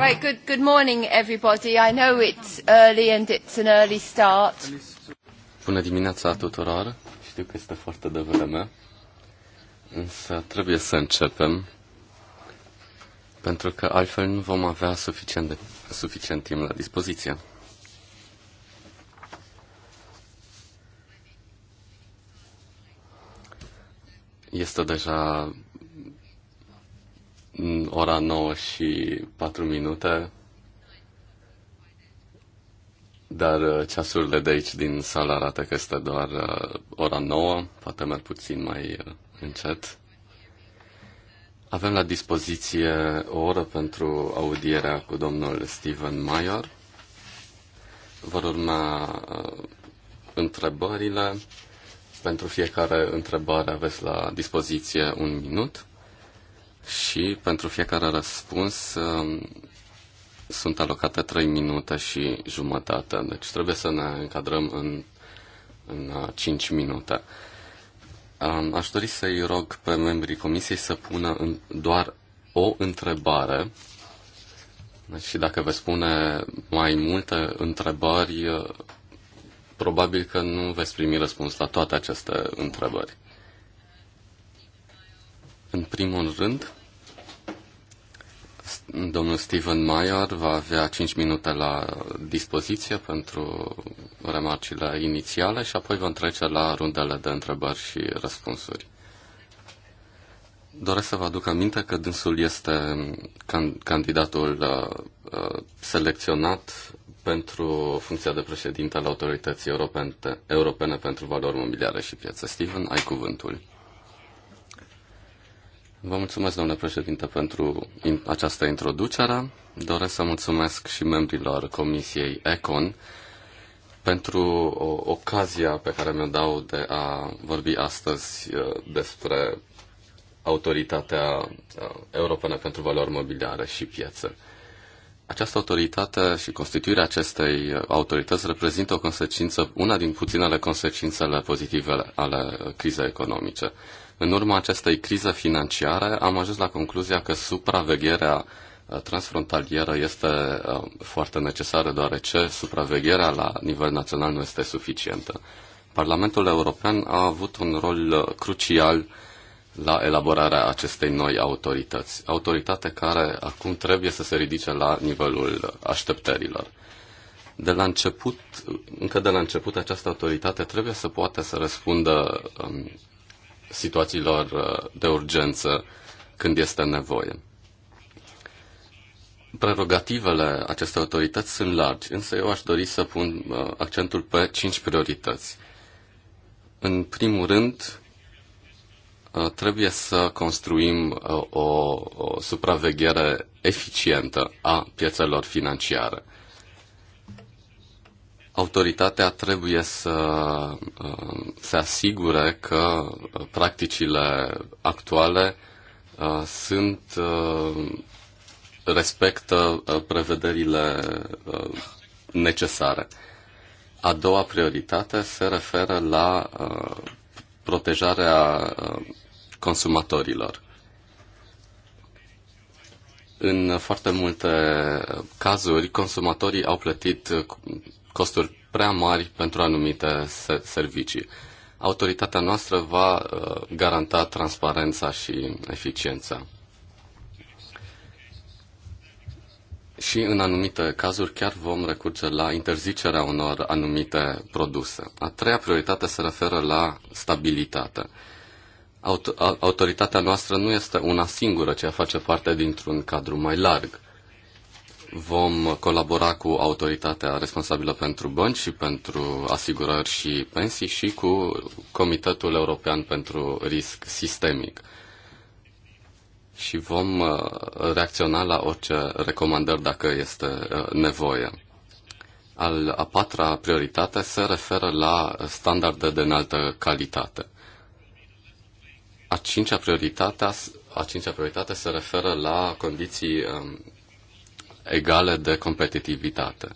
Right, good, good morning everybody. I know it's early and it's an early start. Bună dimineața tuturor. Știu că este foarte devreme, însă trebuie să începem, pentru că altfel nu vom avea suficient, de, suficient timp la dispoziție. Este deja ora 9 și 4 minute, dar uh, ceasurile de aici din sală arată că este doar uh, ora 9, poate merg puțin mai uh, încet. Avem la dispoziție o oră pentru audierea cu domnul Steven Mayer. Vor urma întrebările. Pentru fiecare întrebare aveți la dispoziție un minut și pentru fiecare răspuns um, sunt alocate 3 minute și jumătate, deci trebuie să ne încadrăm în, în 5 uh, minute. Um, aș dori să-i rog pe membrii comisiei să pună în doar o întrebare și dacă veți pune mai multe întrebări, uh, probabil că nu veți primi răspuns la toate aceste întrebări. În primul rând, domnul Steven Mayer va avea 5 minute la dispoziție pentru remarcile inițiale și apoi vom trece la rundele de întrebări și răspunsuri. Doresc să vă aduc aminte că dânsul este can- candidatul uh, uh selecționat pentru funcția de președinte al Autorității Europene, Europene pentru Valori Mobiliare și Piață. Steven, ai cuvântul. Vă mulțumesc, domnule președinte, pentru această introducere. Doresc să mulțumesc și membrilor Comisiei ECON pentru o, ocazia pe care mi-o dau de a vorbi astăzi uh, despre Autoritatea uh, Europeană pentru Valori Mobiliare și Piețe. Această autoritate și constituirea acestei autorități reprezintă o consecință, una din puținele consecințele pozitive ale crizei economice. În urma acestei crize financiare am ajuns la concluzia că supravegherea uh, transfrontalieră este uh, foarte necesară, deoarece supravegherea la nivel național nu este suficientă. Parlamentul European a avut un rol uh, crucial la elaborarea acestei noi autorități. Autoritate care acum trebuie să se ridice la nivelul așteptărilor. De la început, încă de la început, această autoritate trebuie să poată să răspundă um, situațiilor uh, de urgență când este nevoie. Prerogativele acestei autorități sunt largi, însă eu aș dori să pun uh, accentul pe cinci priorități. În primul rând, uh, trebuie să construim o, o supraveghere eficientă a piețelor financiare autoritatea trebuie să uh, se asigure că practicile actuale uh, sunt uh, respectă prevederile necesare. A doua prioritate se referă la protejarea consumatorilor. În foarte multe cazuri, consumatorii au plătit costuri prea mari pentru anumite servicii. Autoritatea noastră va uh, garanta transparența și eficiența. Și în anumite cazuri chiar vom recurge la interzicerea unor anumite produse. A treia prioritate se referă la stabilitate. Autoritatea noastră nu este una singură, ci face parte dintr-un cadru mai larg vom colabora cu autoritatea responsabilă pentru bănci și pentru asigurări și pensii și cu Comitetul European pentru Risc Sistemic. Și vom uh, reacționa la orice recomandări dacă este uh, nevoie. Al a patra prioritate se referă la standarde de înaltă calitate. A cincea prioritate, a cincea prioritate se referă la condiții um, egală de competitivitate.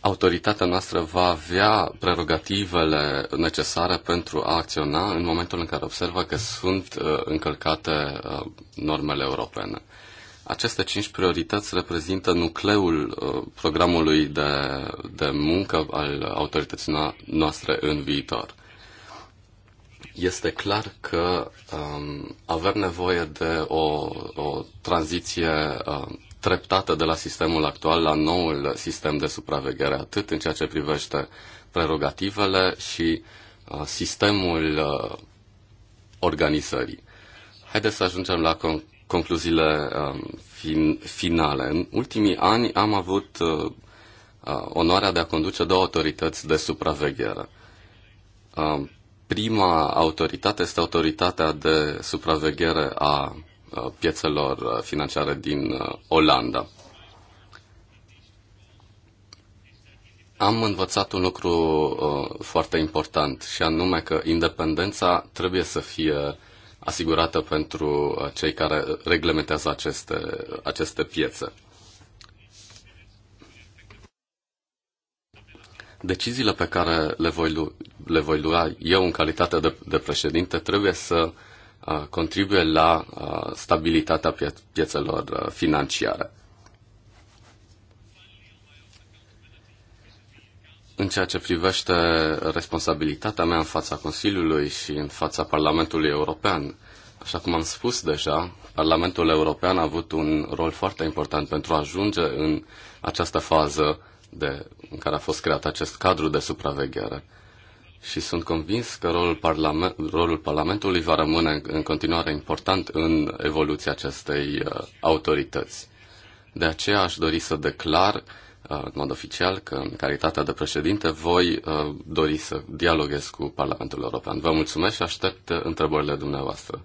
Autoritatea noastră va avea prerogativele necesare pentru a acționa în momentul în care observă că sunt uh, încălcate uh, normele europene. Aceste cinci priorități reprezintă nucleul uh, programului de, de muncă al autorității noastre în viitor. Este clar că um, avem nevoie de o, o tranziție um, treptată de la sistemul actual la noul sistem de supraveghere, atât în ceea ce privește prerogativele și uh, sistemul uh, organizării. Haideți să ajungem la con- concluziile um, fin- finale. În ultimii ani am avut uh, uh onoarea de a conduce două autorități de supraveghere. Um, Prima autoritate este autoritatea de supraveghere a piețelor financiare din Olanda. Am învățat un lucru foarte important și anume că independența trebuie să fie asigurată pentru cei care reglementează aceste, aceste piețe. Deciziile pe care le voi, lu- le voi lua eu în calitate de, de președinte trebuie să uh, contribuie la uh, stabilitatea pie- piețelor uh, financiare. În ceea ce privește responsabilitatea mea în fața Consiliului și în fața Parlamentului European, așa cum am spus deja, Parlamentul European a avut un rol foarte important pentru a ajunge în această fază de, în care a fost creat acest cadru de supraveghere. Și sunt convins că rolul, parlament, rolul Parlamentului va rămâne în continuare important în evoluția acestei uh, autorități. De aceea aș dori să declar uh, în mod oficial că în calitatea de președinte voi uh, dori să dialoghez cu Parlamentul European. Vă mulțumesc și aștept uh, întrebările dumneavoastră.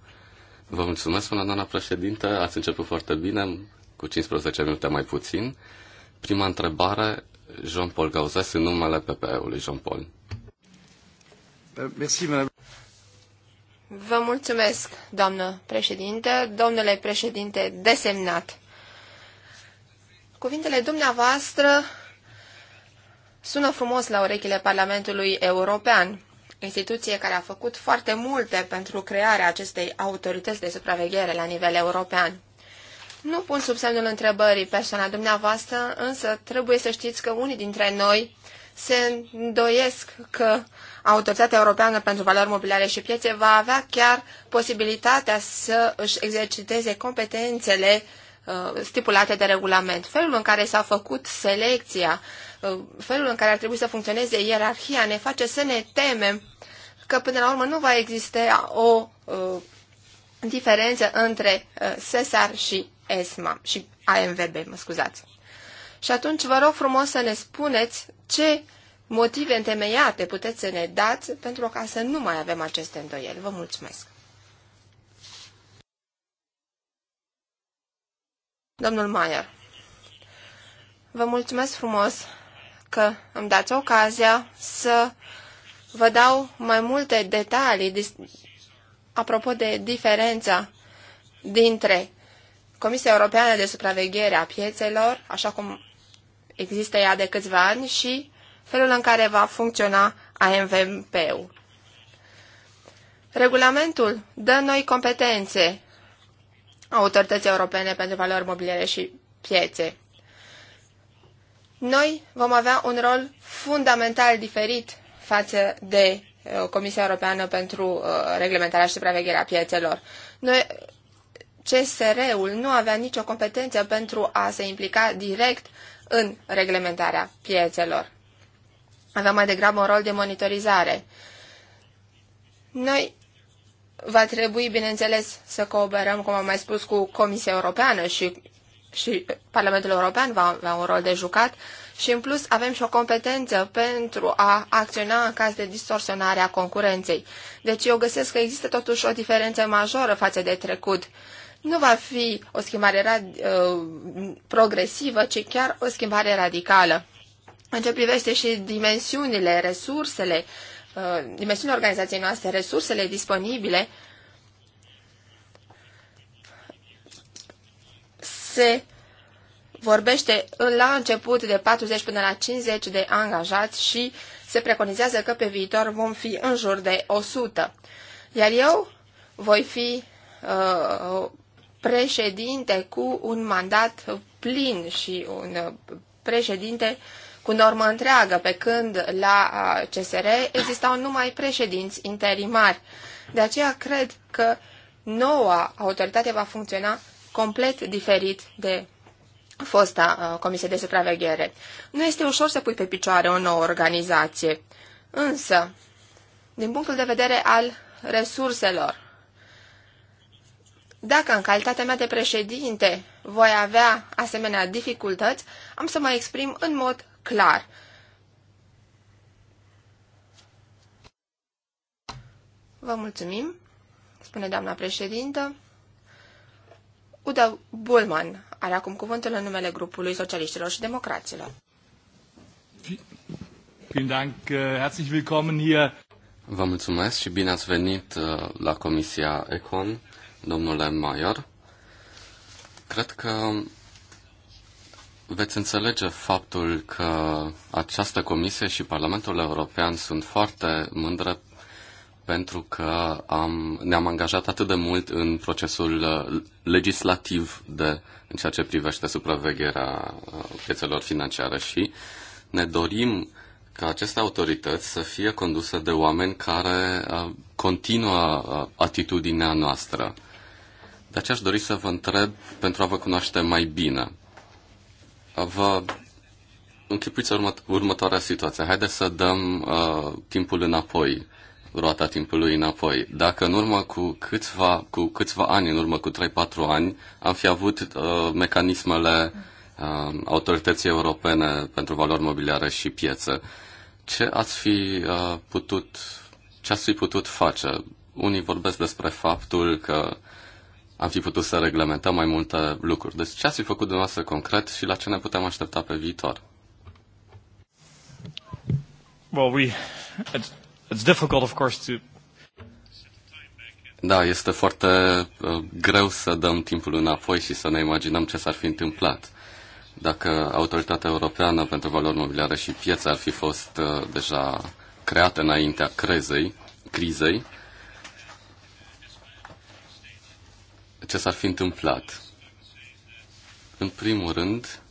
Vă mulțumesc, până doamna președinte, ați început foarte bine, cu 15 minute mai puțin. Prima întrebare Jean-Paul Gauzes în numele PPE-ului. Jean-Paul. Vă mulțumesc, doamnă președinte, domnule președinte desemnat. Cuvintele dumneavoastră sună frumos la urechile Parlamentului European, instituție care a făcut foarte multe pentru crearea acestei autorități de supraveghere la nivel european. Nu pun sub semnul întrebării persoana dumneavoastră, însă trebuie să știți că unii dintre noi se îndoiesc că Autoritatea Europeană pentru Valori Mobiliare și Piețe va avea chiar posibilitatea să își exerciteze competențele uh, stipulate de regulament. Felul în care s-a făcut selecția, uh, felul în care ar trebui să funcționeze ierarhia ne face să ne temem că până la urmă nu va exista o uh, diferență între uh, SESAR și ESMA și AMVB, mă scuzați. Și atunci vă rog frumos să ne spuneți ce motive întemeiate puteți să ne dați pentru ca să nu mai avem aceste îndoieli. Vă mulțumesc! Domnul Maier, vă mulțumesc frumos că îmi dați ocazia să vă dau mai multe detalii apropo de diferența dintre Comisia Europeană de Supraveghere a Piețelor, așa cum există ea de câțiva ani, și felul în care va funcționa amvp ul Regulamentul dă noi competențe Autorității Europene pentru Valori Mobiliere și Piețe. Noi vom avea un rol fundamental diferit față de uh, Comisia Europeană pentru uh, Reglementarea și Supravegherea Piețelor. Noi CSR-ul nu avea nicio competență pentru a se implica direct în reglementarea piețelor. Avea mai degrabă un rol de monitorizare. Noi va trebui, bineînțeles, să cooperăm, cum am mai spus, cu Comisia Europeană și, și Parlamentul European va avea un rol de jucat și, în plus, avem și o competență pentru a acționa în caz de distorsionare a concurenței. Deci eu găsesc că există totuși o diferență majoră față de trecut nu va fi o schimbare uh, progresivă, ci chiar o schimbare radicală. În ce privește și dimensiunile, resursele, uh, dimensiunea organizației noastre, resursele disponibile, se vorbește la început de 40 până la 50 de angajați și se preconizează că pe viitor vom fi în jur de 100. Iar eu voi fi uh, președinte cu un mandat plin și un președinte cu normă întreagă, pe când la CSR existau numai președinți interimari. De aceea cred că noua autoritate va funcționa complet diferit de fosta Comisie de Supraveghere. Nu este ușor să pui pe picioare o nouă organizație, însă, din punctul de vedere al resurselor, dacă în calitatea mea de președinte voi avea asemenea dificultăți, am să mă exprim în mod clar. Vă mulțumim, spune doamna președintă. Uda Bulman are acum cuvântul în numele grupului socialiștilor și democraților. Äh, Vă mulțumesc și bine ați venit äh, la Comisia Econ domnule Maior, Cred că veți înțelege faptul că această comisie și Parlamentul European sunt foarte mândre pentru că am, ne-am angajat atât de mult în procesul uh, legislativ de, în ceea ce privește supravegherea uh, piețelor financiare și ne dorim ca aceste autorități să fie conduse de oameni care uh, continuă atitudinea noastră. De aceea aș dori să vă întreb pentru a vă cunoaște mai bine. Vă închipuiți urmă, următoarea situație. Haideți să dăm uh, timpul înapoi, roata timpului înapoi. Dacă în urmă cu câțiva, cu câțiva ani, în urmă cu 3-4 ani, am fi avut uh, mecanismele uh, autorității europene pentru valori mobiliare și piețe, ce ați fi uh, putut, ce ați fi putut face? Unii vorbesc despre faptul că uh, am fi putut să reglementăm mai multe lucruri. Deci ce ați fi făcut dumneavoastră concret și la ce ne putem aștepta pe viitor? Well, we, it's, it's difficult, of course, to... Da, este foarte uh, greu să dăm timpul înapoi și să ne imaginăm ce s-ar fi întâmplat. Dacă Autoritatea Europeană pentru Valori Mobiliare și Piețe ar fi fost uh, deja creată înaintea crezei, crizei, ce s-ar fi întâmplat? În primul rând,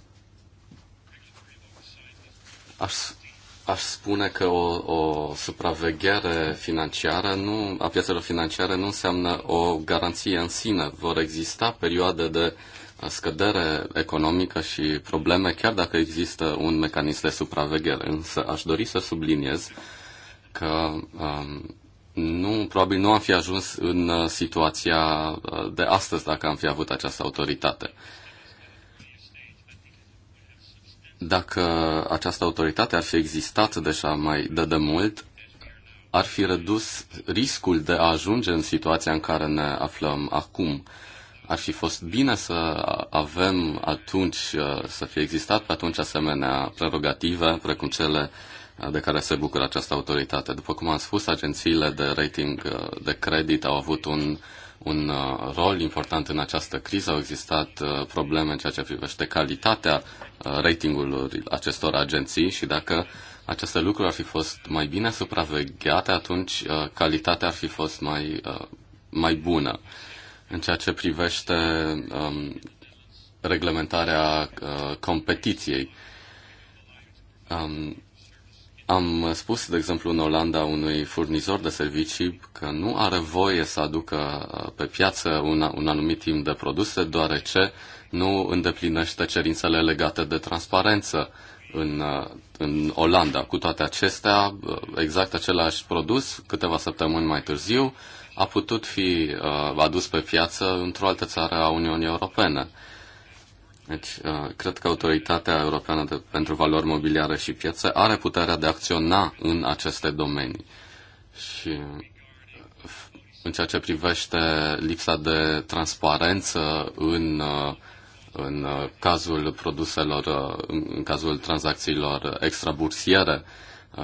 aș, aș spune că o, o supraveghere financiară nu, a piețelor financiare nu înseamnă o garanție în sine. Vor exista perioade de scădere economică și probleme, chiar dacă există un mecanism de supraveghere. Însă aș dori să subliniez că um, nu, probabil nu am fi ajuns în uh, situația uh, de astăzi dacă am fi avut această autoritate. Dacă această autoritate ar fi existat deja mai de demult, ar fi redus riscul de a ajunge în situația în care ne aflăm acum. Ar fi fost bine să avem atunci, uh, să fie existat pe atunci asemenea prerogative, precum cele uh, de care se bucură această autoritate. După cum am spus, agențiile de rating uh, de credit au avut un, un uh, rol important în această criză. Au existat uh, probleme în ceea ce privește calitatea ratingului acestor agenții și dacă aceste lucruri ar fi fost mai bine supravegheate, atunci calitatea ar fi fost mai, mai bună. În ceea ce privește um, reglementarea uh, competiției, um, am spus, de exemplu, în Olanda unui furnizor de servicii că nu are voie să aducă uh, pe piață un, un anumit timp de produse, deoarece nu îndeplinește cerințele legate de transparență în, uh, în Olanda. Cu toate acestea, uh, exact același produs, câteva săptămâni mai târziu, a putut fi adus pe piață într-o altă țară a Uniunii Europene. Deci, uh, cred că Autoritatea Europeană de, pentru Valori Mobiliare și Piețe are puterea de a acționa în aceste domenii. Și în ceea ce privește lipsa de transparență în, uh, în uh, cazul produselor, în cazul tranzacțiilor extrabursiere,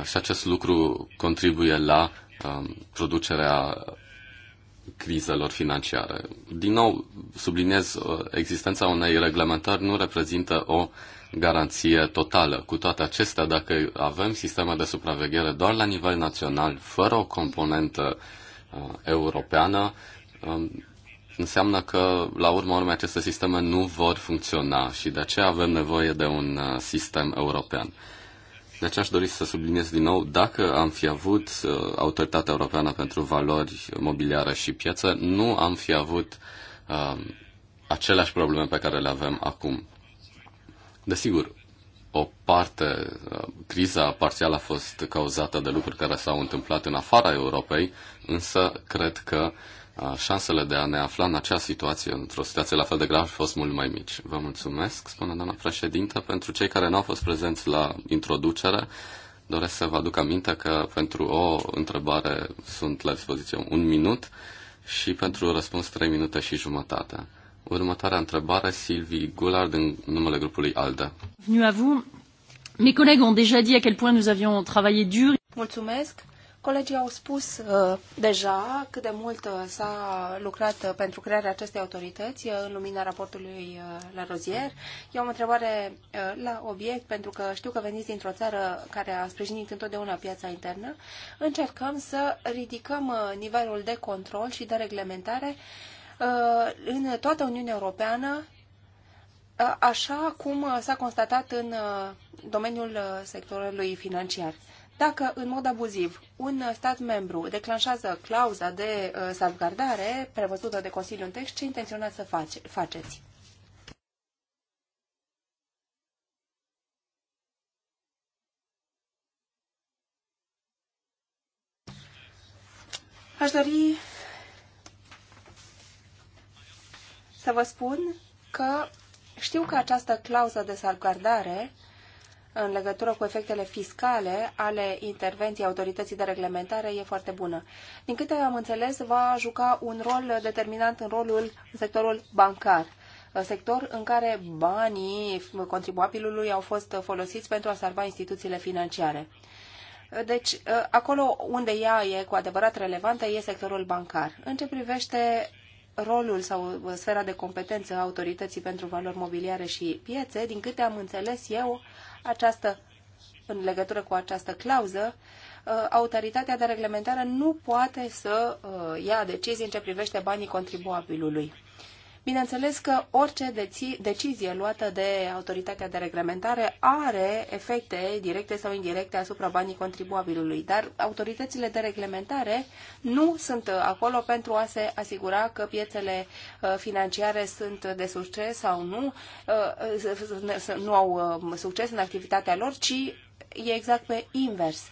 și acest lucru contribuie la producerea crizelor financiare. Din nou, subliniez, uh, existența unei reglementări nu reprezintă o garanție totală. Cu toate acestea, dacă avem sisteme de supraveghere doar la nivel național, fără o componentă uh, europeană, um, înseamnă că, la urma urmei, aceste sisteme nu vor funcționa și de aceea avem nevoie de un uh, sistem european. De deci aceea aș dori să subliniez din nou, dacă am fi avut uh, Autoritatea Europeană pentru Valori Mobiliare și Piață, nu am fi avut uh, aceleași probleme pe care le avem acum. Desigur, o parte, uh, criza parțială a fost cauzată de lucruri care s-au întâmplat în afara Europei, însă cred că uh, șansele de a ne afla în acea situație, într-o situație la fel de gravă, au fost mult mai mici. Vă mulțumesc, spune doamna președintă, pentru cei care nu au fost prezenți la introducere. Doresc să vă aduc aminte că pentru o întrebare sunt la dispoziție un minut și pentru răspuns trei minute și jumătate. Următoarea întrebare, Silvii Goulard, în numele grupului ALDE. Mulțumesc. Colegii au spus uh, deja cât de mult uh, s-a lucrat uh, pentru crearea acestei autorități uh, în lumina raportului uh, la rozier. Eu am o întrebare uh, la obiect, pentru că știu că veniți dintr-o țară care a sprijinit întotdeauna piața internă. Încercăm să ridicăm uh, nivelul de control și de reglementare uh, în toată Uniunea Europeană, uh, așa cum uh, s-a constatat în uh, domeniul uh, sectorului financiar. Uh, dacă în mod abuziv un stat membru declanșează clauza de uh, salvgardare prevăzută de Consiliul în text, ce intenționați să face, faceți? Aș dori să vă spun că știu că această clauză de salvgardare în legătură cu efectele fiscale ale intervenției autorității de reglementare e foarte bună. Din câte am înțeles, va juca un rol determinant în rolul în sectorul bancar sector în care banii contribuabilului au fost folosiți pentru a salva instituțiile financiare. Deci, acolo unde ea e cu adevărat relevantă e sectorul bancar. În ce privește rolul sau sfera de competență a autorității pentru valori mobiliare și piețe, din câte am înțeles eu, această, în legătură cu această clauză, uh, autoritatea de reglementare nu poate să uh, ia decizii în ce privește banii contribuabilului. Bineînțeles că orice decizie luată de autoritatea de reglementare are efecte directe sau indirecte asupra banii contribuabilului, dar autoritățile de reglementare nu sunt acolo pentru a se asigura că piețele uh, financiare sunt de succes sau nu, uh, nu au uh, succes în activitatea lor, ci e exact pe invers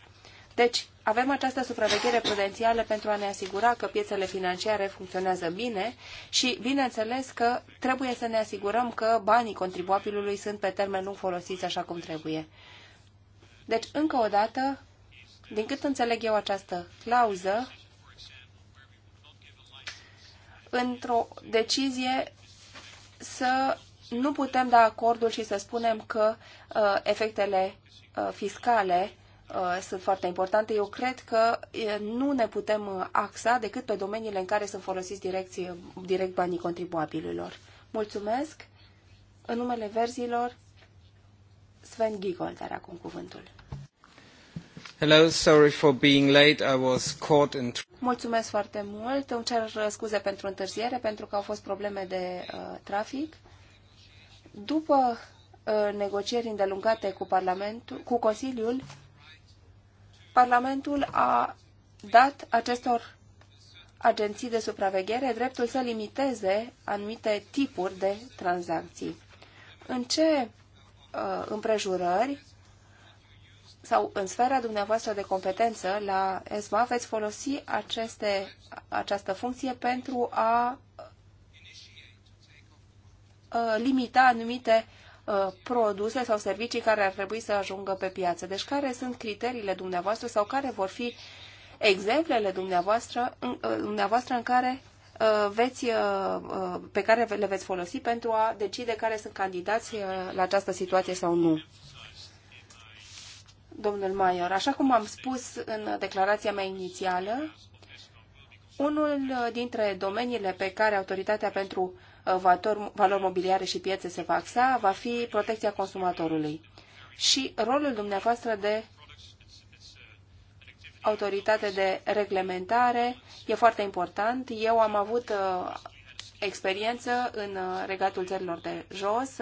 deci, avem această supraveghere prudențială pentru a ne asigura că piețele financiare funcționează bine și, bineînțeles, că trebuie să ne asigurăm că banii contribuabilului sunt pe termen lung folosiți așa cum trebuie. Deci, încă o dată, din cât înțeleg eu această clauză, într-o decizie să nu putem da acordul și să spunem că uh, efectele uh, fiscale Uh, sunt foarte importante. Eu cred că nu ne putem uh, axa decât pe domeniile în care sunt folosiți direcție, direct banii contribuabililor. Mulțumesc! În numele verzilor, Sven Gigol, dar acum cuvântul. Hello, sorry for being late. I was caught in... Mulțumesc foarte mult. Îmi cer uh, scuze pentru întârziere, pentru că au fost probleme de uh, trafic. După negocieri îndelungate cu Parlamentul, cu Consiliul, Parlamentul a dat acestor agenții de supraveghere dreptul să limiteze anumite tipuri de tranzacții. În ce uh, împrejurări sau în sfera dumneavoastră de competență la ESMA veți folosi aceste, această funcție pentru a uh, limita anumite Uh, produse sau servicii care ar trebui să ajungă pe piață. Deci care sunt criteriile dumneavoastră sau care vor fi exemplele dumneavoastră, uh, dumneavoastră în care uh, veți, pe care le veți folosi pentru a decide care sunt candidați la această situație sau nu. Domnul Maior, așa cum am spus în declarația mea inițială, unul dintre domeniile pe care Autoritatea pentru Uh, valori mobiliare și piețe se va axa va fi protecția consumatorului. Și rolul dumneavoastră de autoritate de reglementare e foarte important. Eu am avut uh, experiență în uh, regatul țărilor de jos.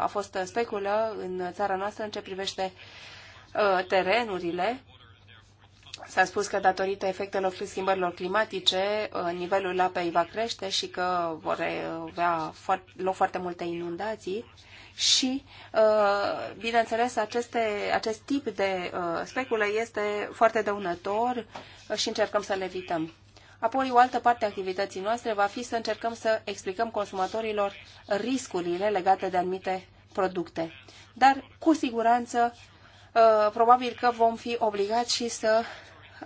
A fost speculă în țara noastră în ce privește terenurile S-a spus că datorită efectelor schimbărilor climatice, uh, nivelul apei va crește și că vor uh, avea loc foarte multe inundații și, uh, bineînțeles, aceste, acest tip de specule este foarte dăunător și încercăm să le evităm. Apoi, o altă parte a activității noastre va fi să încercăm să explicăm consumatorilor riscurile legate de anumite producte. Dar, cu siguranță, probabil că vom fi obligați și să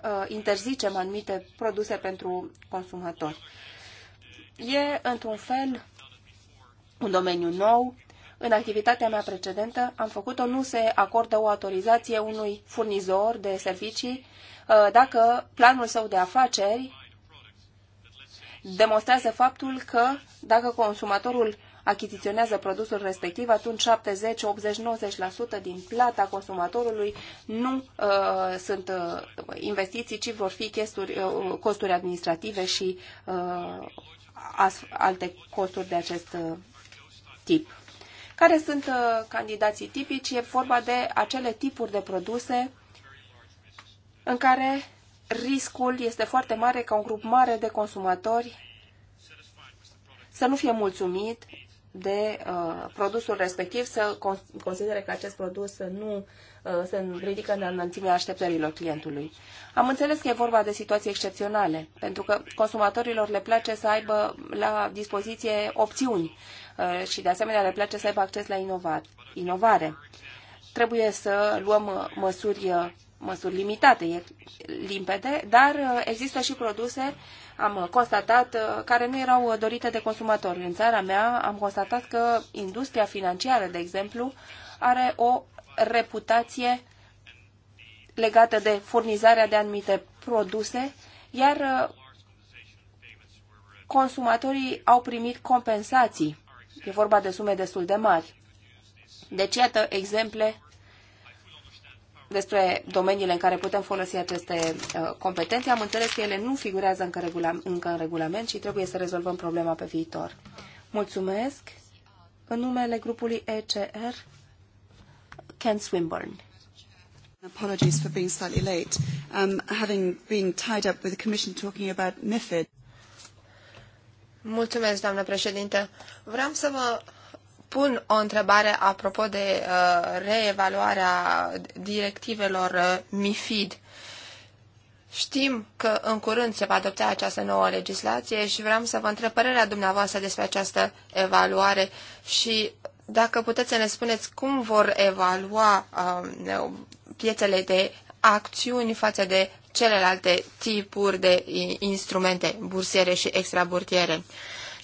Uh, interzicem anumite produse pentru consumatori. E, într-un fel, un domeniu nou. În activitatea mea precedentă am făcut-o, nu se acordă o autorizație unui furnizor de servicii uh, dacă planul său de afaceri demonstrează faptul că dacă consumatorul achiziționează produsul respectiv, atunci 70, 80, 90% din plata consumatorului nu uh, sunt uh, investiții, ci vor fi chesturi, uh, costuri administrative și uh, alte costuri de acest uh, tip. Care sunt uh, candidații tipici? E vorba de acele tipuri de produse în care riscul este foarte mare ca un grup mare de consumatori să nu fie mulțumit de uh, produsul respectiv să considere că acest produs nu uh, se ridică în înălțimea așteptărilor clientului. Am înțeles că e vorba de situații excepționale, pentru că consumatorilor le place să aibă la dispoziție opțiuni uh, și de asemenea le place să aibă acces la inovat, inovare. Trebuie să luăm uh, măsuri, uh, măsuri limitate, e limpede, dar uh, există și produse uh, am constatat, uh, care nu erau uh, dorite de consumatori. În țara mea am constatat că industria financiară, de exemplu, are o reputație legată de furnizarea de anumite produse, iar uh, consumatorii au primit compensații. E vorba de sume destul de mari. Deci, iată exemple despre domeniile în care putem folosi aceste uh, competențe. Am înțeles că ele nu figurează încă, regula, încă în regulament și trebuie să rezolvăm problema pe viitor. Mulțumesc. În numele grupului ECR, Ken Swinburne. Apologies for being slightly late. Um, having been tied up with the Commission talking about MIFID. Mulțumesc, doamnă președinte. Vreau să vă pun o întrebare apropo de uh, reevaluarea directivelor uh, MIFID. Știm că în curând se va adopta această nouă legislație și vreau să vă întreb părerea dumneavoastră despre această evaluare și dacă puteți să ne spuneți cum vor evalua uh, piețele de acțiuni față de celelalte tipuri de instrumente bursiere și extraburtiere.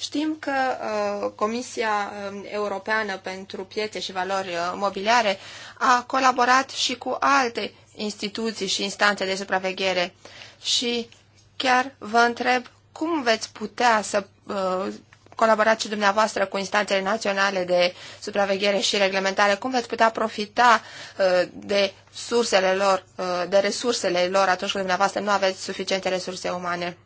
Știm că uh, Comisia uh, Europeană pentru Piețe și Valori uh, Mobiliare a colaborat și cu alte instituții și instanțe de supraveghere și chiar vă întreb cum veți putea să colaborați și dumneavoastră cu instanțele naționale de supraveghere și reglementare, cum veți putea profita de sursele lor, de resursele lor atunci când dumneavoastră nu aveți suficiente resurse umane.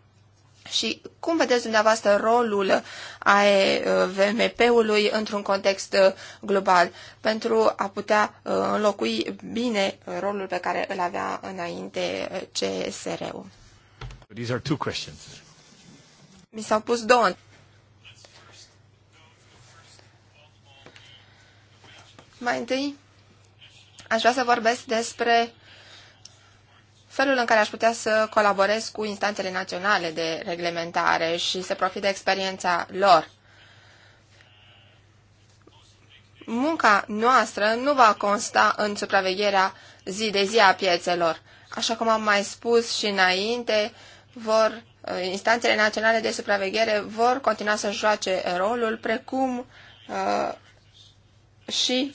Și cum vedeți dumneavoastră rolul AEVMP-ului într-un context uh, global pentru a putea uh, înlocui bine uh, rolul pe care îl avea înainte CSR-ul? These are two questions. Mi s-au pus două. Mai întâi, aș vrea să vorbesc despre felul în care aș putea să colaborez cu instanțele naționale de reglementare și să profit de experiența lor. Munca noastră nu va consta în supravegherea zi de zi a piețelor. Așa cum am mai spus și înainte, vor, eh, instanțele naționale de supraveghere vor continua să joace rolul, precum uh, și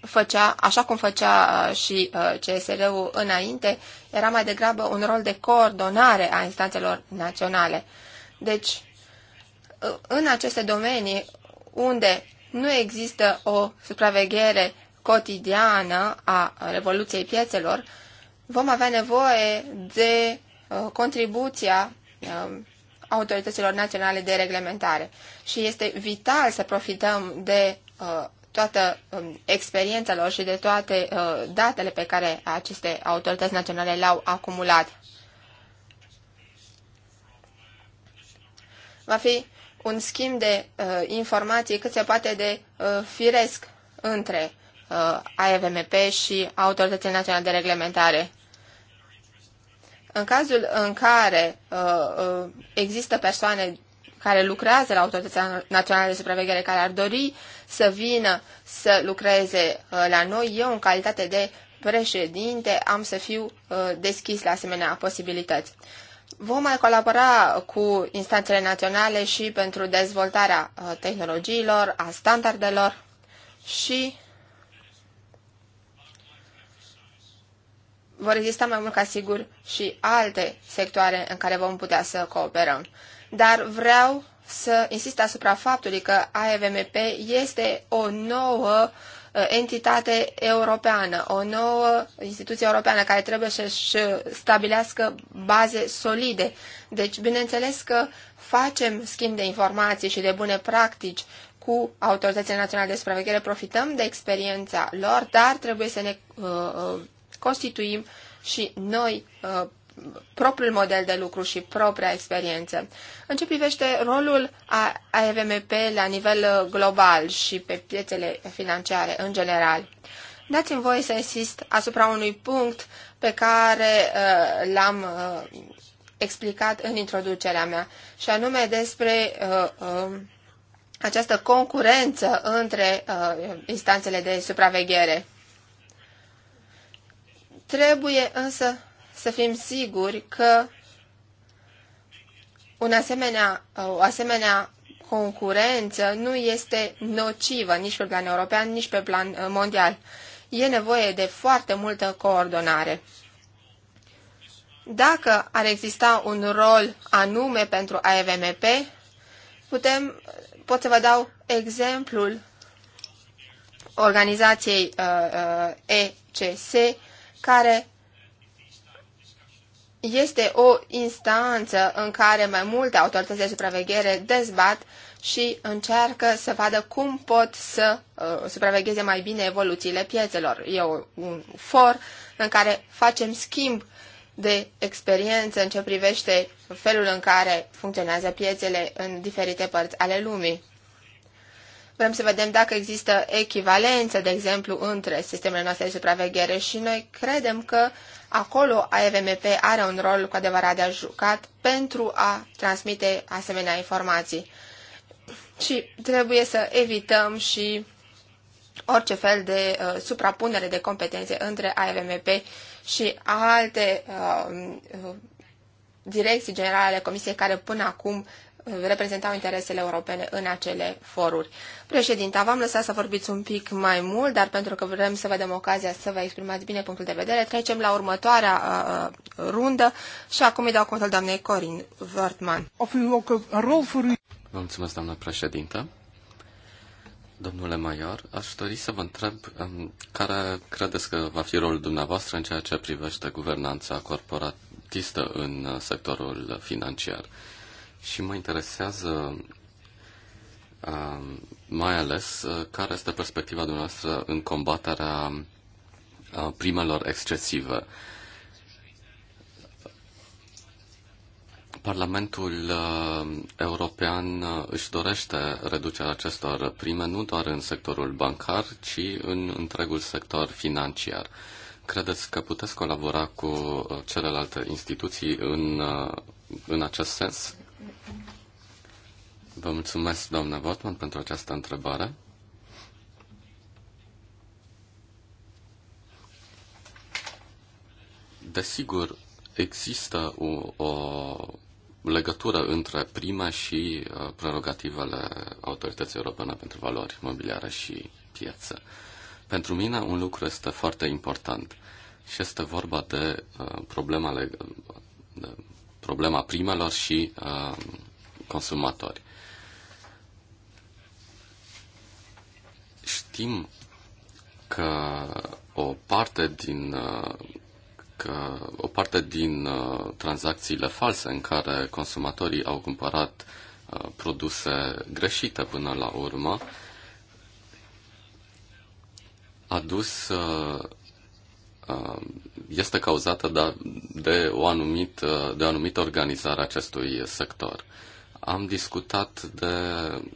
făcea, așa cum făcea uh, și uh, CSR-ul înainte, era mai degrabă un rol de coordonare a instanțelor naționale. Deci, uh, în aceste domenii unde nu există o supraveghere cotidiană a revoluției piețelor, vom avea nevoie de contribuția um, autorităților naționale de reglementare. Și este vital să profităm de toată um, experiența lor și de toate uh, datele pe care aceste autorități naționale le-au acumulat. Va fi un schimb de uh, informații cât se poate de uh, firesc între uh, AEVMP și Autoritățile Naționale de Reglementare. În cazul în care uh, uh, există persoane care lucrează la Autoritățile Naționale de Supraveghere care ar dori uh, să vină să lucreze uh, la noi. Eu, în calitate de președinte, am să fiu uh, deschis la asemenea posibilități. Vom mai colabora cu instanțele naționale și pentru dezvoltarea uh, tehnologiilor, a standardelor și vor exista mai mult ca sigur și alte sectoare în care vom putea să cooperăm. Dar vreau să insist asupra faptului că AEVMP este o nouă uh, entitate europeană, o nouă instituție europeană care trebuie să-și uh, stabilească baze solide. Deci, bineînțeles că facem schimb de informații și de bune practici cu autoritățile naționale de supraveghere, profităm de experiența lor, dar trebuie să ne uh, uh constituim și noi uh, propriul model de lucru și propria experiență. În ce privește rolul a AFMP la nivel uh, global și pe piețele financiare în general, dați-mi voie să insist asupra unui punct pe care uh, l-am uh, explicat în introducerea mea, și anume despre uh, uh, această concurență între uh, instanțele de supraveghere. Trebuie însă să fim siguri că un asemenea, o asemenea concurență nu este nocivă nici pe plan european, nici pe plan uh, mondial. E nevoie de foarte multă coordonare. Dacă ar exista un rol anume pentru AVMP, putem, pot să vă dau exemplul organizației uh, uh ECS, care este o instanță în care mai multe autorități de supraveghere dezbat și încearcă să vadă cum pot să uh, supravegheze mai bine evoluțiile piețelor. E o, un for în care facem schimb de experiență în ce privește felul în care funcționează piețele în diferite părți ale lumii. Vrem să vedem dacă există echivalență, de exemplu, între sistemele noastre de supraveghere și noi credem că acolo AVMP are un rol cu adevărat de jucat pentru a transmite asemenea informații. Și trebuie să evităm și orice fel de uh, suprapunere de competențe între AVMP și alte uh, uh, direcții generale ale Comisiei care până acum reprezentau interesele europene în acele foruri. Președinta, v-am lăsat să vorbiți un pic mai mult, dar pentru că vrem să vedem ocazia să vă exprimați bine punctul de vedere, trecem la următoarea uh, uh rundă și acum îi dau contul doamnei Corin Wertmann. Vă mulțumesc, doamnă președintă. Domnule Maior, aș dori să vă întreb um, care credeți că va fi rolul dumneavoastră în ceea ce privește guvernanța corporatistă în uh, sectorul financiar și mă interesează uh, mai ales uh, care este perspectiva dumneavoastră în combaterea uh, primelor excesive. Parlamentul European își dorește reducerea acestor prime nu doar în sectorul bancar, ci în întregul sector financiar. Credeți că puteți colabora cu celelalte instituții în, în acest sens? Vă mulțumesc, doamna Votman, pentru această întrebare. Desigur, există o, o legătură între prima și uh, prerogativele Autorității Europene pentru Valori Mobiliare și Piețe. Pentru mine un lucru este foarte important și este vorba de uh, problema, leg- de problema primelor și uh, consumatori. știm că o parte din uh, că o parte din uh, tranzacțiile false în care consumatorii au cumpărat uh, produse greșite până la urmă a dus este cauzată de, de o anumită, de o anumită organizare a acestui sector am discutat de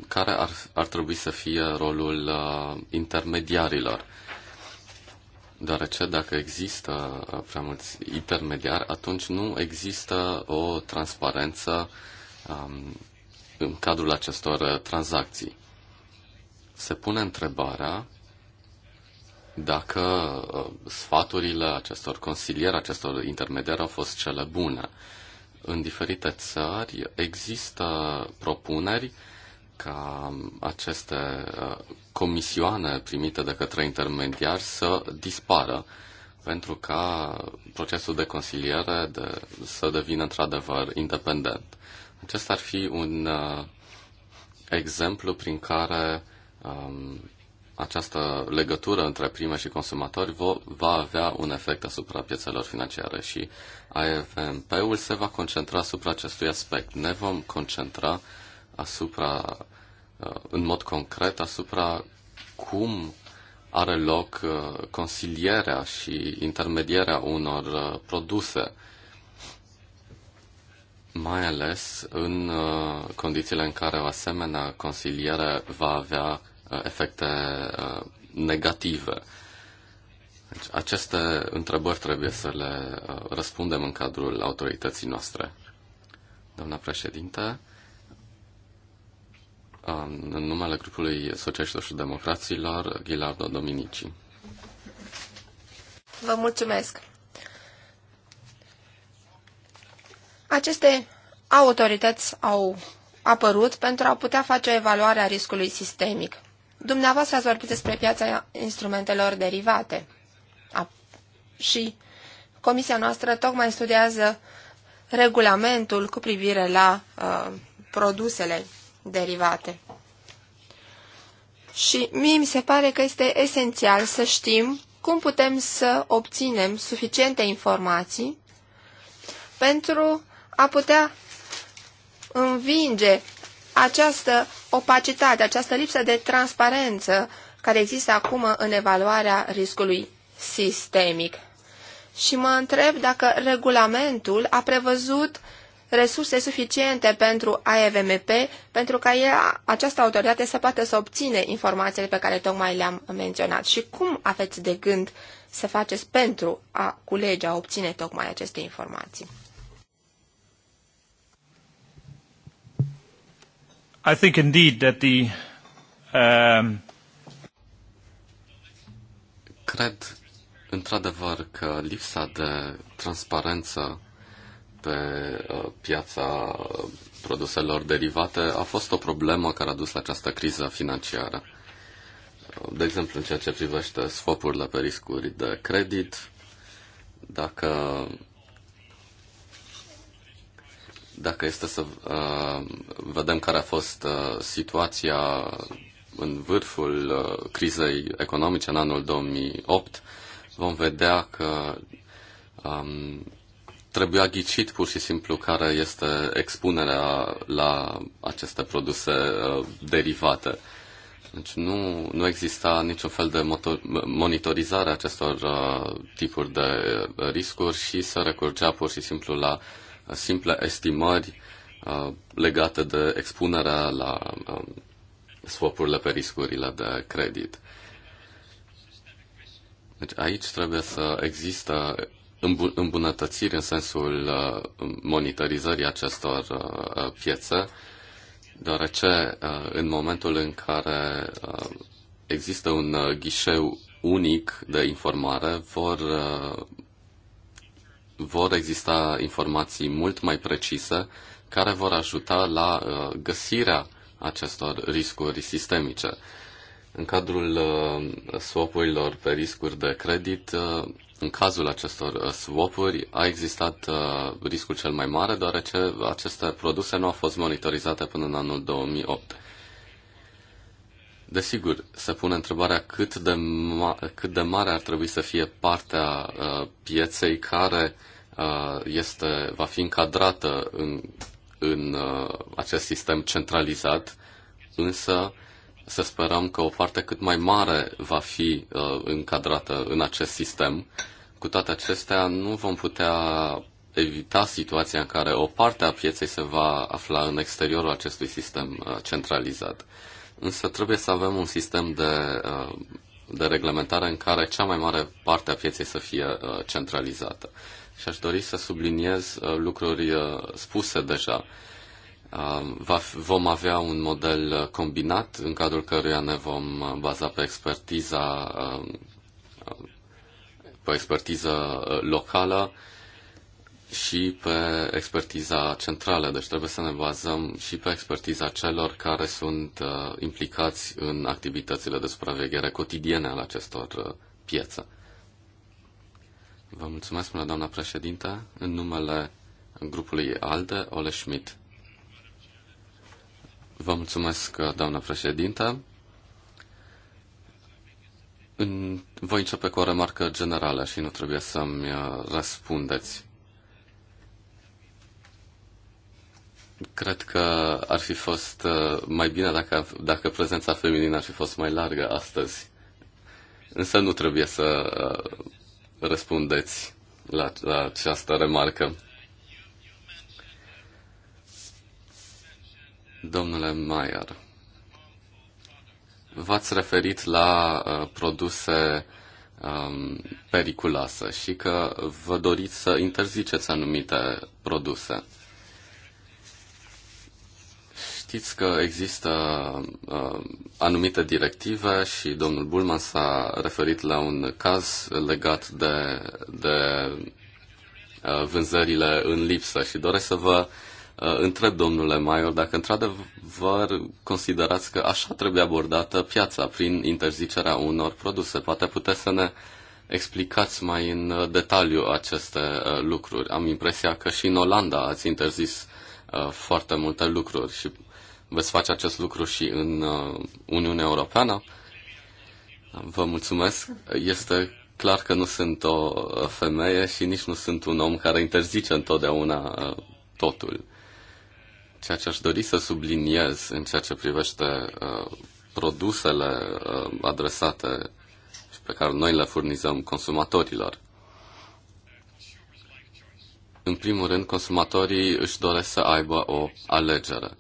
care ar, ar trebui să fie rolul uh, intermediarilor. Deoarece dacă există uh, prea mulți intermediari, atunci nu există o transparență um, în cadrul acestor uh, tranzacții. Se pune întrebarea dacă uh, sfaturile acestor consilieri, acestor intermediari au fost cele bune. Uh, în diferite țări există propuneri ca aceste uh, comisioane primite de către intermediari să dispară pentru ca procesul de consiliere de, să devină într-adevăr independent. Acesta ar fi un uh, exemplu prin care um, această legătură între prime și consumatori va avea un efect asupra piețelor financiare și AFMP-ul se va concentra asupra acestui aspect. Ne vom concentra asupra, uh, în mod concret, asupra cum are loc uh, consilierea și intermedierea unor uh, produse, mai ales în condițiile în care o asemenea consiliere va avea efecte uh, negative. Deci, aceste întrebări trebuie să le uh, răspundem în cadrul autorității noastre. Doamna președinte, um, în numele grupului Socialiștilor și Democraților, Ghilardo Dominici. Vă mulțumesc. Aceste autorități au apărut pentru a putea face o evaluare a riscului sistemic. Dumneavoastră ați vorbit despre piața instrumentelor derivate A, și comisia noastră tocmai studiază regulamentul cu privire la uh, produsele derivate. Și mie mi se pare că este esențial să știm cum putem să obținem suficiente informații pentru a putea învinge această opacitate, această lipsă de transparență care există acum în evaluarea riscului sistemic. Și mă întreb dacă regulamentul a prevăzut resurse suficiente pentru AEVMP pentru ca ea, această autoritate să poată să obține informațiile pe care tocmai le-am menționat. Și cum aveți de gând să faceți pentru a culege, a obține tocmai aceste informații? I think indeed that the um... Cred într-adevăr că lipsa de transparență pe uh, piața produselor derivate a fost o problemă care a dus la această criză financiară. Uh, de exemplu, în ceea ce privește swapurile pe riscuri de credit, dacă dacă este să uh, vedem care a fost uh, situația în vârful uh, crizei economice în anul 2008, vom vedea că um, trebuia ghicit pur și simplu care este expunerea la aceste produse uh, derivate. Deci nu, nu exista niciun fel de motor, monitorizare a acestor uh, tipuri de uh, riscuri și se recurgea pur și simplu la simple estimări uh, legate de expunerea la um, swapurile pe riscurile de credit. Deci aici trebuie să există îmbunătățiri în sensul uh, monitorizării acestor uh, piețe, deoarece în momentul în care există un ghișeu unic de informare, vor vor exista informații mult mai precise care vor ajuta la uh, găsirea acestor riscuri sistemice. În cadrul uh, swap-urilor pe riscuri de credit, uh, în cazul acestor swap-uri a existat riscul cel mai mare, deoarece aceste produse nu au fost monitorizate până în anul 2008. Desigur, se pune întrebarea cât de, ma- cât de mare ar trebui să fie partea uh, pieței care uh, este, va fi încadrată în, în uh, acest sistem centralizat, însă să sperăm că o parte cât mai mare va fi uh, încadrată în acest sistem. Cu toate acestea, nu vom putea evita situația în care o parte a pieței se va afla în exteriorul acestui sistem uh, centralizat. Însă trebuie să avem un sistem de, uh, de reglementare în care cea mai mare parte a pieței să fie uh, centralizată. Și aș dori să subliniez uh, lucruri spuse deja. Va, vom avea un model combinat în cadrul căruia ne vom baza pe expertiza pe expertiză locală și pe expertiza centrală, deci trebuie să ne bazăm și pe expertiza celor care sunt uh, implicați în activitățile de supraveghere cotidiene ale acestor uh, piețe. Vă mulțumesc, mână, doamna președinte, în numele grupului ALDE, Ole Schmidt. Vă mulțumesc, uh, doamna președinte. În... Voi începe cu o remarcă generală și nu trebuie să-mi uh, răspundeți. Cred că ar fi fost uh, mai bine dacă, dacă prezența feminină ar fi fost mai largă astăzi. Însă nu trebuie să uh, răspundeți la, la această remarcă. Domnule Maier, v-ați referit la uh, produse um, periculoase și că vă doriți să interziceți anumite produse. Știți că există uh, anumite directive și domnul Bulman s-a referit la un caz legat de, de uh, vânzările în lipsă și doresc să vă uh, întreb, domnule Maior, dacă într-adevăr considerați că așa trebuie abordată piața prin interzicerea unor produse. Poate puteți să ne explicați mai în detaliu aceste uh, lucruri. Am impresia că și în Olanda ați interzis uh, foarte multe lucruri și veți face acest lucru și în uh, Uniunea Europeană? Vă mulțumesc. Este clar că nu sunt o femeie și nici nu sunt un om care interzice întotdeauna uh, totul. Ceea ce aș dori să subliniez în ceea ce privește uh, produsele adresate și pe care noi le furnizăm consumatorilor. În primul rând, consumatorii își doresc să aibă o alegere.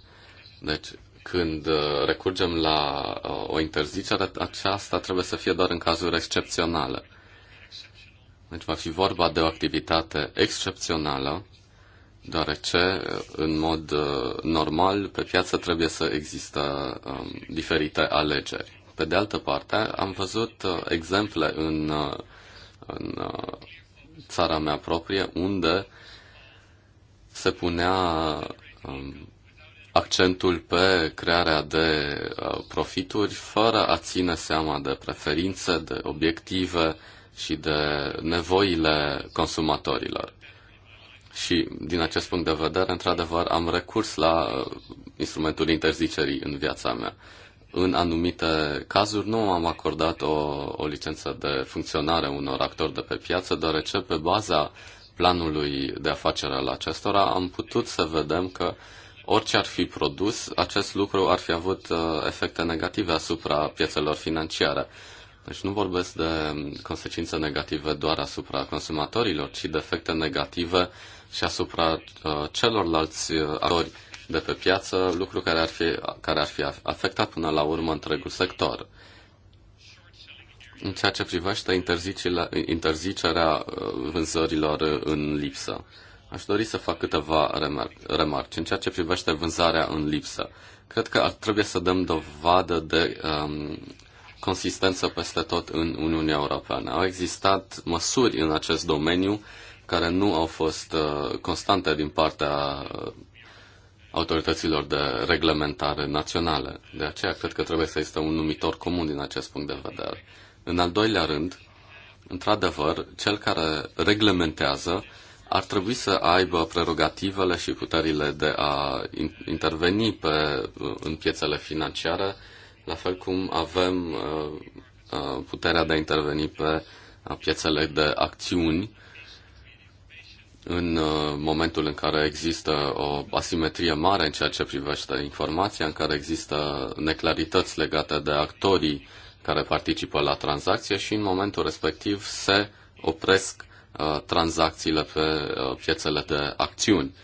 Deci, când uh, recurgem la uh, o interzicere, aceasta trebuie să fie doar în cazuri excepționale. Deci va fi vorba de o activitate excepțională, deoarece, uh, în mod normal, pe piață trebuie să există um, diferite alegeri. Pe de altă parte, am văzut exemple în, în țara mea proprie unde se punea um, accentul pe crearea de uh, profituri fără a ține seama de preferințe, de obiective și de nevoile consumatorilor. Și din acest punct de vedere, într-adevăr, am recurs la uh, instrumentul interzicerii în viața mea. În anumite cazuri nu am acordat o, o licență de funcționare unor actori de pe piață, deoarece pe baza planului de afacere al acestora am putut să vedem că uh, orice ar fi produs, acest lucru ar fi avut uh, efecte negative asupra piețelor financiare. Deci nu vorbesc de consecințe negative doar asupra consumatorilor, ci de efecte negative și asupra uh, celorlalți uh, actori de pe piață, lucru care ar fi, care ar fi afectat până la urmă întregul sector. În ceea ce privește interzicerea vânzărilor în lipsă. Aș dori să fac câteva remar- remarci în ceea ce privește vânzarea în lipsă. Cred că ar trebui să dăm dovadă de um, consistență peste tot în Uniunea Europeană. Au existat măsuri în acest domeniu care nu au fost uh, constante din partea uh, autorităților de reglementare naționale. De aceea cred că trebuie să existe un numitor comun din acest punct de vedere. În al doilea rând, într-adevăr, cel care reglementează ar trebui să aibă prerogativele și puterile de a interveni pe, în piețele financiare, la fel cum avem uh, uh, puterea de a interveni pe uh, piețele de acțiuni în momentul în care există o asimetrie mare în ceea ce privește informația, în care există neclarități legate de actorii care participă la tranzacție și în momentul respectiv se opresc Uh, tranzacțiile pe uh, piețele de acțiuni.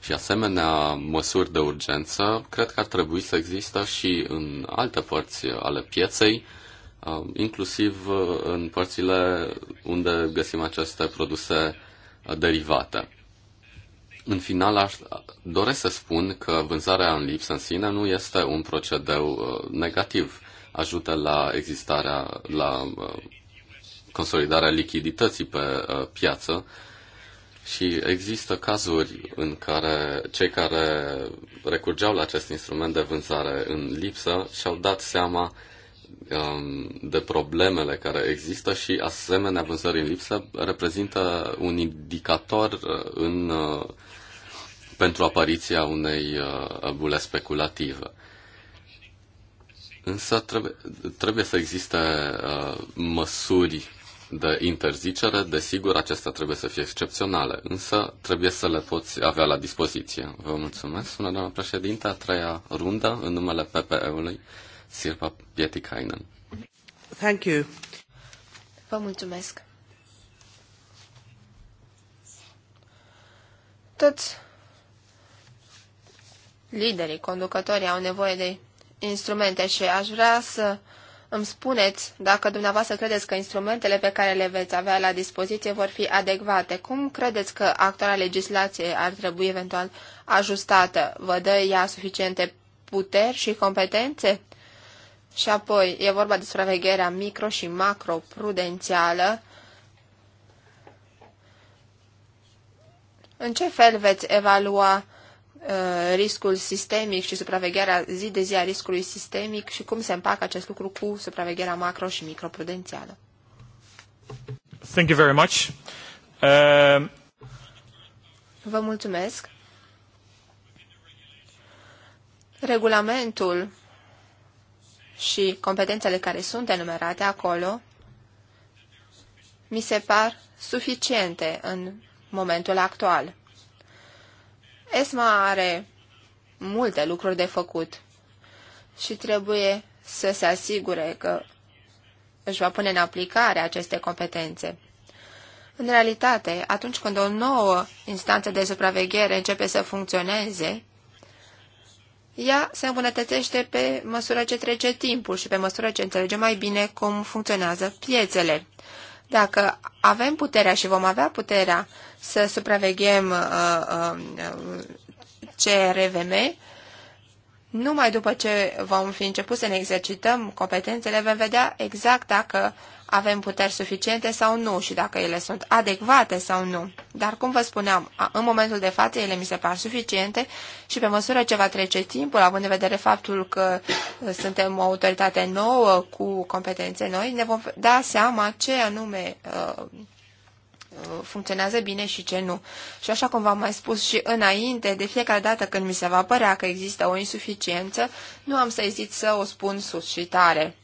Și asemenea măsuri de urgență cred că ar trebui să există și în alte părți ale pieței, uh, inclusiv în părțile unde găsim aceste produse derivate. În final, aș doresc să spun că vânzarea în lipsă în sine nu este un procedeu negativ. Ajută la existarea, la consolidarea lichidității pe uh, piață și există cazuri în care cei care recurgeau la acest instrument de vânzare în lipsă și-au dat seama um, de problemele care există și asemenea vânzări în lipsă reprezintă un indicator uh, în, uh, pentru apariția unei bule speculative. Însă trebuie, trebuie să existe măsuri de interzicere, desigur, acestea trebuie să fie excepționale, însă trebuie să le poți avea la dispoziție. Vă mulțumesc, sună doamna președinte, a treia rundă în numele PPE-ului, Sirpa Pietikainen. Thank you. Vă mulțumesc. Toți liderii, conducătorii au nevoie de instrumente și aș vrea să îmi spuneți dacă dumneavoastră credeți că instrumentele pe care le veți avea la dispoziție vor fi adecvate. Cum credeți că actuala legislație ar trebui eventual ajustată? Vă dă ea suficiente puteri și competențe? Și apoi, e vorba de supravegherea micro și macro prudențială. În ce fel veți evalua Uh, riscul sistemic și supravegherea zi de zi a riscului sistemic și cum se împacă acest lucru cu supravegherea macro și microprudențială. Thank you very much. Uh... Vă mulțumesc. Regulamentul și competențele care sunt enumerate acolo mi se par suficiente în momentul actual. ESMA are multe lucruri de făcut și trebuie să se asigure că își va pune în aplicare aceste competențe. În realitate, atunci când o nouă instanță de supraveghere începe să funcționeze, ea se îmbunătățește pe măsură ce trece timpul și pe măsură ce înțelege mai bine cum funcționează piețele. Dacă avem puterea și vom avea puterea să supraveghem uh, uh, CRVM. Numai după ce vom fi început să ne exercităm competențele, vom vedea exact dacă avem puteri suficiente sau nu și dacă ele sunt adecvate sau nu. Dar, cum vă spuneam, în momentul de față ele mi se par suficiente și pe măsură ce va trece timpul, având în vedere faptul că uh, suntem o autoritate nouă cu competențe noi, ne vom da seama ce anume Uh, funcționează bine și ce nu. Și așa cum v-am mai spus și înainte, de fiecare dată când mi se va părea că există o insuficiență, nu am să ezit să o spun sus și tare.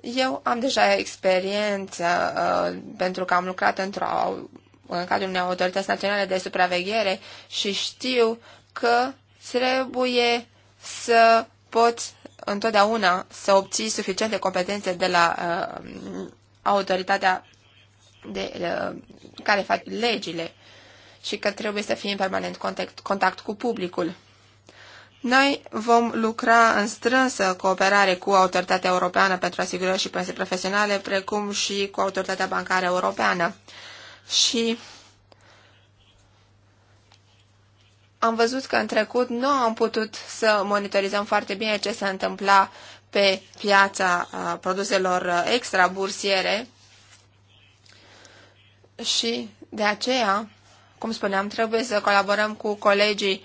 Eu am deja experiență uh, pentru că am lucrat într-o, în cadrul unei autorități naționale de supraveghere și știu că trebuie să poți întotdeauna să obții suficiente competențe de la uh, autoritatea de, uh, care face legile și că trebuie să fii în permanent contact, contact cu publicul. Noi vom lucra în strânsă cooperare cu Autoritatea Europeană pentru Asigurări și Pensii Profesionale, precum și cu Autoritatea Bancară Europeană. Și Am văzut că în trecut nu am putut să monitorizăm foarte bine ce se întâmpla pe piața produselor extrabursiere și de aceea, cum spuneam, trebuie să colaborăm cu colegii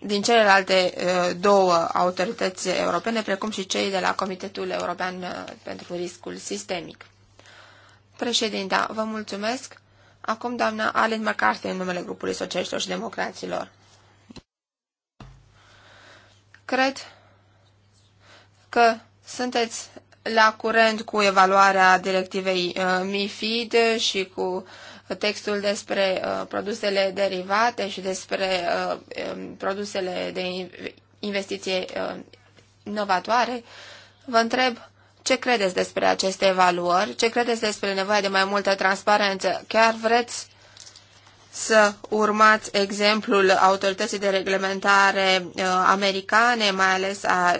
din celelalte două autorități europene, precum și cei de la Comitetul European pentru Riscul Sistemic. Președinta, vă mulțumesc. Acum doamna Alen McCarthy în numele grupului socialiștilor și democraților. Cred că sunteți la curent cu evaluarea directivei uh, MIFID și cu textul despre uh, produsele derivate și despre uh, um, produsele de investiție novatoare. Vă întreb ce credeți despre aceste evaluări? Ce credeți despre nevoia de mai multă transparență? Chiar vreți să urmați exemplul autorității de reglementare uh, americane, mai ales a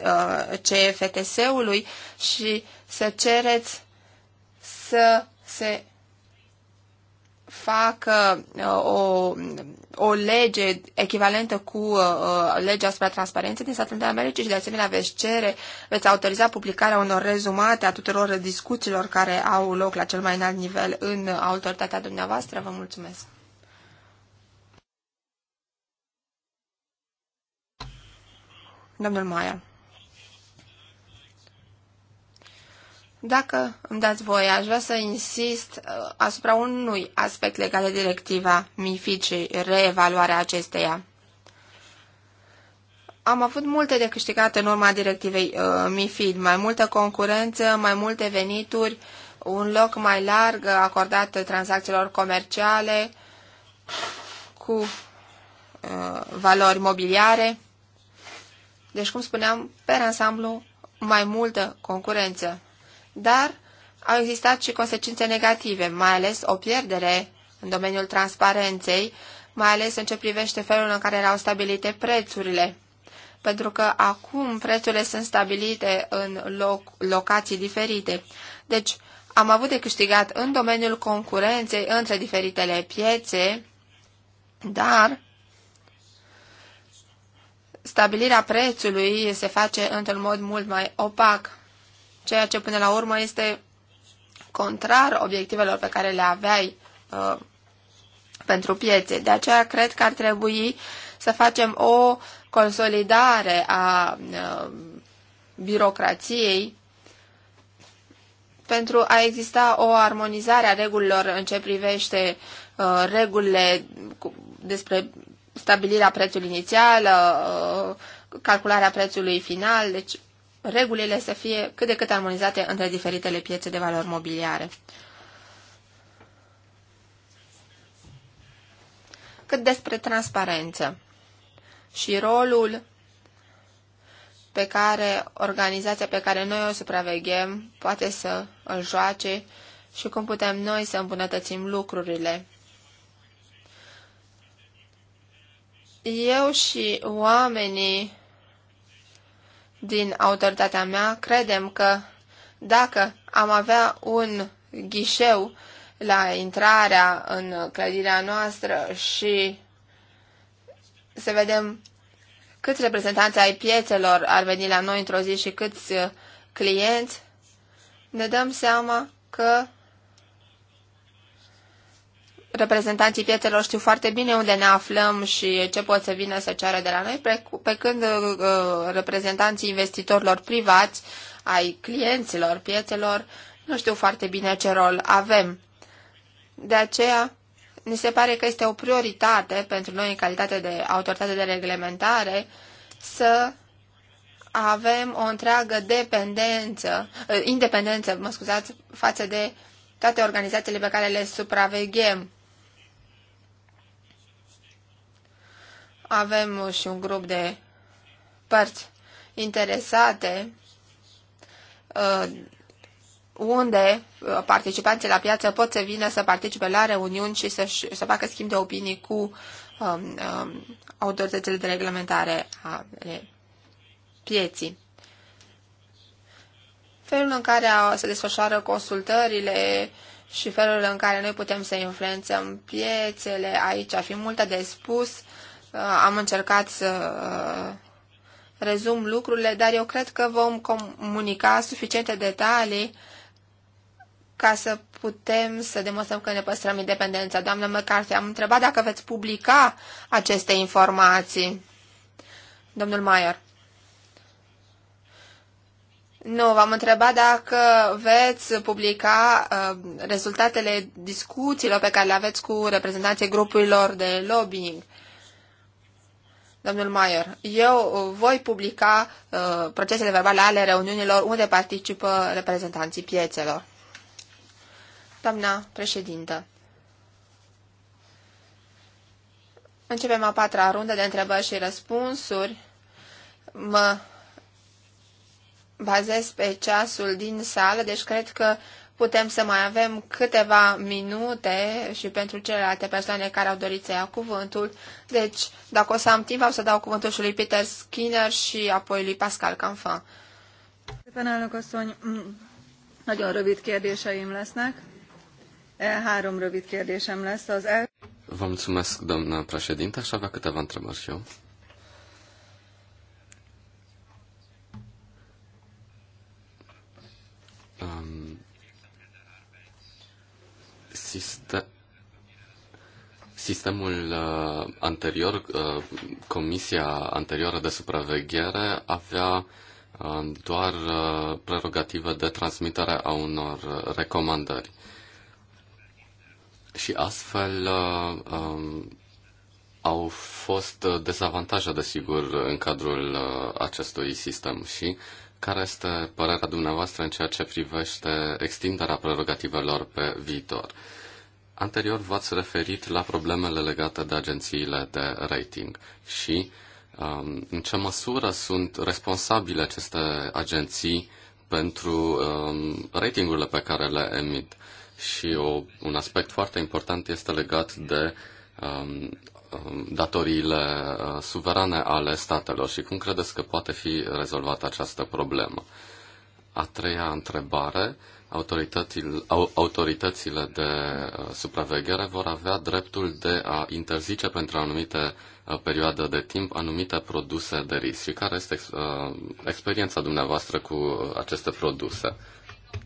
uh, CFTS-ului și să cereți să se facă uh, o, o lege echivalentă cu uh, uh, legea asupra transparenței din Statele Unite Americii și de asemenea veți cere, veți autoriza publicarea unor rezumate a tuturor discuțiilor care au loc la cel mai înalt nivel în autoritatea dumneavoastră. Vă mulțumesc! Domnul Maia. Dacă îmi dați voie, aș vrea să insist uh, asupra unui aspect legat de directiva MIFID și reevaluarea acesteia. Am avut multe de câștigat în urma directivei uh, MIFID, mai multă concurență, mai multe venituri, un loc mai larg acordat tranzacțiilor comerciale cu uh, valori mobiliare. Deci, cum spuneam, pe ansamblu, mai multă concurență dar au existat și consecințe negative, mai ales o pierdere în domeniul transparenței, mai ales în ce privește felul în care erau stabilite prețurile. Pentru că acum prețurile sunt stabilite în loc, locații diferite. Deci, am avut de câștigat în domeniul concurenței între diferitele piețe, dar stabilirea prețului se face într-un mod mult mai opac ceea ce până la urmă este contrar obiectivelor pe care le aveai uh, pentru piețe. De aceea cred că ar trebui să facem o consolidare a uh, birocrației pentru a exista o armonizare a regulilor în ce privește uh, regulile cu, despre stabilirea prețului inițial, uh, calcularea prețului final, deci regulile să fie cât de cât armonizate între diferitele piețe de valori mobiliare. Cât despre transparență și rolul pe care organizația pe care noi o supraveghem poate să îl joace și cum putem noi să îmbunătățim lucrurile. Eu și oamenii din autoritatea mea, credem că dacă am avea un ghișeu la intrarea în clădirea noastră și să vedem câți reprezentanți ai piețelor ar veni la noi într-o zi și câți clienți, ne dăm seama că reprezentanții piețelor știu foarte bine unde ne aflăm și ce pot să vină să ceară de la noi, pe când uh, uh, reprezentanții investitorilor privați, ai clienților piețelor, nu știu foarte bine ce rol avem. De aceea, ni se pare că este o prioritate pentru noi, în calitate de autoritate de reglementare, să avem o întreagă dependență, uh, independență, mă scuzați, față de toate organizațiile pe care le supraveghem. Avem și un grup de părți interesate uh, unde uh, participanții la piață pot să vină să participe la reuniuni și să, să facă schimb de opinii cu um, um, autoritățile de reglementare a pieții. Felul în care se desfășoară consultările și felul în care noi putem să influențăm piețele, aici ar fi multă de spus Uh, am încercat să uh, rezum lucrurile, dar eu cred că vom comunica suficiente detalii ca să putem să demonstrăm că ne păstrăm independența. Doamnă McCarthy, am întrebat dacă veți publica aceste informații. Domnul Maier. Nu, v-am întrebat dacă veți publica uh, rezultatele discuțiilor pe care le aveți cu reprezentanții grupurilor de lobbying. Uh, Domnul Maier, eu uh, voi publica uh, procesele verbale ale reuniunilor unde participă reprezentanții piețelor. Doamna președintă, începem a patra rundă de întrebări și răspunsuri. Mă bazez pe ceasul din sală, deci cred că putem să mai avem câteva minute și pentru celelalte persoane care au dorit să ia cuvântul. Deci, dacă o să am timp, o să dau cuvântul și lui Peter Skinner și apoi lui Pascal Canfa. Elnök asszony, mm, nagyon rövid kérdéseim lesznek. Három rövid kérdésem lesz. Az el... Vă mulțumesc, doamna președinte. Aș avea câteva întrebări și eu. Um, Sistem, sistemul uh, anterior, uh, comisia anterioară de supraveghere avea uh, doar uh, prerogative de transmitere a unor recomandări. Și astfel uh, um, au fost dezavantaje, desigur, în cadrul uh, acestui sistem. Și care este părerea dumneavoastră în ceea ce privește extinderea prerogativelor pe viitor? Uh, Anterior v-ați referit la problemele legate de agențiile de rating și um, în ce măsură sunt responsabile aceste agenții pentru um, ratingurile pe care le emit. Și o, un aspect foarte important este legat de um, um datoriile uh, suverane ale statelor și cum credeți că poate fi rezolvată această problemă? A treia întrebare autoritățile, de uh, supraveghere vor avea dreptul de a interzice pentru anumite uh, perioadă de timp anumite produse de risc. Și care este uh, experiența dumneavoastră cu aceste produse?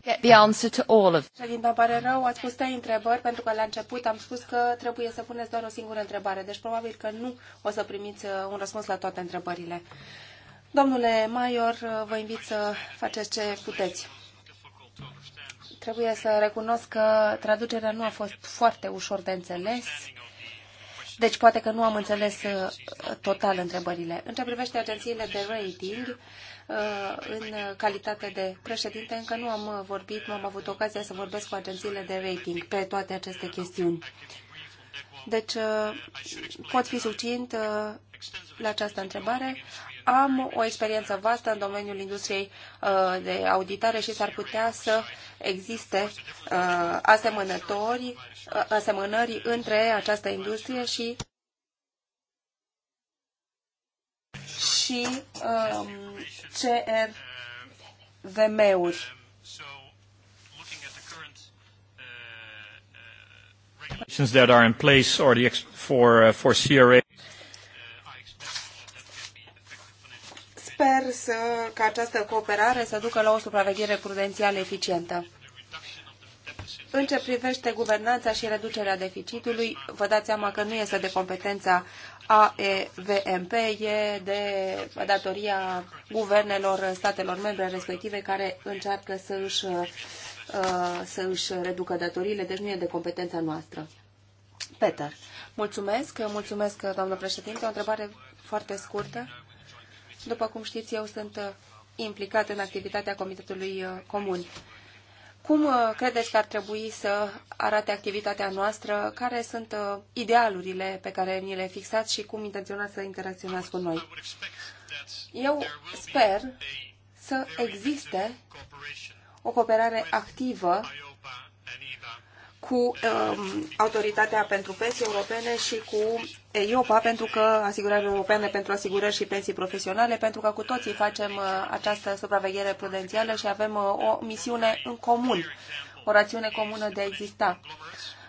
Get the answer to all of. Ședinte, îmi pare rău, ați pus trei întrebări, pentru că la început am spus că trebuie să puneți doar o singură întrebare, deci probabil că nu o să primiți un răspuns la toate întrebările. Domnule Maior, vă invit să faceți ce puteți. Trebuie să recunosc că traducerea nu a fost foarte ușor de înțeles, deci poate că nu am înțeles uh, total întrebările. În ce privește agențiile de rating, uh, în calitate de președinte, încă nu am vorbit, nu am avut ocazia să vorbesc cu agențiile de rating pe toate aceste chestiuni. Deci, uh, pot fi sucint la această întrebare am o experiență vastă în domeniul industriei uh, de auditare și s-ar putea să existe uh, asemănători, uh, asemănări între această industrie și și um, CRVM-uri. that are in place or the for uh, for CRA Sper să, ca această cooperare să ducă la o supraveghere prudențială eficientă. În ce privește guvernanța și reducerea deficitului, vă dați seama că nu este de competența AEVMP, e de datoria guvernelor statelor membre respective care încearcă să își, uh, să își reducă datoriile, deci nu e de competența noastră. Peter, mulțumesc, mulțumesc, doamnă președinte, o întrebare foarte scurtă după cum știți, eu sunt uh, implicat în activitatea Comitetului uh, Comun. Cum uh, credeți că ar trebui să arate activitatea noastră? Care sunt idealurile pe care ni le fixați și cum intenționați să interacționați cu noi? Eu sper să existe o cooperare activă cu um, Autoritatea pentru Pensii Europene și cu EIOPA pentru că asigurări europene pentru asigurări și pensii profesionale, pentru că cu toții facem uh, această supraveghere prudențială și avem uh, o misiune în comun, o rațiune comună de a exista. Uh,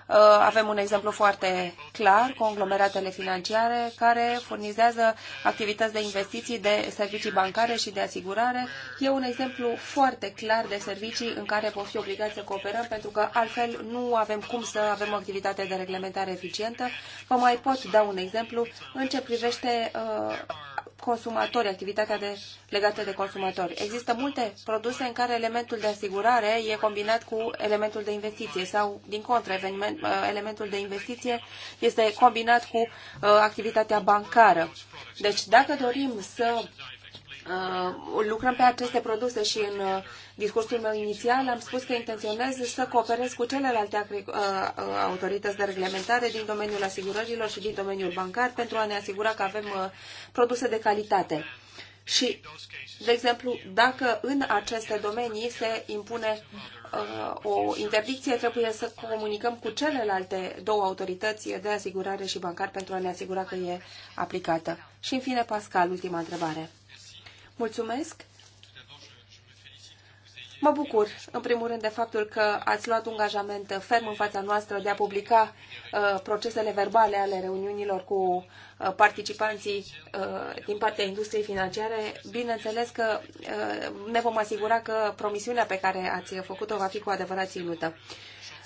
Uh, avem un exemplu foarte clar, conglomeratele financiare care furnizează activități de investiții, de servicii bancare și de asigurare. E un exemplu foarte clar de servicii în care vom fi obligați să cooperăm pentru că altfel nu avem cum să avem o activitate de reglementare eficientă. Vă mai pot da un exemplu în ce privește uh, consumatori, activitatea de, legată de consumatori. Există multe produse în care elementul de asigurare e combinat cu elementul de investiție sau, din contră, eveniment, uh, elementul de investiție este combinat cu uh, activitatea bancară. Deci, dacă dorim să Uh, lucrăm pe aceste produse și în uh, discursul meu inițial am spus că intenționez să cooperez cu celelalte uh, autorități de reglementare din domeniul asigurărilor și din domeniul bancar pentru a ne asigura că avem produse de calitate. Și, de exemplu, dacă în aceste domenii se impune uh, o interdicție, trebuie să comunicăm cu celelalte două autorități de asigurare și bancar pentru a ne asigura că e aplicată. Și, în fine, Pascal, ultima întrebare. Mulțumesc! Mă bucur, în primul rând, de faptul că ați luat un angajament ferm în fața noastră de a publica uh, procesele verbale ale reuniunilor cu uh, participanții uh, din partea industriei financiare. Bineînțeles că uh, ne vom asigura că promisiunea pe care ați făcut-o va fi cu adevărat ținută.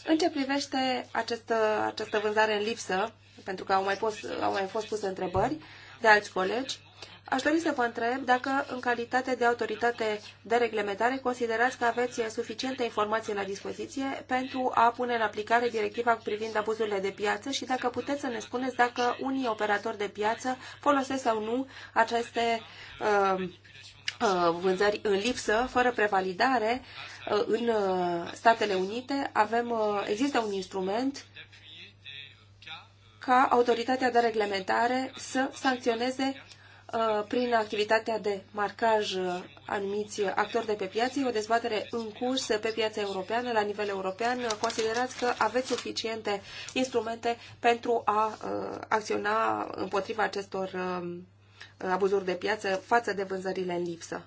În ce privește această, uh, această vânzare în lipsă, pentru că au mai, post, au mai fost puse întrebări de alți colegi, Aș dori să vă întreb dacă, în calitate de autoritate de reglementare, considerați că aveți suficiente informații la dispoziție pentru a pune în aplicare directiva privind abuzurile de piață și dacă puteți să ne spuneți dacă unii operatori de piață folosesc sau nu aceste uh, uh vânzări în lipsă, fără prevalidare, uh, în uh, Statele Unite avem, există un instrument ca autoritatea de reglementare să sancționeze Uh, prin activitatea de marcaj uh, anumiți actori de pe piață. E o dezbatere în curs pe piața europeană, la nivel european. Considerați că aveți suficiente instrumente pentru a uh, acționa împotriva acestor abuzuri de piață față de vânzările în lipsă?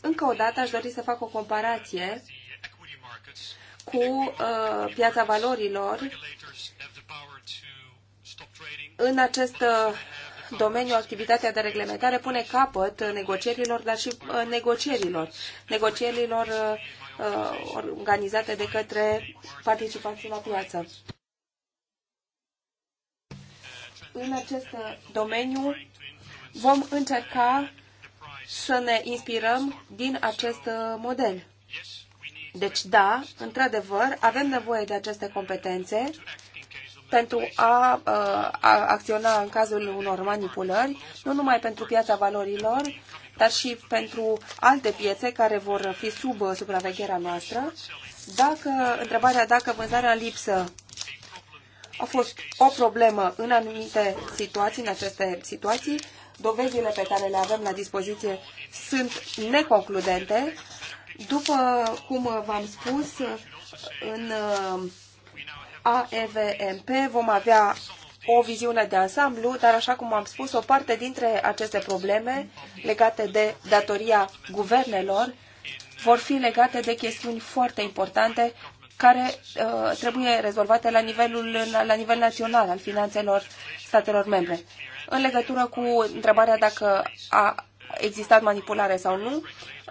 Încă o dată aș dori să fac o comparație cu uh, piața valorilor în acest uh, domeniu activitatea de reglementare pune capăt negocierilor, dar și uh, negocierilor, negocierilor uh, organizate de către participanții la piață. În acest domeniu vom încerca să ne inspirăm din acest model. Deci, da, într-adevăr, avem nevoie de aceste competențe pentru a, a acționa în cazul unor manipulări, nu numai pentru piața valorilor, dar și pentru alte piețe care vor fi sub supravegherea noastră. Dacă, întrebarea dacă vânzarea în lipsă a fost o problemă în anumite situații, în aceste situații, dovezile pe care le avem la dispoziție sunt neconcludente. După cum v-am spus, în a Vom avea o viziune de ansamblu, dar așa cum am spus, o parte dintre aceste probleme legate de datoria guvernelor vor fi legate de chestiuni foarte importante care uh, trebuie rezolvate la, nivelul, la nivel național al finanțelor statelor membre. În legătură cu întrebarea dacă a existat manipulare sau nu.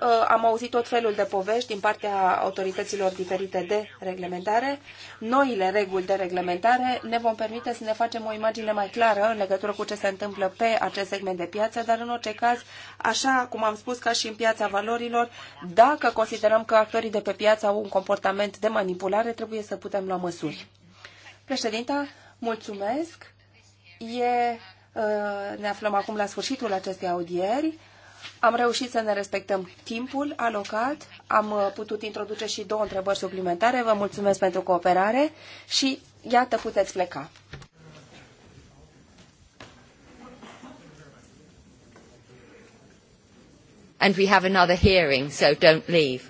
Uh, am auzit tot felul de povești din partea autorităților diferite de reglementare. Noile reguli de reglementare ne vom permite să ne facem o imagine mai clară în legătură cu ce se întâmplă pe acest segment de piață, dar în orice caz, așa cum am spus ca și în piața valorilor, dacă considerăm că actorii de pe piață au un comportament de manipulare, trebuie să putem lua măsuri. Președinta, mulțumesc. E, uh, ne aflăm acum la sfârșitul acestei audieri. Am reușit să ne respectăm timpul alocat, am uh, putut introduce și două întrebări suplimentare. Vă mulțumesc pentru cooperare și iată, puteți pleca. And we have another hearing, so don't leave.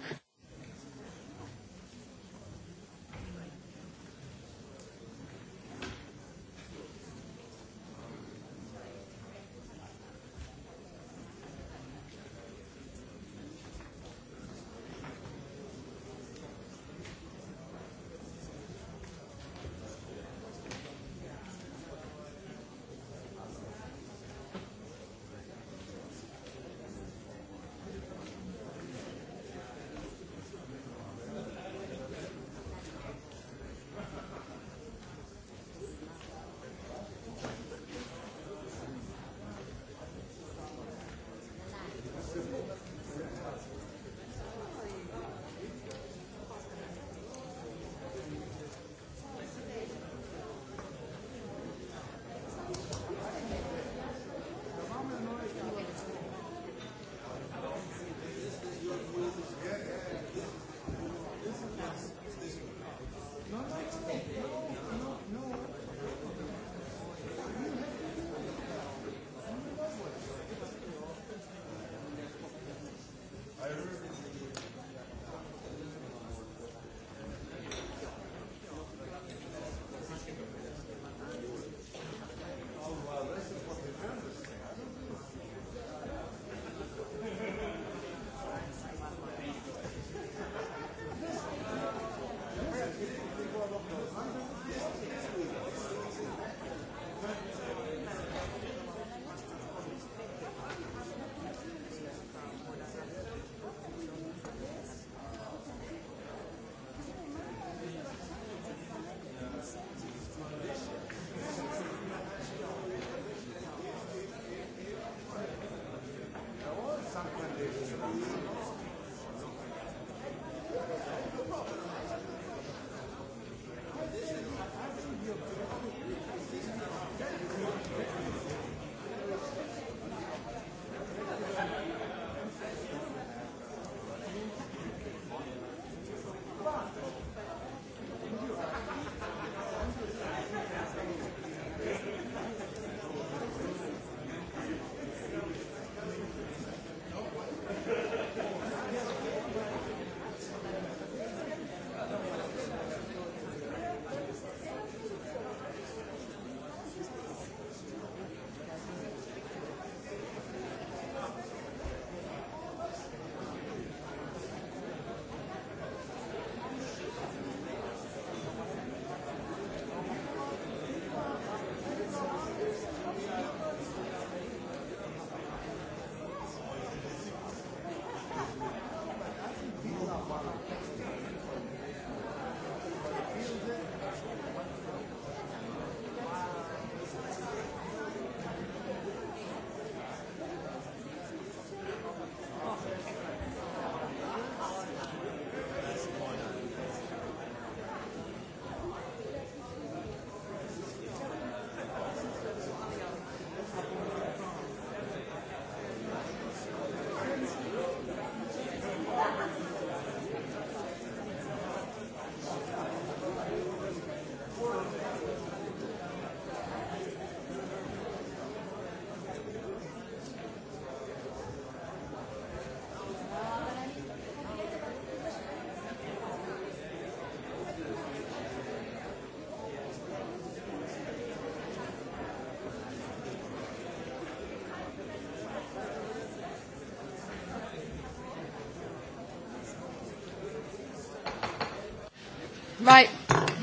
Right,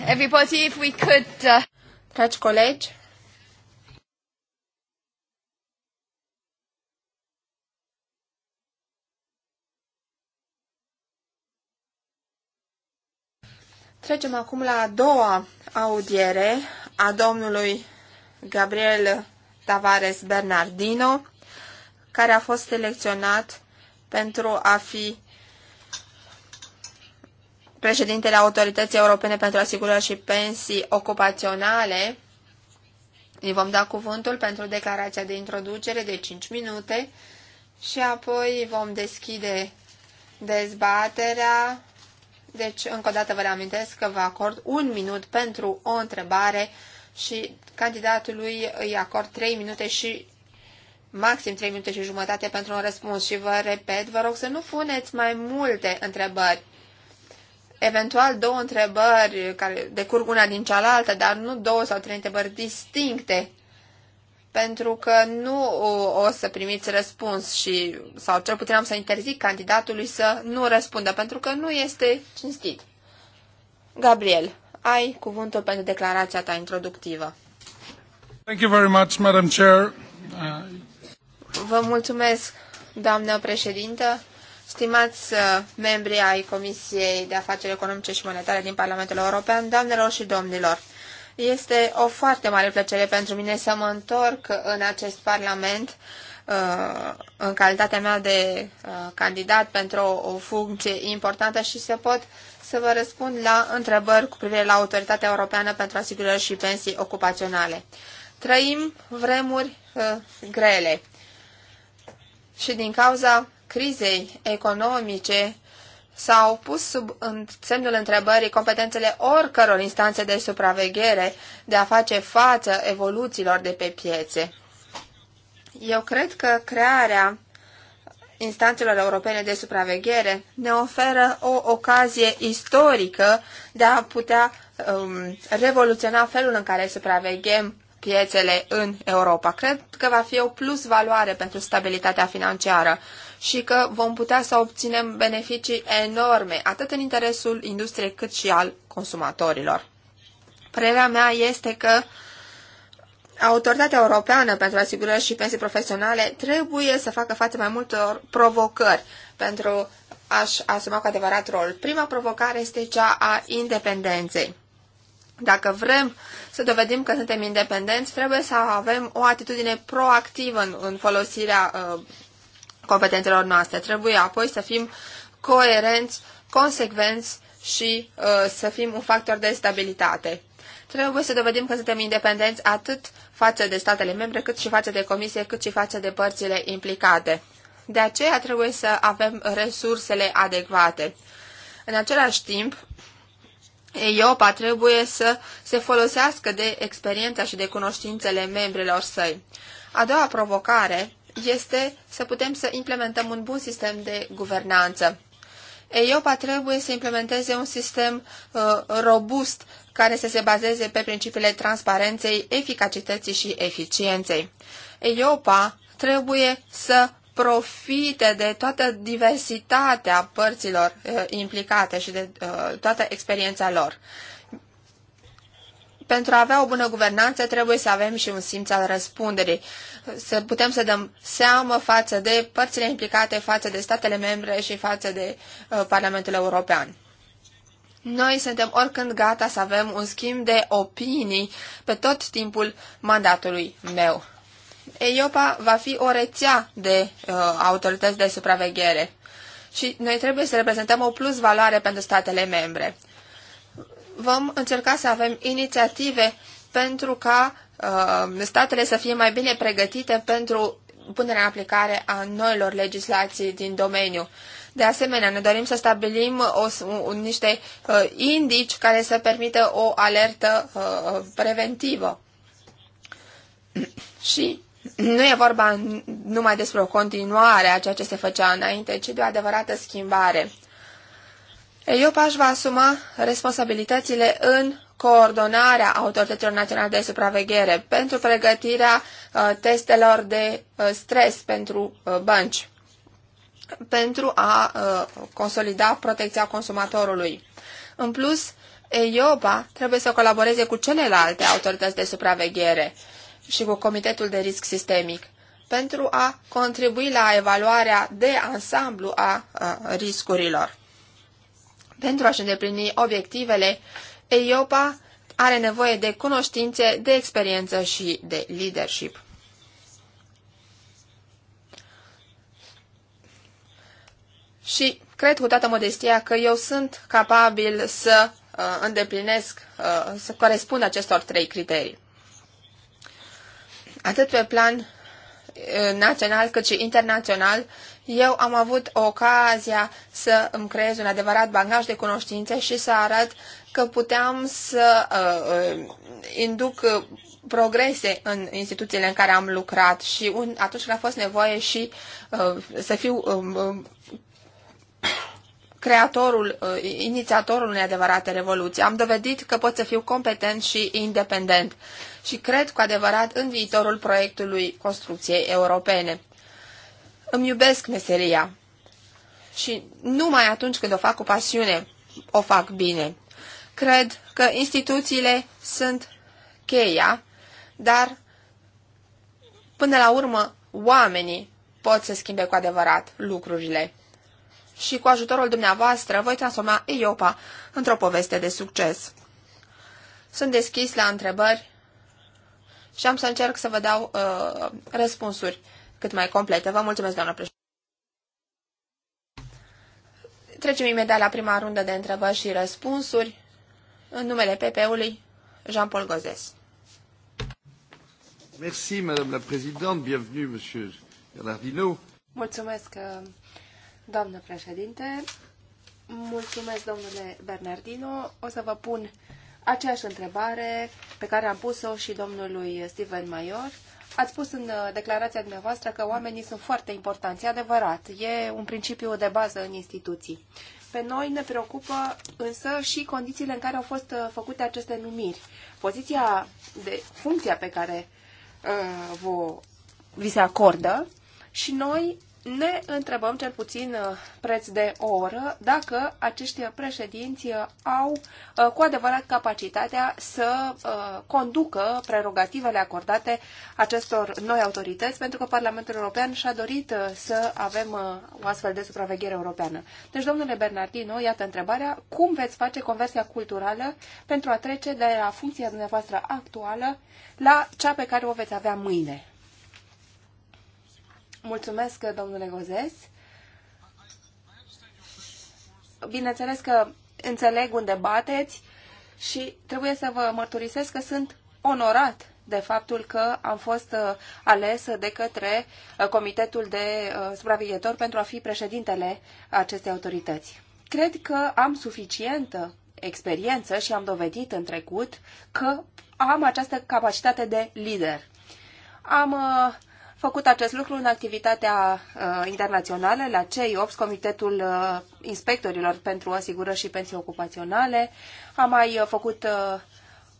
everybody, if we could... Uh... Dragi colegi, Trecem acum la a doua audiere a domnului Gabriel Tavares Bernardino, care a fost selecționat pentru a fi președintele Autorității Europene pentru Asigurări și Pensii Ocupaționale. Îi vom da cuvântul pentru declarația de introducere de 5 minute și apoi vom deschide dezbaterea. Deci, încă o dată vă reamintesc că vă acord un minut pentru o întrebare și candidatului îi acord 3 minute și maxim 3 minute și jumătate pentru un răspuns. Și vă repet, vă rog să nu puneți mai multe întrebări eventual două întrebări care decurg una din cealaltă, dar nu două sau trei întrebări distincte, pentru că nu o să primiți răspuns și, sau cel puțin am să interzic candidatului să nu răspundă, pentru că nu este cinstit. Gabriel, ai cuvântul pentru declarația ta introductivă. Thank you very much, Madam Chair. Uh, Vă mulțumesc, doamnă președintă. Stimați uh, membri ai Comisiei de Afaceri Economice și Monetare din Parlamentul European, doamnelor și domnilor, este o foarte mare plăcere pentru mine să mă întorc în acest Parlament uh, în calitatea mea de uh, candidat pentru o funcție importantă și să pot să vă răspund la întrebări cu privire la Autoritatea Europeană pentru Asigurări și Pensii Ocupaționale. Trăim vremuri grele și din cauza crizei economice s-au pus sub semnul întrebării competențele oricăror instanțe de supraveghere de a face față evoluțiilor de pe piețe. Eu cred că crearea instanțelor europene de supraveghere ne oferă o ocazie istorică de a putea um, revoluționa felul în care supraveghem piețele în Europa. Cred că va fi o plus valoare pentru stabilitatea financiară și că vom putea să obținem beneficii enorme, atât în interesul industriei cât și al consumatorilor. Părerea mea este că Autoritatea Europeană pentru Asigurări și Pensii Profesionale trebuie să facă față mai multor provocări pentru a-și asuma cu adevărat rol. Prima provocare este cea a independenței. Dacă vrem să dovedim că suntem independenți, trebuie să avem o atitudine proactivă în, în folosirea uh, competențelor noastre. Trebuie apoi să fim coerenți, consecvenți și uh, să fim un factor de stabilitate. Trebuie să dovedim că suntem independenți atât față de statele membre, cât și față de comisie, cât și față de părțile implicate. De aceea trebuie să avem resursele adecvate. În același timp, EIOPA trebuie să se folosească de experiența și de cunoștințele membrilor săi. A doua provocare este să putem să implementăm un bun sistem de guvernanță. EIOPA trebuie să implementeze un sistem uh, robust care să se bazeze pe principiile transparenței, eficacității și eficienței. EIOPA trebuie să profite de toată diversitatea părților uh, implicate și de uh, toată experiența lor. Uh, pentru a avea o bună guvernanță trebuie să avem și un simț al răspunderii, să putem să dăm seamă față de părțile implicate, față de statele membre și față de uh, Parlamentul European. Noi suntem oricând gata să avem un schimb de opinii pe tot timpul mandatului meu. EIOPA va fi o rețea de uh, autorități de supraveghere și noi trebuie să reprezentăm o plus valoare pentru statele membre vom încerca să avem inițiative pentru ca uh, statele să fie mai bine pregătite pentru punerea în aplicare a noilor legislații din domeniu. De asemenea, ne dorim să stabilim o, un, niște uh, indici care să permită o alertă uh, preventivă. Și nu e vorba numai despre o continuare a ceea ce se făcea înainte, ci de o adevărată schimbare. Eu își va asuma responsabilitățile în coordonarea autorităților naționale de supraveghere pentru pregătirea uh, testelor de uh, stres pentru uh, bănci, pentru a uh, consolida protecția consumatorului. În plus, EIOPA trebuie să colaboreze cu celelalte autorități de supraveghere și cu Comitetul de Risc Sistemic pentru a contribui la evaluarea de ansamblu a riscurilor. Pentru a-și îndeplini obiectivele, EIOPA are nevoie de cunoștințe, de experiență și de leadership. Și cred cu toată modestia că eu sunt capabil să uh, îndeplinesc, uh, să corespund acestor trei criterii. Atât pe plan uh, național cât și internațional, eu am avut ocazia să îmi creez un adevărat bagaj de cunoștințe și să arăt că puteam să uh, uh, induc progrese în instituțiile în care am lucrat și un, atunci când a fost nevoie și uh, să fiu uh, creatorul, uh, inițiatorul unei adevărate revoluții. Am dovedit că pot să fiu competent și independent și cred cu adevărat în viitorul proiectului construcției europene. Îmi iubesc meseria și numai atunci când o fac cu pasiune, o fac bine. Cred că instituțiile sunt cheia, dar până la urmă oamenii pot să schimbe cu adevărat lucrurile. Și cu ajutorul dumneavoastră voi transforma Iopa într-o poveste de succes. Sunt deschis la întrebări și am să încerc să vă dau uh, răspunsuri cât mai completă. Vă mulțumesc, doamnă președinte. Trecem imediat la prima rundă de întrebări și răspunsuri. În numele PP-ului, Jean-Paul Gozes. Merci, Madame la Présidente. Bienvenue, Monsieur Bernardino. Mulțumesc, doamnă președinte. Mulțumesc, domnule Bernardino. O să vă pun aceeași întrebare pe care am pus-o și domnului Steven Maior. Ați spus în uh, declarația dumneavoastră că oamenii sunt foarte importanți. E adevărat, e un principiu de bază în instituții. Pe noi ne preocupă însă și condițiile în care au fost uh, făcute aceste numiri. Poziția de funcția pe care uh, vă, vi se acordă și noi ne întrebăm cel puțin uh, preț de o oră dacă acești președinți uh, au uh, cu adevărat capacitatea să conducă prerogativele acordate acestor noi autorități, pentru că Parlamentul European și-a dorit să avem o astfel de supraveghere europeană. Deci, domnule Bernardino, iată întrebarea, cum veți face conversia culturală pentru a trece de la funcția dumneavoastră actuală la cea pe care o veți avea mâine? Mulțumesc, domnule Gozes. Bineînțeles că înțeleg unde bateți și trebuie să vă mărturisesc că sunt onorat de faptul că am fost uh, ales de către uh, Comitetul de uh, Supraveghetori pentru a fi președintele acestei autorități. Cred că am suficientă experiență și am dovedit în trecut că am această capacitate de lider. Am uh, făcut acest lucru în activitatea uh, internațională la CEIOPS, Comitetul uh, Inspectorilor pentru Asigurări și Pensii Ocupaționale. Am mai uh, făcut uh,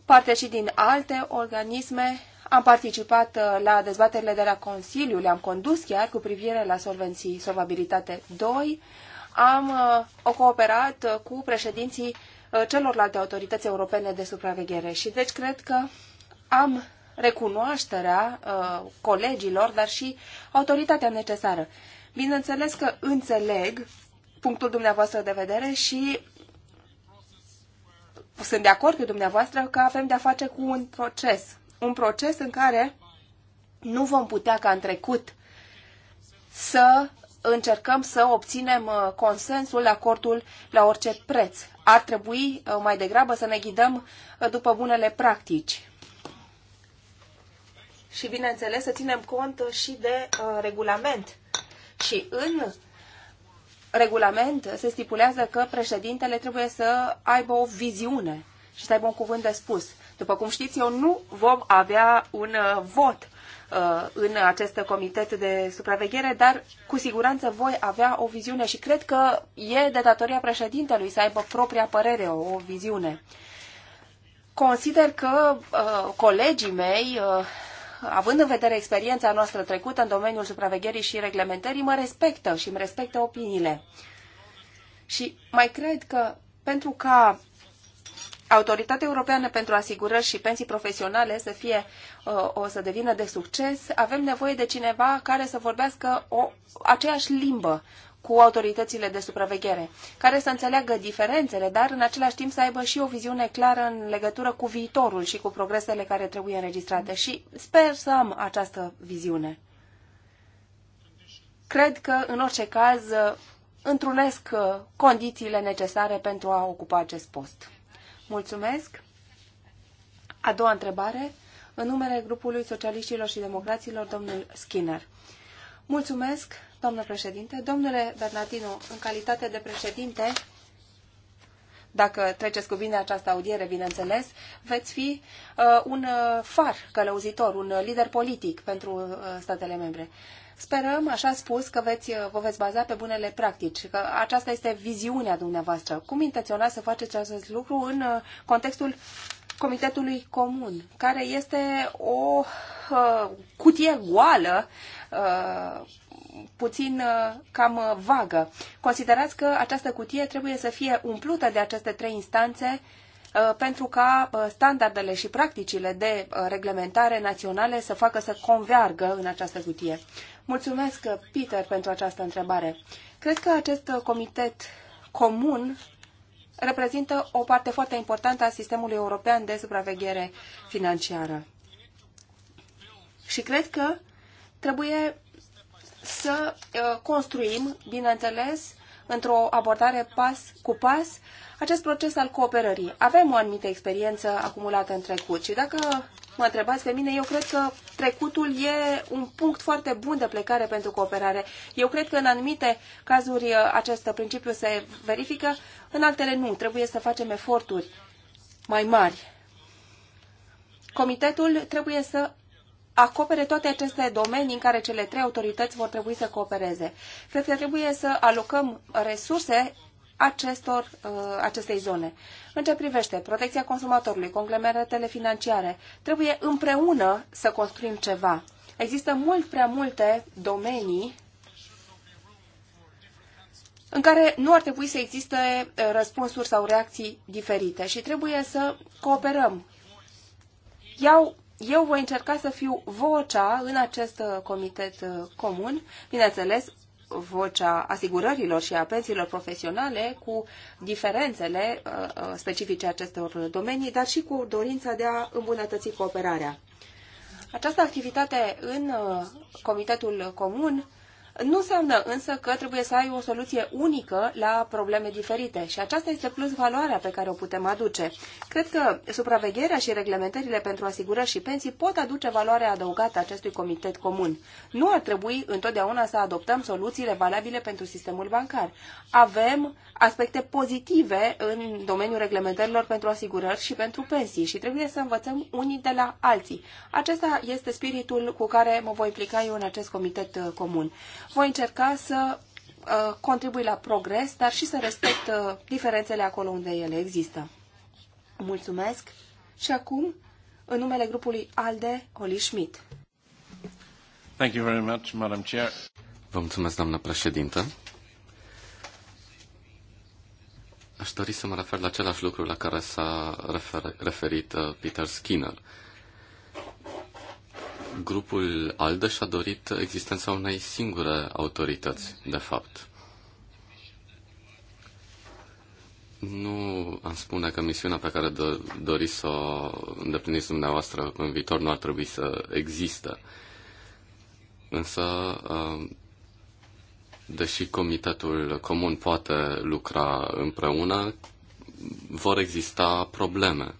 parte și din alte organisme. Am participat uh, la dezbaterile de la Consiliu, le-am condus chiar cu privire la solvenții solvabilitate 2. Am uh, cooperat uh, cu președinții uh, celorlalte autorități europene de supraveghere și deci cred că am recunoașterea uh, colegilor, dar și autoritatea necesară. Bineînțeles că înțeleg punctul dumneavoastră de vedere și sunt de acord cu dumneavoastră că avem de-a face cu un proces. Un proces în care nu vom putea ca în trecut să încercăm să obținem uh, consensul, acordul la orice preț. Ar trebui uh, mai degrabă să ne ghidăm uh, după bunele practici și, bineînțeles, să ținem cont și de uh, regulament. Și în regulament se stipulează că președintele trebuie să aibă o viziune și să aibă un cuvânt de spus. După cum știți, eu nu vom avea un uh, vot uh, în acest comitet de supraveghere, dar cu siguranță voi avea o viziune și cred că e de datoria președintelui să aibă propria părere, o, o viziune. Consider că uh, colegii mei, uh, având în vedere experiența noastră trecută în domeniul supravegherii și reglementării, mă respectă și îmi respectă opiniile. Și mai cred că pentru ca Autoritatea Europeană pentru Asigurări și Pensii Profesionale să fie uh, o să devină de succes, avem nevoie de cineva care să vorbească o aceeași limbă, cu autoritățile de supraveghere, care să înțeleagă diferențele, dar în același timp să aibă și o viziune clară în legătură cu viitorul și cu progresele care trebuie înregistrate. Și sper să am această viziune. Cred că, în orice caz, întrunesc condițiile necesare pentru a ocupa acest post. Mulțumesc. A doua întrebare, în numele grupului socialiștilor și democraților, domnul Skinner. Mulțumesc. Domnul președinte. Domnule Bernardino, în calitate de președinte, dacă treceți cu bine această audiere, bineînțeles, veți fi uh, un uh, far călăuzitor, un uh, lider politic pentru uh, statele membre. Sperăm, așa spus, că veți, uh, vă veți baza pe bunele practici, că aceasta este viziunea dumneavoastră. Cum intenționați să faceți acest lucru în uh, contextul Comitetului Comun, care este o uh, cutie goală uh, puțin uh, cam uh, vagă. Considerați că această cutie trebuie să fie umplută de aceste trei instanțe uh, pentru ca standardele și practicile de reglementare naționale să facă să convergă în această cutie. Mulțumesc, Peter, pentru această întrebare. Cred că acest comitet comun reprezintă o parte foarte importantă a sistemului european de supraveghere financiară. Și cred că trebuie să uh, construim, bineînțeles, într-o abordare pas cu pas, acest proces al cooperării. Avem o anumită experiență acumulată în trecut și dacă mă întrebați pe mine, eu cred că trecutul e un punct foarte bun de plecare pentru cooperare. Eu cred că în anumite cazuri uh, acest principiu se verifică, în altele nu. Trebuie să facem eforturi mai mari. Comitetul trebuie să acopere toate aceste domenii în care cele trei autorități vor trebui să coopereze. Cred că trebuie să alocăm resurse acestor, uh, acestei zone. În ce privește protecția consumatorului, conglomeratele financiare, trebuie împreună să construim ceva. Există mult prea multe domenii în care nu ar trebui să existe uh, răspunsuri sau reacții diferite și trebuie să cooperăm. Iau eu voi încerca să fiu vocea în acest uh, comitet uh, comun, bineînțeles, vocea asigurărilor și a pensiilor profesionale cu diferențele uh, specifice acestor domenii, dar și cu dorința de a îmbunătăți cooperarea. Această activitate în Comitetul Comun nu înseamnă însă că trebuie să ai o soluție unică la probleme diferite și aceasta este plus valoarea pe care o putem aduce. Cred că supravegherea și reglementările pentru asigurări și pensii pot aduce valoare adăugată acestui comitet comun. Nu ar trebui întotdeauna să adoptăm soluțiile valabile pentru sistemul bancar. Avem aspecte pozitive în domeniul reglementărilor pentru asigurări și pentru pensii și trebuie să învățăm unii de la alții. Acesta este spiritul cu care mă voi implica eu în acest comitet uh, comun. Voi încerca să uh, contribui la progres, dar și să respect uh, diferențele acolo unde ele există. Mulțumesc și acum, în numele grupului ALDE, Oli Schmidt. Thank you very much, Madam Chair. Vă mulțumesc, doamnă președintă. Aș dori să mă refer la același lucru la care s-a referit uh, Peter Skinner. Uh, Grupul ALDE și-a dorit existența unei singure autorități, de fapt. Nu am spune că misiunea pe care doriți să o îndepliniți dumneavoastră în viitor nu ar trebui să existe. Însă, uh, deși comitetul comun poate lucra împreună, vor exista probleme.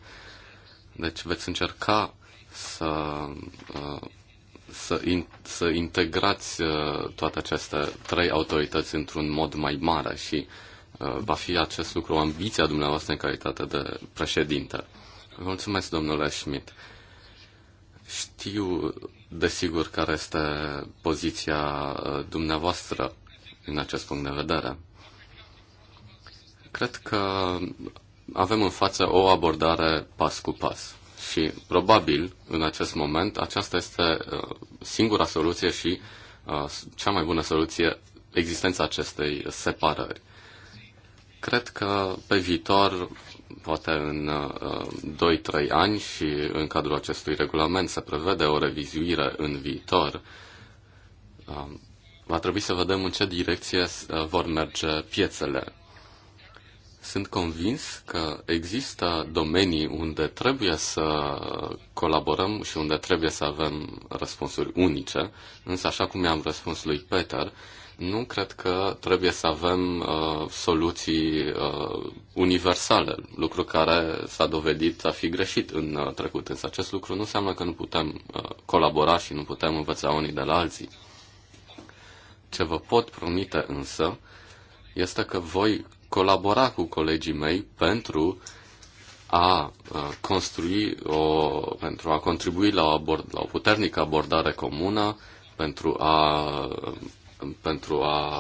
Deci veți încerca să, uh, să, in, să integrați uh, toate aceste trei autorități într-un mod mai mare și uh, va fi acest lucru ambiția dumneavoastră în calitate de președinte. Vă mulțumesc, domnule Schmidt. Știu, desigur, care este poziția dumneavoastră în acest punct de vedere. Cred că avem în față o abordare pas cu pas. Și probabil, în acest moment, aceasta este uh, singura soluție și uh, cea mai bună soluție existența acestei separări. Cred că pe viitor, poate în 2-3 uh, ani și în cadrul acestui regulament se prevede o revizuire în viitor, va trebui să vedem în ce direcție vor merge piețele sunt convins că există domenii unde trebuie să colaborăm și unde trebuie să avem răspunsuri unice, însă așa cum i-am răspuns lui Peter, nu cred că trebuie să avem uh, soluții uh, universale, lucru care s-a dovedit a fi greșit în uh, trecut. Însă acest lucru nu înseamnă că nu putem uh, colabora și nu putem învăța unii de la alții. Ce vă pot promite însă este că voi colabora cu colegii mei pentru a construi o, pentru a contribui la o, abord, la o puternică abordare comună, pentru a, pentru a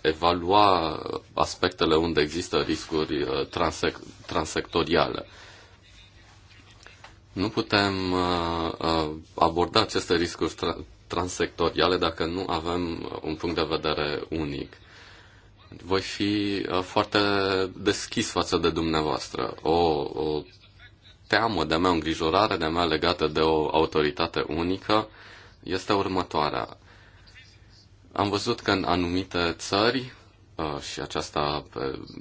evalua aspectele unde există riscuri uh, transec, transectoriale. Nu putem uh, uh, aborda aceste riscuri transectoriale transsectoriale dacă nu avem un punct de vedere unic. Voi fi uh, foarte deschis față de dumneavoastră. O, o teamă de-a mea, o îngrijorare de-a mea legată de o autoritate unică este următoarea. Am văzut că în anumite țări, uh, și aceasta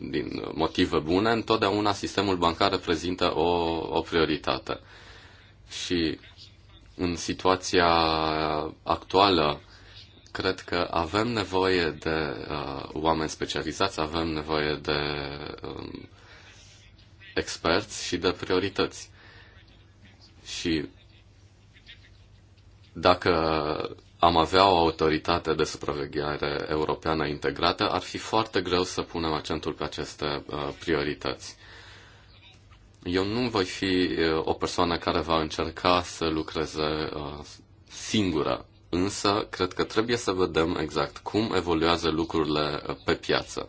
din motive bune, întotdeauna sistemul bancar reprezintă o, o prioritate. Și în situația actuală cred că avem nevoie de uh, oameni specializați, avem nevoie de um, experți și de priorități. Și dacă am avea o autoritate de supraveghere europeană integrată, ar fi foarte greu să punem accentul pe aceste uh, priorități. Eu nu voi fi uh, o persoană care va încerca să lucreze uh, singură însă cred că trebuie să vedem exact cum evoluează lucrurile uh, pe piață,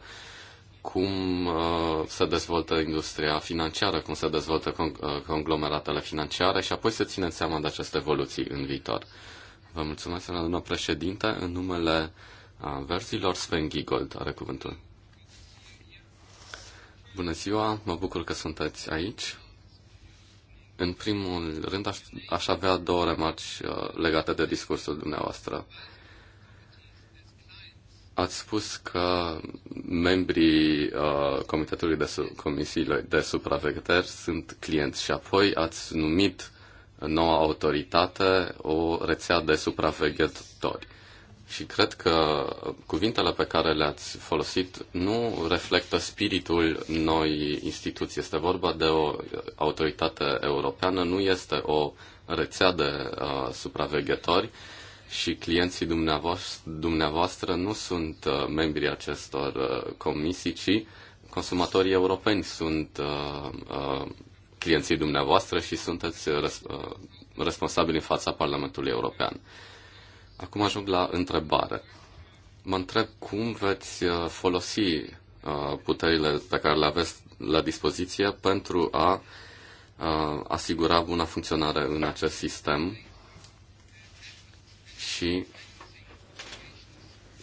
cum uh, se dezvoltă industria financiară, cum se dezvoltă uh, conglomeratele financiare și apoi să ținem seama de aceste evoluții în viitor. Vă mulțumesc, doamnă președinte, în numele verzilor Sven Gigold are cuvântul. Bună ziua, mă bucur că sunteți aici. În primul rând, aș, aș avea două remarci uh, legate de discursul dumneavoastră. Ați spus că membrii uh, Comitetului de su- Comisiilor de Supravegheteri sunt clienți și apoi ați numit noua autoritate o rețea de supraveghetori. Și cred că cuvintele pe care le-ați folosit nu reflectă spiritul noi instituții. Este vorba de o autoritate europeană, nu este o rețea de uh, supraveghetori și clienții dumneavoastră, dumneavoastră nu sunt uh, membrii acestor uh, comisii, ci consumatorii europeni sunt uh, uh, clienții dumneavoastră și sunteți uh, responsabili în fața Parlamentului European. Uh, Acum ajung la întrebare. Mă întreb cum veți uh, folosi uh, puterile pe care le aveți la dispoziție pentru a uh, asigura bună funcționare în acest sistem și,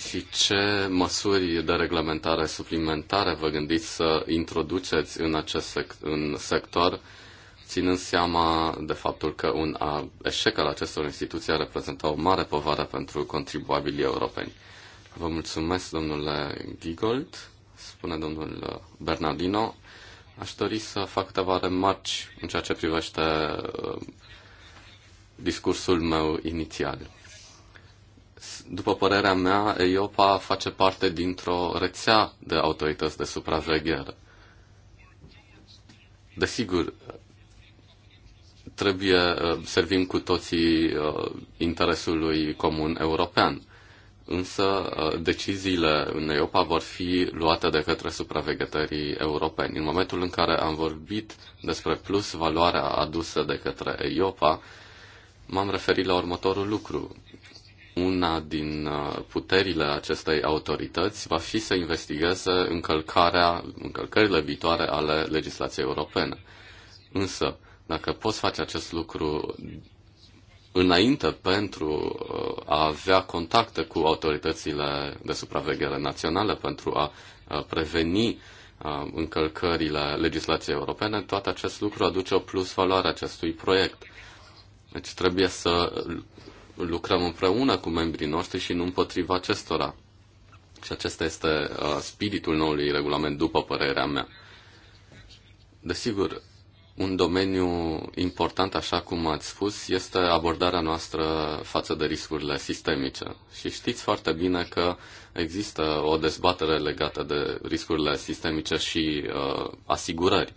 și ce măsuri de reglementare suplimentare vă gândiți să introduceți în acest sec- în sector ținând seama de faptul că un eșec al acestor instituții a reprezenta o mare povară pentru contribuabilii europeni. Vă mulțumesc, domnule Gigold, spune domnul Bernardino. Aș dori să fac câteva remarci în ceea ce privește uh, discursul meu inițial. După părerea mea, EIOPA face parte dintr-o rețea de autorități de supraveghere. Desigur, trebuie, ă, servim cu toții ă, interesului comun european. Însă ă, deciziile în Europa vor fi luate de către supraveghetării europeni. În momentul în care am vorbit despre plus valoarea adusă de către Europa, m-am referit la următorul lucru. Una din puterile acestei autorități va fi să investigeze încălcarea, încălcările viitoare ale legislației europene. Însă, dacă poți face acest lucru înainte pentru uh, a avea contacte cu autoritățile de supraveghere naționale, pentru a uh, preveni uh, încălcările legislației europene, tot acest lucru aduce o plus valoare acestui proiect. Deci trebuie să lucrăm împreună cu membrii noștri și nu împotriva acestora. Și acesta este spiritul noului regulament, după părerea mea. Desigur, un domeniu important, așa cum ați spus, este abordarea noastră față de riscurile sistemice. Și știți foarte bine că există o dezbatere legată de riscurile sistemice și uh, asigurări.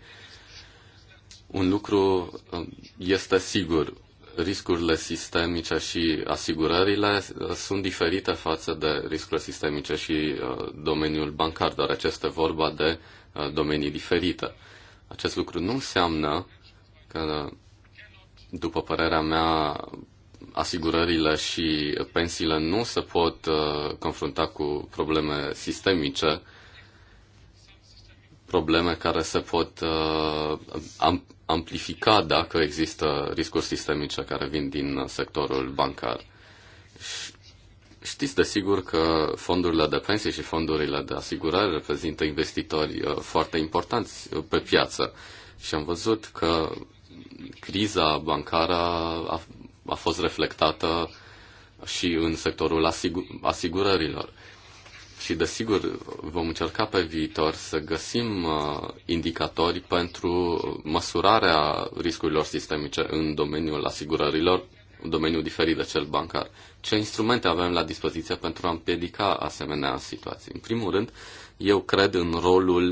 Un lucru uh, este sigur, riscurile sistemice și asigurările uh, sunt diferite față de riscurile sistemice și uh, domeniul bancar, dar este vorba de domenii diferite. Acest lucru nu înseamnă că, după părerea mea, asigurările și pensiile nu se pot uh, confrunta cu probleme sistemice, probleme care se pot uh, amplifica dacă există riscuri sistemice care vin din sectorul bancar. Știți de sigur că fondurile de pensie și fondurile de asigurare reprezintă investitori uh, foarte importanți uh, pe piață și am văzut că criza bancară a, a fost reflectată și în sectorul asigur- asigurărilor. Și desigur vom încerca pe viitor să găsim uh, indicatori pentru măsurarea riscurilor sistemice în domeniul asigurărilor, un domeniu diferit de cel bancar ce instrumente avem la dispoziție pentru a împiedica asemenea situații. În primul rând, eu cred în rolul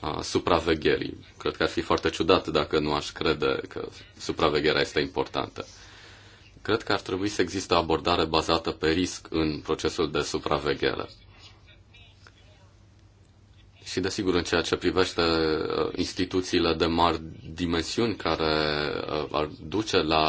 uh, supravegherii. Cred că ar fi foarte ciudat dacă nu aș crede că supravegherea este importantă. Cred că ar trebui să existe o abordare bazată pe risc în procesul de supraveghere. Și desigur, în ceea ce privește uh, instituțiile de mari dimensiuni care uh, ar duce la,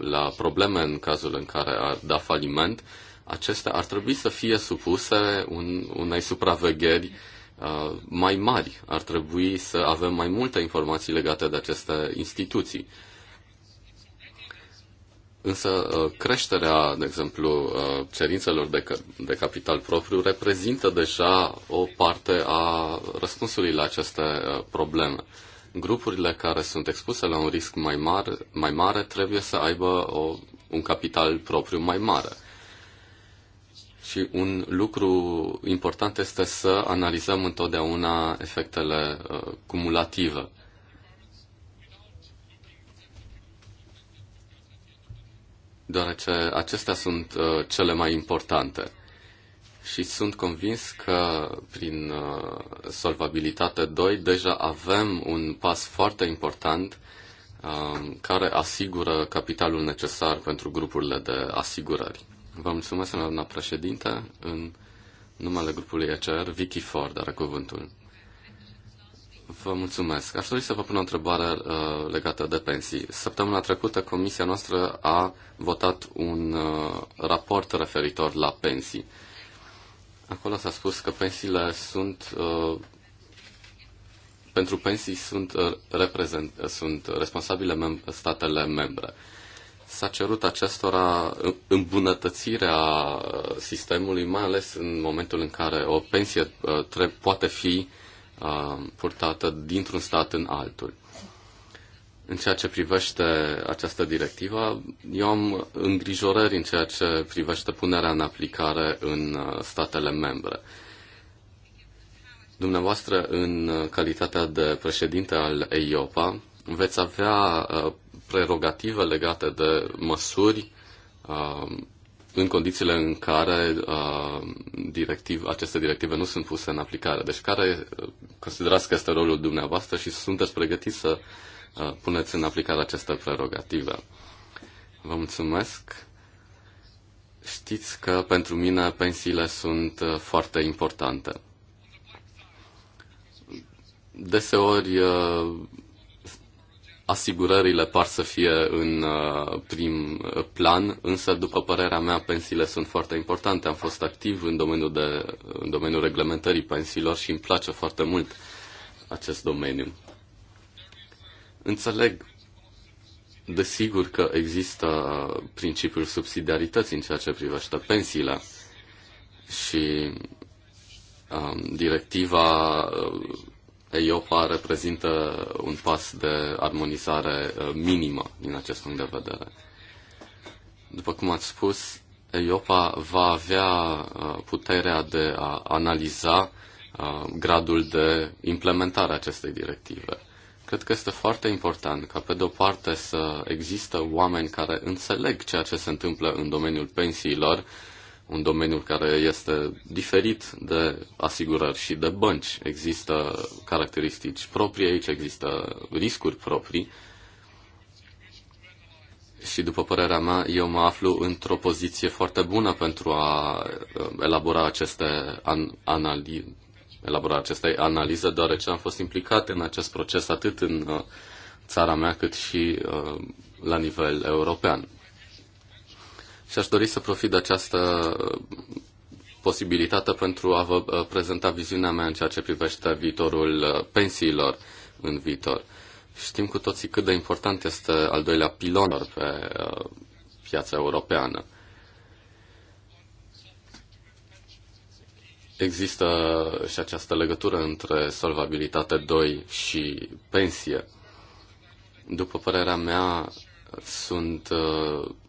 la probleme în cazul în care ar da faliment, acestea ar trebui să fie supuse un, unei supravegheri uh, mai mari. Ar trebui să avem mai multe informații legate de aceste instituții. Însă uh, creșterea, de exemplu, uh, cerințelor de, de capital propriu reprezintă deja o parte a răspunsului la aceste uh, probleme. Grupurile care sunt expuse la un risc mai mare, mai mare trebuie să aibă o, un capital propriu mai mare. Și un lucru important este să analizăm întotdeauna efectele uh, cumulative deoarece acestea sunt uh, cele mai importante. Și sunt convins că prin uh, solvabilitate 2 deja avem un pas foarte important uh, care asigură capitalul necesar pentru grupurile de asigurări. Vă mulțumesc, doamna președinte, în numele grupului ECR, Vicky Ford are cuvântul. Vă mulțumesc. Aș dori să vă pun o întrebare uh, legată de pensii. Săptămâna trecută, comisia noastră a votat un uh, raport referitor la pensii. Acolo s-a spus că pensiile sunt. Uh, pentru pensii sunt, uh, reprezent, sunt responsabile mem- statele membre. S-a cerut acestora uh, îmbunătățirea sistemului, mai ales în momentul în care o pensie uh, poate fi Uh, purtată dintr-un stat în altul. În ceea ce privește această directivă, eu am îngrijorări în ceea ce privește punerea în aplicare în uh, statele membre. Dumneavoastră, în uh, calitatea de președinte al EIOPA, veți avea prerogative legate de măsuri în condițiile în care uh, directiv, aceste directive nu sunt puse în aplicare. Deci care uh, considerați că este rolul dumneavoastră și sunteți pregătiți să uh, puneți în aplicare aceste prerogative? Vă mulțumesc. Știți că pentru mine pensiile sunt uh, foarte importante. Deseori uh, asigurările par să fie în uh, prim uh, plan, însă, după părerea mea, pensiile sunt foarte importante. Am fost activ în domeniul, de, în domeniul reglementării pensiilor și îmi place foarte mult acest domeniu. Înțeleg, desigur că există principiul subsidiarității în ceea ce privește pensiile și um, directiva uh, EIOPA reprezintă un pas de armonizare uh, minimă din acest punct de vedere. După cum ați spus, EIOPA va avea uh, puterea de a analiza uh, gradul de implementare a acestei directive. Cred că este foarte important ca, pe de-o parte, să există oameni care înțeleg ceea ce se întâmplă în domeniul pensiilor, un domeniu care este diferit de asigurări și de bănci. Există caracteristici proprii aici, există riscuri proprii și după părerea mea, eu mă aflu într-o poziție foarte bună pentru a uh, elabora aceste an- analize elabora aceste analize, deoarece am fost implicat în acest proces atât în uh, țara mea cât și uh, la nivel european și aș dori să profit de această uh, posibilitate pentru a vă uh, prezenta viziunea mea în ceea ce privește viitorul uh, pensiilor în viitor. Știm cu toții cât de important este al doilea pilon pe piața europeană. Există și această legătură între solvabilitate 2 și pensie. După părerea mea, sunt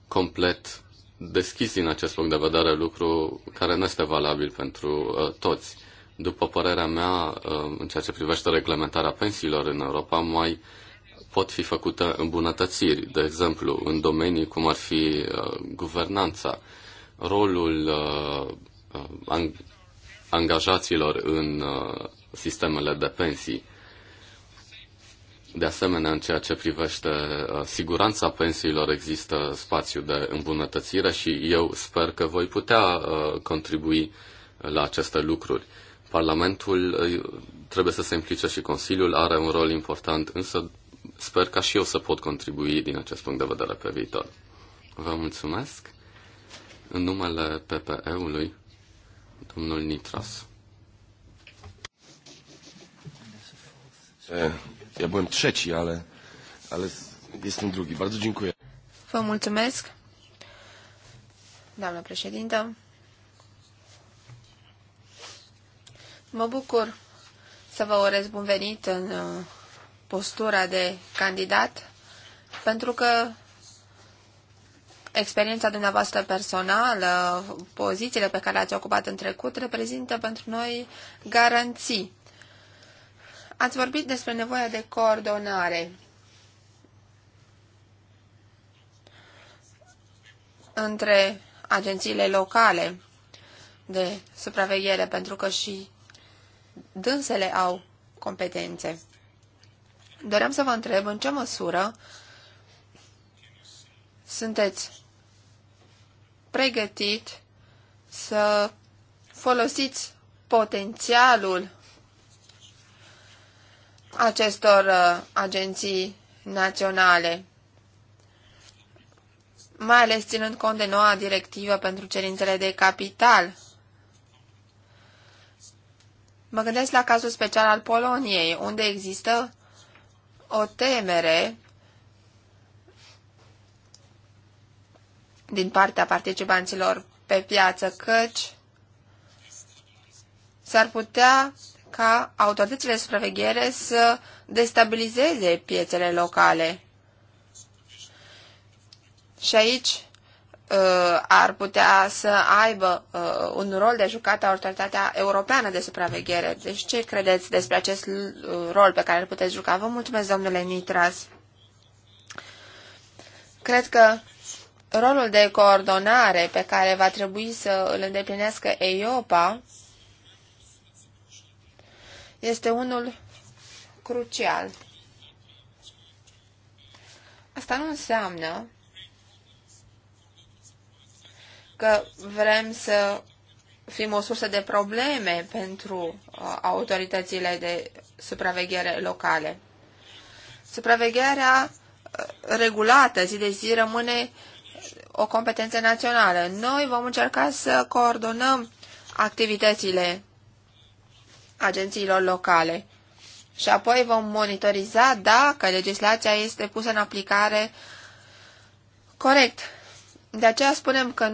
complet deschis din acest punct de vedere lucru care nu este valabil pentru uh, toți. După părerea mea, uh, în ceea ce privește reglementarea pensiilor în Europa, mai pot fi făcute îmbunătățiri, de exemplu, în domenii cum ar fi uh, guvernanța, rolul uh, uh ang- angajaților în uh, sistemele de pensii. De asemenea, în ceea ce privește uh, siguranța pensiilor, există spațiu de îmbunătățire și eu sper că voi putea uh, contribui la aceste lucruri. Parlamentul uh, trebuie să se implice și Consiliul are un rol important, însă sper ca și eu să pot contribui din acest punct de vedere pe viitor. Vă mulțumesc. În numele PPE-ului, domnul Nitras. Eh, Ja byłem trzeci, ale, ale jestem drugi. Bardzo dziękuję. Vă mulțumesc, doamnă președintă. Mă bucur să vă urez bun venit în uh, postura de candidat, pentru că experiența dumneavoastră personală, pozițiile pe care le-ați ocupat în trecut, reprezintă pentru noi garanții Ați vorbit despre nevoia de coordonare. între agențiile locale de supraveghere, pentru că și dânsele au competențe. Doream să vă întreb în ce măsură sunteți pregătit să folosiți potențialul acestor uh, agenții naționale, mai ales ținând cont de noua directivă pentru cerințele de capital. Mă gândesc la cazul special al Poloniei, unde există o temere din partea participanților pe piață, căci s-ar putea ca autoritățile de supraveghere să destabilizeze piețele locale. Și aici uh, ar putea să aibă uh, un rol de jucat autoritatea europeană de supraveghere. Deci ce credeți despre acest uh, rol pe care îl puteți juca? Vă mulțumesc, domnule Nitras. Cred că rolul de coordonare pe care va trebui să îl îndeplinească EIOPA este unul crucial. Asta nu înseamnă că vrem să fim o sursă de probleme pentru uh, autoritățile de supraveghere locale. Supravegherea uh, regulată zi de zi rămâne o competență națională. Noi vom încerca să coordonăm activitățile agențiilor locale. Și apoi vom monitoriza dacă legislația este pusă în aplicare corect. De aceea spunem că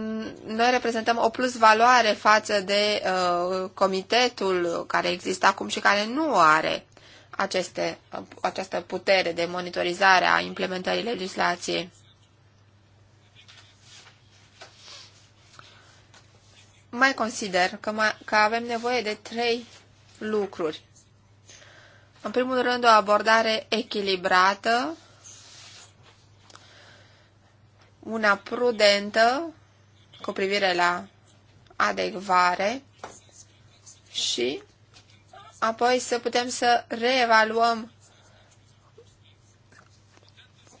noi reprezentăm o plus valoare față de uh, comitetul care există acum și care nu are aceste, această putere de monitorizare a implementării legislației. Mai consider că, mai, că avem nevoie de trei lucruri. În primul rând, o abordare echilibrată, una prudentă cu privire la adecvare și apoi să putem să reevaluăm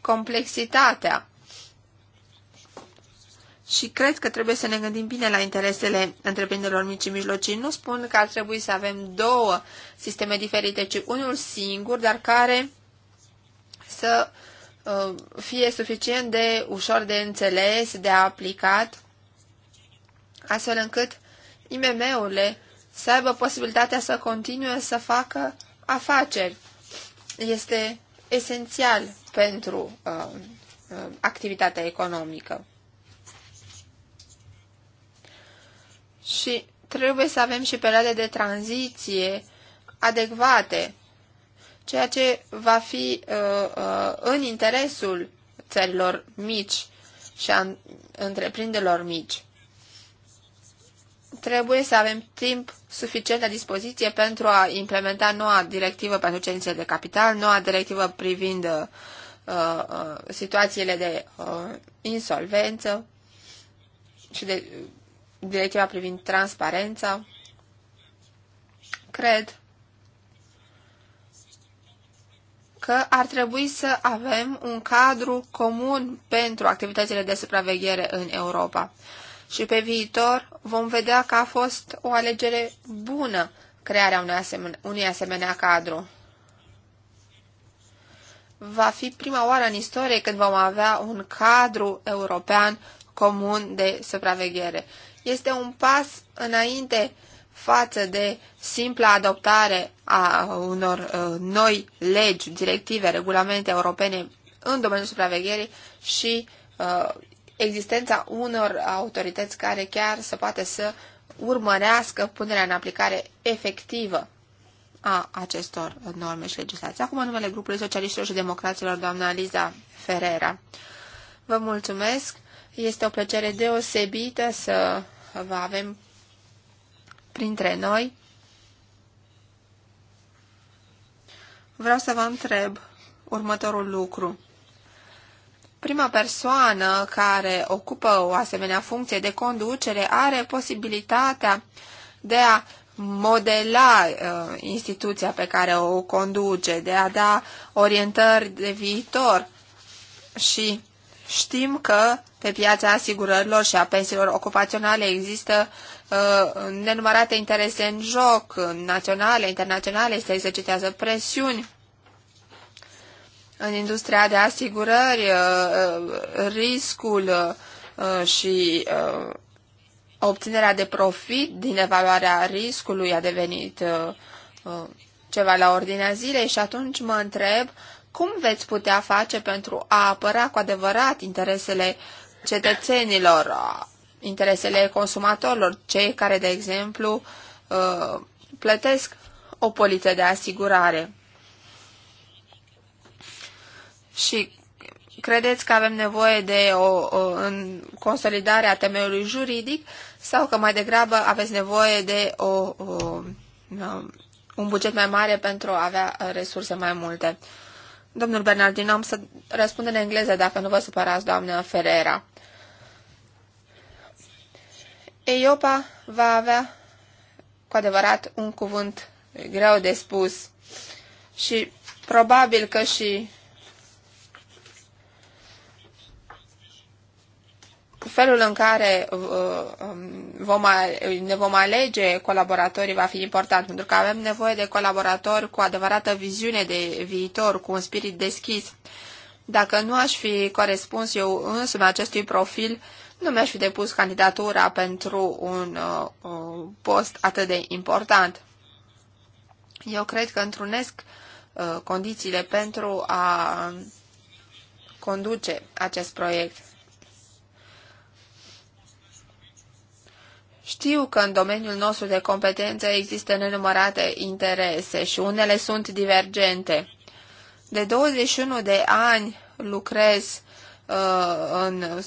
complexitatea și cred că trebuie să ne gândim bine la interesele întreprinderilor mici și mijlocii. Nu spun că ar trebui să avem două sisteme diferite, ci unul singur, dar care să uh, fie suficient de ușor de înțeles, de aplicat, astfel încât IMM-urile să aibă posibilitatea să continue să facă afaceri. Este esențial pentru uh, uh activitatea economică. și trebuie să avem și perioade de tranziție adecvate, ceea ce va fi uh, uh, în interesul țărilor mici și a întreprinderilor mici. Trebuie să avem timp suficient la dispoziție pentru a implementa noua directivă pentru cerințele de capital, noua directivă privind uh, uh, situațiile de uh, insolvență și de directiva privind transparența, cred că ar trebui să avem un cadru comun pentru activitățile de supraveghere în Europa. Și pe viitor vom vedea că a fost o alegere bună crearea unui asemenea, unui asemenea cadru. Va fi prima oară în istorie când vom avea un cadru european comun de supraveghere este un pas înainte față de simpla adoptare a unor uh, noi legi, directive, regulamente europene în domeniul supravegherii și uh, existența unor autorități care chiar să poate să urmărească punerea în aplicare efectivă a acestor norme și legislații. Acum, numele grupului socialiștilor și democraților, doamna Liza Ferrera. Vă mulțumesc! Este o plăcere deosebită să vă avem printre noi. Vreau să vă întreb următorul lucru. Prima persoană care ocupă o asemenea funcție de conducere are posibilitatea de a modela uh, instituția pe care o conduce, de a da orientări de viitor. Și știm că pe piața asigurărilor și a pensiilor ocupaționale există uh, nenumărate interese în joc, naționale, internaționale, se exercitează presiuni. În industria de asigurări, uh, uh riscul uh, uh, și uh, obținerea de profit din evaluarea riscului a devenit uh, uh, ceva la ordinea zilei și atunci mă întreb cum veți putea face pentru a apăra cu adevărat interesele cetățenilor, interesele consumatorilor, cei care, de exemplu, plătesc o poliță de asigurare. Și credeți că avem nevoie de o, o în consolidare a temeiului juridic sau că mai degrabă aveți nevoie de o, o, un buget mai mare pentru a avea resurse mai multe? Domnul Bernardino, am să răspund în engleză dacă nu vă supărați, doamnă Ferreira. EIOPA va avea cu adevărat un cuvânt greu de spus și probabil că și felul în care uh, um, vom, ne vom alege colaboratorii va fi important, pentru că avem nevoie de colaboratori cu adevărată viziune de viitor, cu un spirit deschis. Dacă nu aș fi corespuns eu însumi acestui profil, nu mi-aș fi depus candidatura pentru un uh, uh, post atât de important. Eu cred că întrunesc uh, condițiile pentru a conduce acest proiect. Știu că în domeniul nostru de competență există nenumărate interese și unele sunt divergente. De 21 de ani lucrez uh, în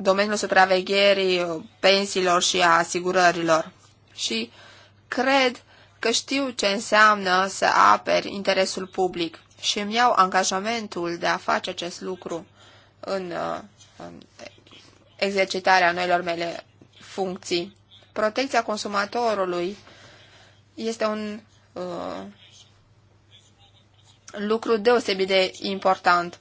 domeniul supravegherii pensiilor și a asigurărilor. Și cred că știu ce înseamnă să aperi interesul public și îmi iau angajamentul de a face acest lucru în, uh, în exercitarea noilor mele funcții. Protecția consumatorului este un uh, lucru deosebit de important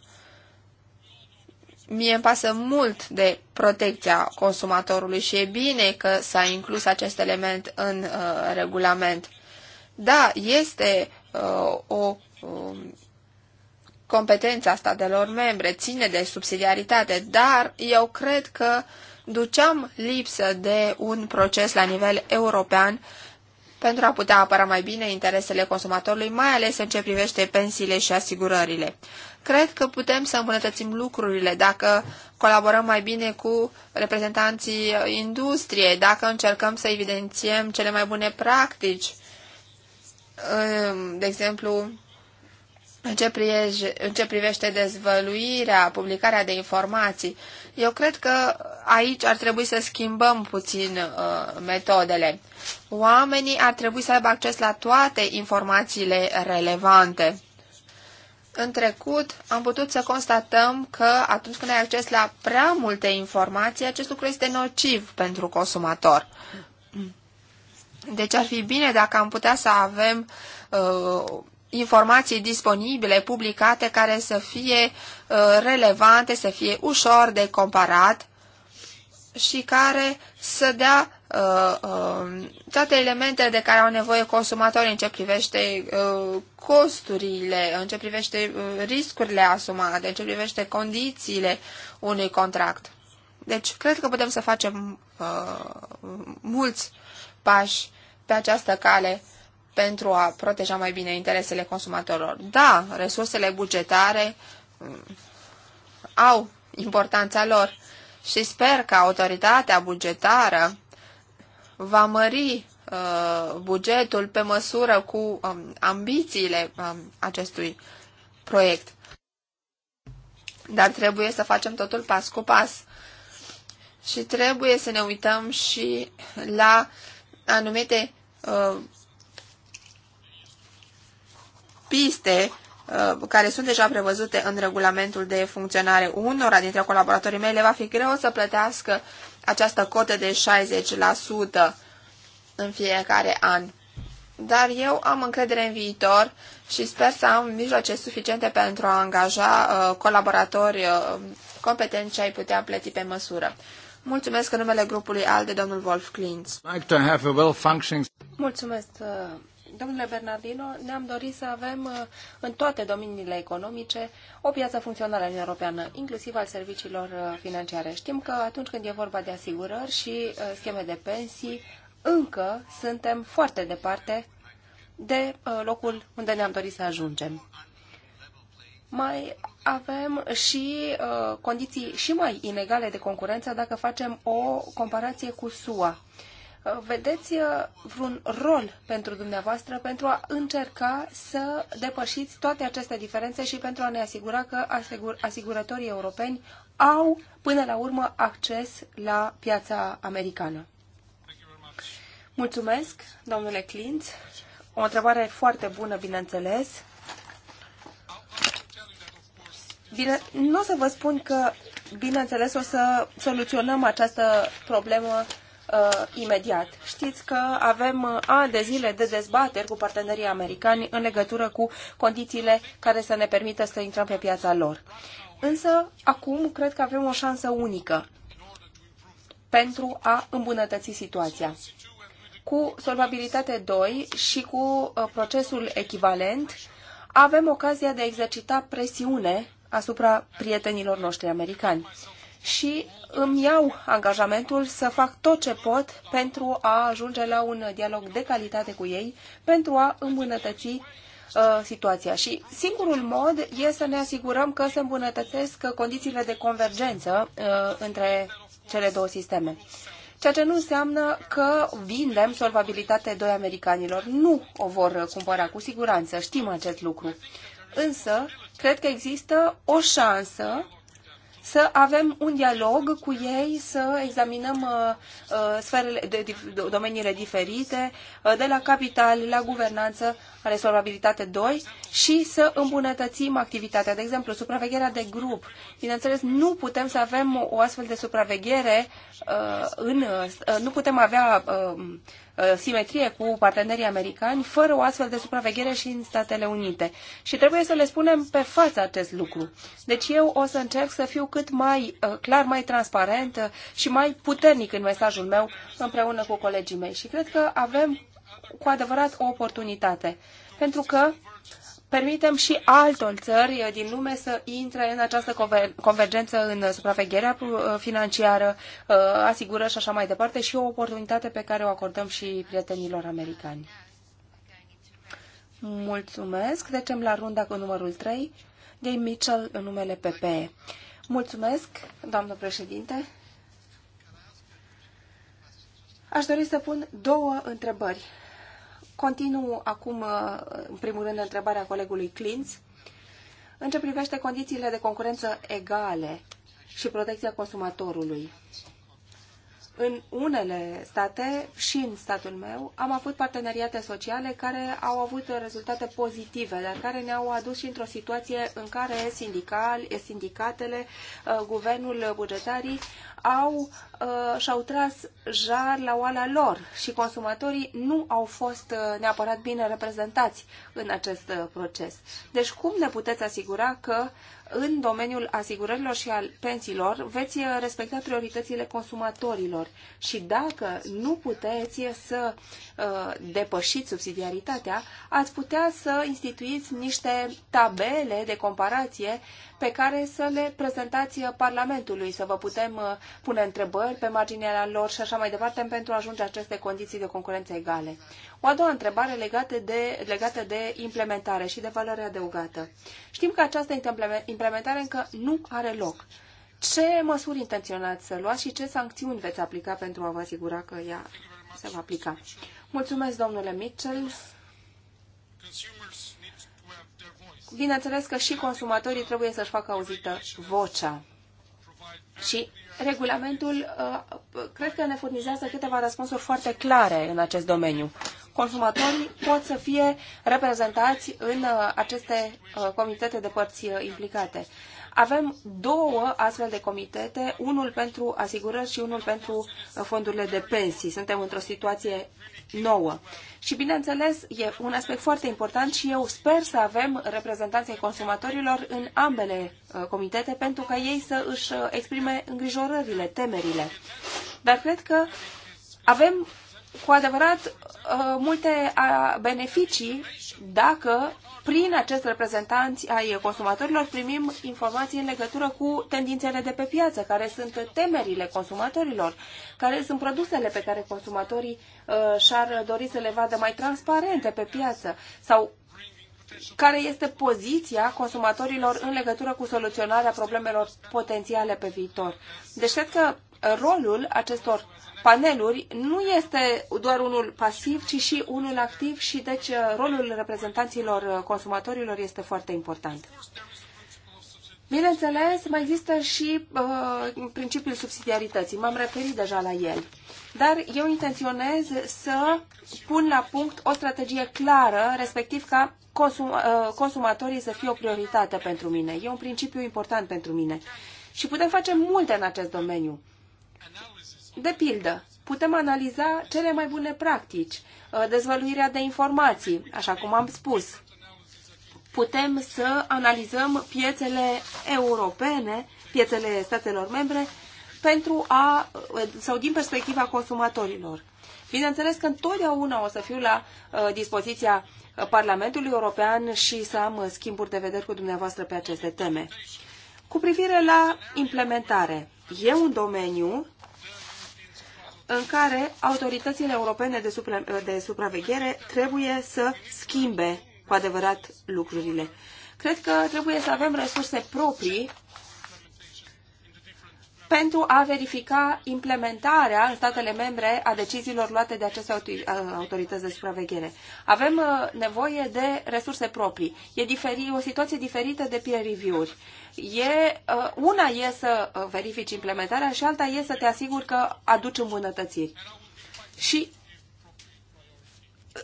Mie îmi pasă mult de protecția consumatorului și e bine că s-a inclus acest element în uh, regulament. Da, este uh, o uh, competență a statelor membre, ține de subsidiaritate, dar eu cred că duceam lipsă de un proces la nivel european pentru a putea apăra mai bine interesele consumatorului, mai ales în ce privește pensiile și asigurările. Cred că putem să îmbunătățim lucrurile dacă colaborăm mai bine cu reprezentanții industriei, dacă încercăm să evidențiem cele mai bune practici, de exemplu, în ce, în privește dezvăluirea, publicarea de informații. Eu cred că aici ar trebui să schimbăm puțin uh, metodele. Oamenii ar trebui să aibă acces la toate informațiile relevante în trecut am putut să constatăm că atunci când ai acces la prea multe informații, acest lucru este nociv pentru consumator. Deci ar fi bine dacă am putea să avem uh, informații disponibile, publicate, care să fie uh, relevante, să fie ușor de comparat și care să dea uh, uh, toate elementele de care au nevoie consumatorii în ce privește uh, costurile, în ce privește uh, riscurile asumate, în ce privește condițiile unui contract. Deci, cred că putem să facem uh, mulți pași pe această cale pentru a proteja mai bine interesele consumatorilor. Da, resursele bugetare uh, au importanța lor, și sper că autoritatea bugetară va mări uh, bugetul pe măsură cu um, ambițiile um, acestui proiect. Dar trebuie să facem totul pas cu pas. Și trebuie să ne uităm și la anumite uh, piste Uh, care sunt deja prevăzute în regulamentul de funcționare unora dintre colaboratorii mei, le va fi greu să plătească această cotă de 60% în fiecare an. Dar eu am încredere în viitor și sper să am mijloace suficiente pentru a angaja uh, colaboratori uh, competenți și ai putea plăti pe măsură. Mulțumesc în numele grupului ALDE, domnul Wolf Klintz. Mulțumesc, uh, Domnule Bernardino, ne-am dorit să avem uh, în toate domeniile economice o piață funcțională în Europeană, inclusiv al serviciilor uh, financiare. Știm că atunci când e vorba de asigurări și uh, scheme de pensii, încă suntem foarte departe de locul unde ne-am dorit să ajungem. Mai avem și condiții și mai inegale de concurență dacă facem o comparație cu SUA. Uh, vedeți uh, vreun rol pentru dumneavoastră pentru a încerca să depășiți toate aceste diferențe și pentru a ne asigura că asigur, asigurătorii europeni au până la urmă acces la piața americană. Mulțumesc, domnule Clint. O întrebare foarte bună, bineînțeles. Bine, nu o să vă spun că, bineînțeles, o să soluționăm această problemă uh, imediat. Știți că avem uh, ani de zile de dezbateri cu partenerii americani în legătură cu condițiile care să ne permită să intrăm pe piața lor. Însă, acum cred că avem o șansă unică pentru a îmbunătăți situația. Cu solvabilitate 2 și cu uh, procesul echivalent, avem ocazia de a exercita presiune asupra prietenilor noștri americani și îmi iau angajamentul să fac tot ce pot pentru a ajunge la un dialog de calitate cu ei, pentru a îmbunătăți uh, situația. Și singurul mod este să ne asigurăm că se îmbunătățesc condițiile de convergență uh, între cele două sisteme. Ceea ce nu înseamnă că vindem solvabilitate doi americanilor. Nu o vor cumpăra cu siguranță, știm acest lucru. Însă, cred că există o șansă să avem un dialog cu ei, să examinăm uh, uh, sferele, de, domeniile diferite, uh, de la capital, la guvernanță, resolvabilitate 2 și să îmbunătățim activitatea. De exemplu, supravegherea de grup. Bineînțeles, nu putem să avem o astfel de supraveghere în... Nu putem avea Uh, simetrie cu partenerii americani fără o astfel de supraveghere și în Statele Unite. Și trebuie să le spunem pe față acest lucru. Deci eu o să încerc să fiu cât mai uh, clar, mai transparent uh, și mai puternic în mesajul meu împreună cu colegii mei. Și cred că avem cu adevărat o oportunitate. Pentru că permitem și altor țări eh, din lume să intre în această convergență în supravegherea eh, financiară, eh, asigură și așa mai departe și o oportunitate pe care o acordăm și prietenilor americani. Mulțumesc. Trecem la runda cu numărul 3, de Mitchell în numele PPE. Mulțumesc, doamnă președinte. Aș dori să pun două întrebări Continu acum, uh, în primul rând, întrebarea colegului Clintz. În ce privește condițiile de concurență egale și protecția consumatorului, în unele state și în statul meu am avut parteneriate sociale care au avut rezultate pozitive, dar care ne-au adus și într-o situație în care sindical, sindicatele, uh, guvernul, bugetarii au uh, și-au tras jar la oala lor și consumatorii nu au fost uh, neapărat bine reprezentați în acest uh, proces. Deci cum ne puteți asigura că în domeniul asigurărilor și al pensiilor veți uh, respecta prioritățile consumatorilor și dacă nu puteți uh, să uh, depășiți subsidiaritatea, ați putea să instituiți niște tabele de comparație pe care să le prezentați uh, Parlamentului, să vă putem uh, pune întrebări pe marginea lor și așa mai departe pentru a ajunge aceste condiții de concurență egale. O a doua întrebare legată de, legată de implementare și de valoare adăugată. Știm că această implementare încă nu are loc. Ce măsuri intenționați să luați și ce sancțiuni veți aplica pentru a vă asigura că ea se va aplica? Mulțumesc, domnule Mitchell. Bineînțeles că și consumatorii trebuie să-și facă auzită vocea. Și regulamentul uh, cred că ne furnizează câteva răspunsuri foarte clare în acest domeniu. Consumatorii pot să fie reprezentați în uh, aceste uh, comitete de părți implicate. Avem două astfel de comitete, unul pentru asigurări și unul pentru uh, fondurile de pensii. Suntem într-o situație nouă. Și bineînțeles, e un aspect foarte important și eu sper să avem reprezentanții consumatorilor în ambele uh, comitete pentru ca ei să își uh, exprime îngrijorările, temerile. Dar cred că avem cu adevărat uh, multe uh, beneficii dacă prin acest reprezentanți ai consumatorilor primim informații în legătură cu tendințele de pe piață, care sunt temerile consumatorilor, care sunt produsele pe care consumatorii uh, și-ar dori să le vadă mai transparente pe piață sau care este poziția consumatorilor în legătură cu soluționarea problemelor potențiale pe viitor. Deci cred că rolul acestor paneluri nu este doar unul pasiv, ci și unul activ și deci rolul reprezentanților consumatorilor este foarte important. Bineînțeles, mai există și uh, principiul subsidiarității. M-am referit deja la el. Dar eu intenționez să pun la punct o strategie clară, respectiv ca consum, uh, consumatorii să fie o prioritate pentru mine. E un principiu important pentru mine. Și putem face multe în acest domeniu. De pildă, putem analiza cele mai bune practici, uh, dezvăluirea de informații, așa cum am spus. Putem să analizăm piețele europene, piețele statelor membre, pentru a, uh, sau din perspectiva consumatorilor. Bineînțeles că întotdeauna o să fiu la uh, dispoziția Parlamentului European și să am schimburi de vedere cu dumneavoastră pe aceste teme. Cu privire la implementare, e un domeniu în care autoritățile europene de, supra, de supraveghere trebuie să schimbe cu adevărat lucrurile. Cred că trebuie să avem resurse proprii pentru a verifica implementarea în statele membre a deciziilor luate de aceste uh, autorități de supraveghere. Avem uh, nevoie de resurse proprii. E diferi, o situație diferită de peer review-uri. E, uh, una e să verifici implementarea și alta e să te asiguri că aduci îmbunătățiri. Și,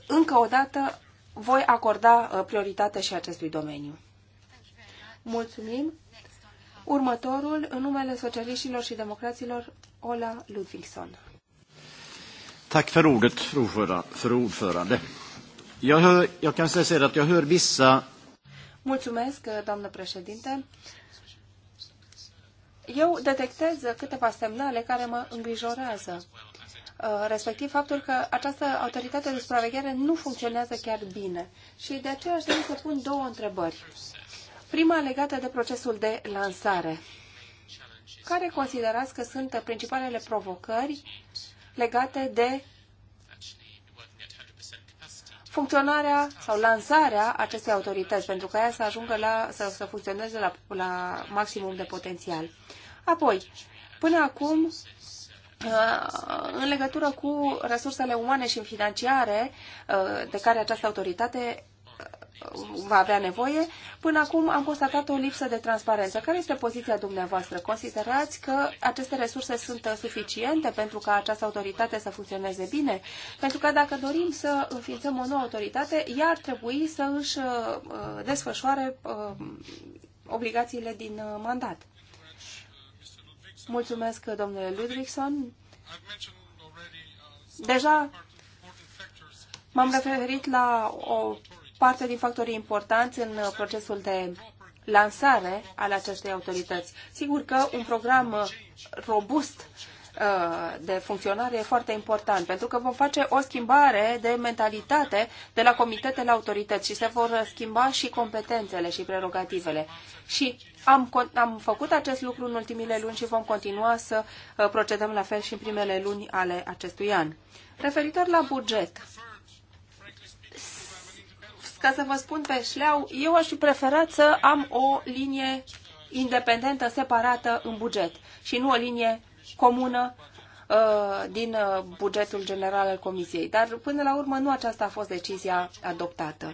încă o dată, voi acorda prioritate și acestui domeniu. Mulțumim! Următorul, în numele socialiștilor și democraților, Ola Ludvigson. Tack för ordet, fru ordförande. Jag, hör, jag kan säga att jag hör vissa... Mulțumesc, doamnă președinte. Eu detectez câteva semnale care mă îngrijorează, uh, respectiv faptul că această autoritate de supraveghere nu funcționează chiar bine. Și de aceea aș dori să pun două întrebări. Prima legată de procesul de lansare. Care considerați că sunt principalele provocări legate de funcționarea sau lansarea acestei autorități, pentru ca ea să ajungă la, să, să funcționeze la, la maximum de potențial. Apoi, până acum, uh, în legătură cu resursele umane și financiare uh, de care această autoritate va avea nevoie. Până acum am constatat o lipsă de transparență. Care este poziția dumneavoastră? Considerați că aceste resurse sunt suficiente pentru ca această autoritate să funcționeze bine? Pentru că dacă dorim să înființăm o nouă autoritate, ea ar trebui să își uh, desfășoare uh, obligațiile din uh, mandat. Mulțumesc, domnule Ludrickson. Deja M-am referit la o parte din factorii importanți în uh, procesul de lansare al acestei autorități. Sigur că un program uh, robust uh, de funcționare e foarte important, pentru că vom face o schimbare de mentalitate de la comitete la autorități și se vor schimba și competențele și prerogativele. Și am, am făcut acest lucru în ultimile luni și vom continua să procedăm la fel și în primele luni ale acestui an. Referitor la buget, ca să vă spun pe șleau, eu aș fi preferat să am o linie independentă, separată în buget și nu o linie comună uh, din uh, bugetul general al Comisiei. Dar până la urmă nu aceasta a fost decizia adoptată.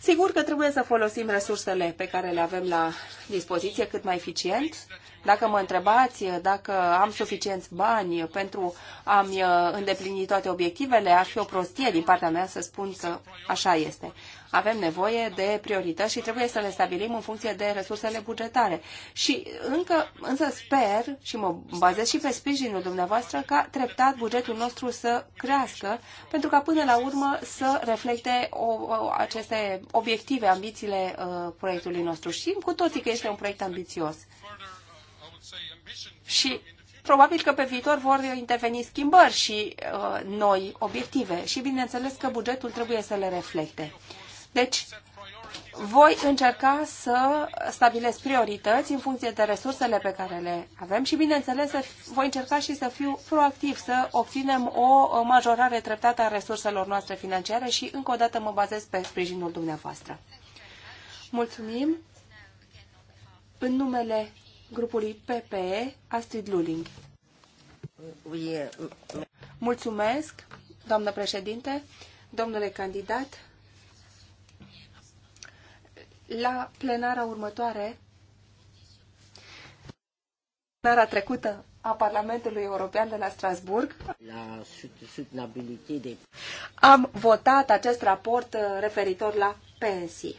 Sigur că trebuie să folosim resursele pe care le avem la dispoziție cât mai eficient, dacă mă întrebați dacă am suficienți bani pentru a-mi uh, îndeplini toate obiectivele, ar fi o prostie din partea mea să spun că așa este. Avem nevoie de priorități și trebuie să le stabilim în funcție de resursele bugetare. Și încă, însă sper și mă bazez și pe sprijinul dumneavoastră ca treptat bugetul nostru să crească, pentru ca până la urmă să reflecte o, o, aceste obiective, ambițiile uh, proiectului nostru. Știm cu toții că este un proiect ambițios și probabil că pe viitor vor interveni schimbări și uh, noi obiective și bineînțeles că bugetul trebuie să le reflecte. Deci, voi încerca să stabilesc priorități în funcție de resursele pe care le avem și, bineînțeles, voi încerca și să fiu proactiv, să obținem o majorare treptată a resurselor noastre financiare și, încă o dată, mă bazez pe sprijinul dumneavoastră. Mulțumim! În numele grupului PPE, Astrid Luling. Euh, Mulțumesc, doamnă președinte, domnule candidat. La plenara următoare, plenara trecută a Parlamentului European de la Strasburg, la am votat acest raport uh, referitor la pensii.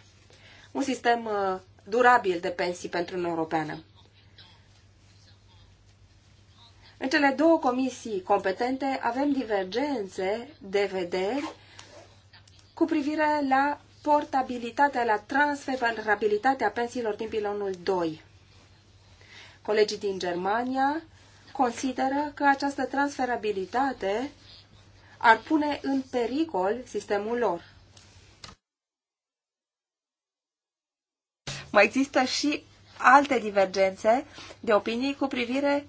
Un sistem uh, durabil de pensii pentru Uniunea Europeană. În cele două comisii competente avem divergențe de vederi cu privire la portabilitatea, la transferabilitatea pensiilor din pilonul 2. Colegii din Germania consideră că această transferabilitate ar pune în pericol sistemul lor. Mai există și alte divergențe de opinii cu privire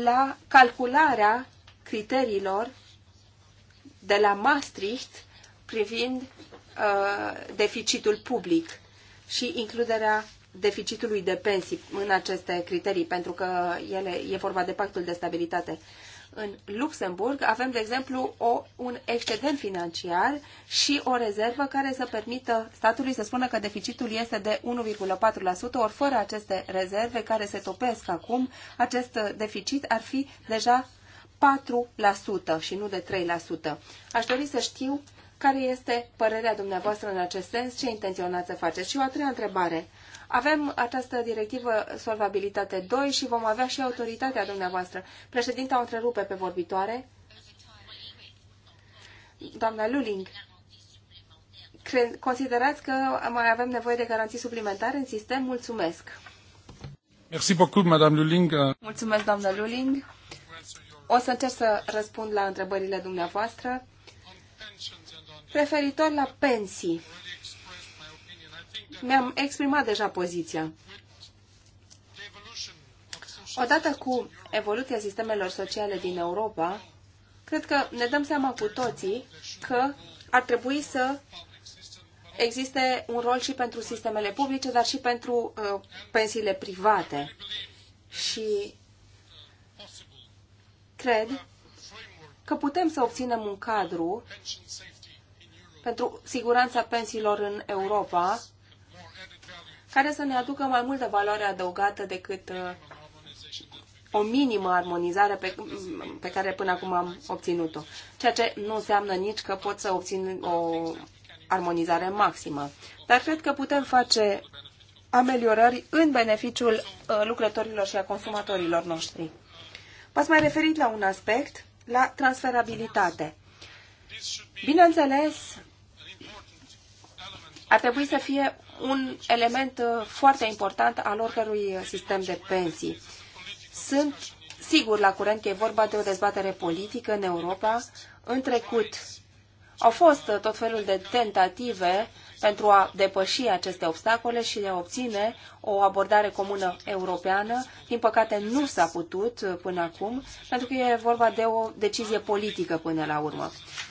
la calcularea criteriilor de la Maastricht privind uh, deficitul public și includerea deficitului de pensii în aceste criterii, pentru că ele, e vorba de pactul de stabilitate în Luxemburg avem, de exemplu, o, un excedent financiar și o rezervă care să permită statului să spună că deficitul este de 1,4%, ori fără aceste rezerve care se topesc acum, acest deficit ar fi deja 4% și nu de 3%. Aș dori să știu care este părerea dumneavoastră în acest sens, ce intenționați să faceți. Și o a treia întrebare. Avem această directivă Solvabilitate 2 și vom avea și autoritatea dumneavoastră. Președinta o întrerupe pe vorbitoare. Doamna Luling, considerați că mai avem nevoie de garanții suplimentare în sistem? Mulțumesc! Merci beaucoup, Madame Luling. Mulțumesc, doamna Luling. O să încerc să răspund la întrebările dumneavoastră. Referitor la pensii, mi-am exprimat deja poziția. Odată cu evoluția sistemelor sociale din Europa, cred că ne dăm seama cu toții că ar trebui să existe un rol și pentru sistemele publice, dar și pentru uh, pensiile private. Și cred că putem să obținem un cadru pentru siguranța pensiilor în Europa care să ne aducă mai multă valoare adăugată decât uh, o minimă armonizare pe, pe care până acum am obținut-o. Ceea ce nu înseamnă nici că pot să obțin o armonizare maximă. Dar cred că putem face ameliorări în beneficiul uh, lucrătorilor și a consumatorilor noștri. V-ați mai referit la un aspect, la transferabilitate. Bineînțeles, ar trebui să fie un element uh, foarte important al oricărui sistem de pensii. Sunt sigur la curent că e vorba de o dezbatere politică în Europa. În trecut au fost uh, tot felul de tentative pentru a depăși aceste obstacole și de a obține o abordare comună europeană. Din păcate nu s-a putut uh, până acum, pentru că e vorba de o decizie politică până la urmă.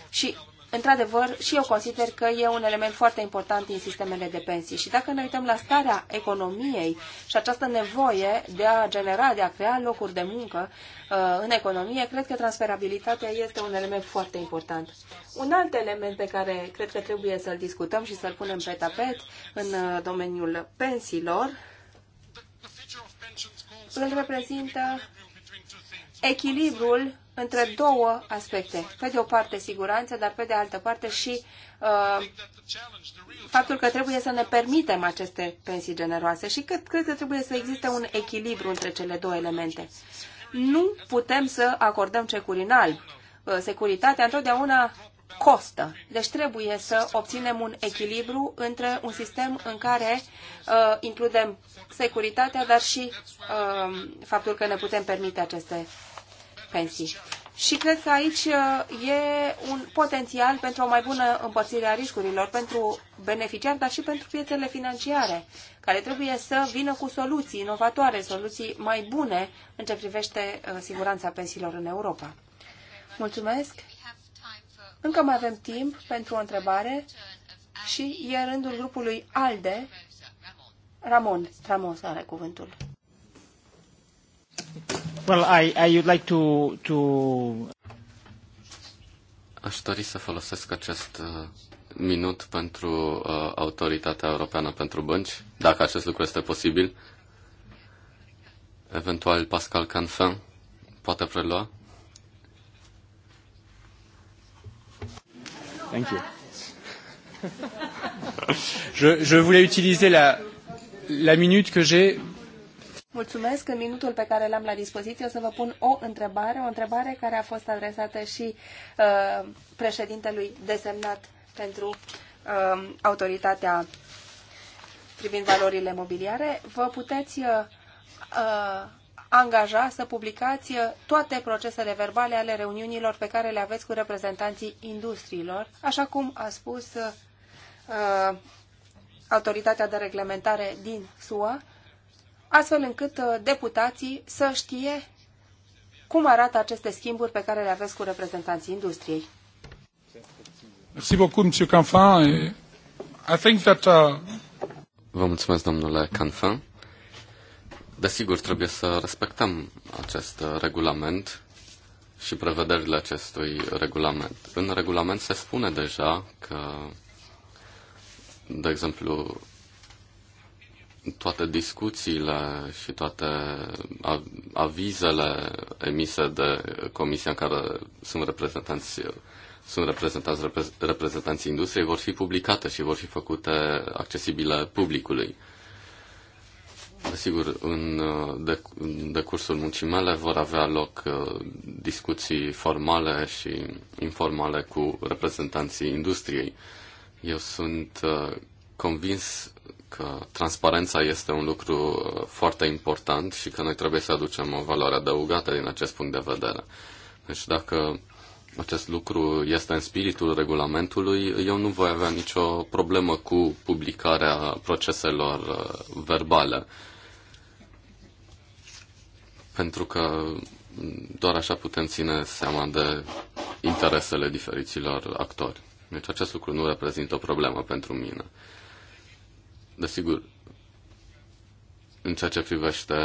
Și într-adevăr, și eu consider că e un element foarte important în sistemele de pensii. Și dacă ne uităm la starea economiei și această nevoie de a genera, de a crea locuri de muncă uh, în economie, cred că transferabilitatea este un element foarte important. Un alt element pe care cred că trebuie să-l discutăm și să-l punem pe tapet în uh, domeniul pensiilor, îl reprezintă echilibrul între două aspecte. Pe de o parte siguranță, dar pe de altă parte și uh, faptul că trebuie să ne permitem aceste pensii generoase și că cred că trebuie să existe un echilibru între cele două elemente. Nu putem să acordăm securinal. Uh, securitatea întotdeauna costă. Deci trebuie să obținem un echilibru între un sistem în care uh, includem securitatea, dar și uh, faptul că ne putem permite aceste pensii. Și cred că aici uh, e un potențial pentru o mai bună împărțire a riscurilor pentru beneficiari, dar și pentru piețele financiare, care trebuie să vină cu soluții inovatoare, soluții mai bune în ce privește uh, siguranța pensiilor în Europa. Mulțumesc! Încă mai avem timp pentru o întrebare și e rândul grupului ALDE. Ramon Ramos are cuvântul. Well, I, I would like to, to... Aș dori să folosesc acest uh, minut pentru uh, Autoritatea Europeană pentru Bănci, dacă acest lucru este posibil. Eventual Pascal Canfin poate prelua. Thank you. je, je voulais utiliser la, la minute que j'ai Mulțumesc. În minutul pe care l-am la dispoziție o să vă pun o întrebare, o întrebare care a fost adresată și uh, președintelui desemnat pentru uh, autoritatea privind valorile mobiliare. Vă puteți uh, uh angaja să publicați uh, toate procesele verbale ale reuniunilor pe care le aveți cu reprezentanții industriilor, așa cum a spus uh, uh autoritatea de reglementare din SUA, astfel încât uh, deputații să știe cum arată aceste schimburi pe care le aveți cu reprezentanții industriei. Merci beaucoup, Monsieur Canfin. I think that, uh... Vă mulțumesc, domnule Canfin. Desigur, trebuie să respectăm acest uh, regulament și prevederile acestui regulament. În regulament se spune deja că, de exemplu, toate discuțiile și toate avizele emise de comisia în care sunt reprezentanți sunt reprezentanți, reprezentanții industriei, vor fi publicate și vor fi făcute accesibile publicului. Desigur, în, de, în decursul muncii mele vor avea loc uh, discuții formale și informale cu reprezentanții industriei. Eu sunt uh, convins că transparența este un lucru uh, foarte important și că noi trebuie să aducem o valoare adăugată din acest punct de vedere. Deci dacă acest lucru este în spiritul regulamentului, eu nu voi avea nicio problemă cu publicarea proceselor uh, verbale. Pentru că doar așa putem ține seama de interesele diferiților actori. Deci acest lucru nu reprezintă o problemă pentru mine. Desigur, în ceea ce privește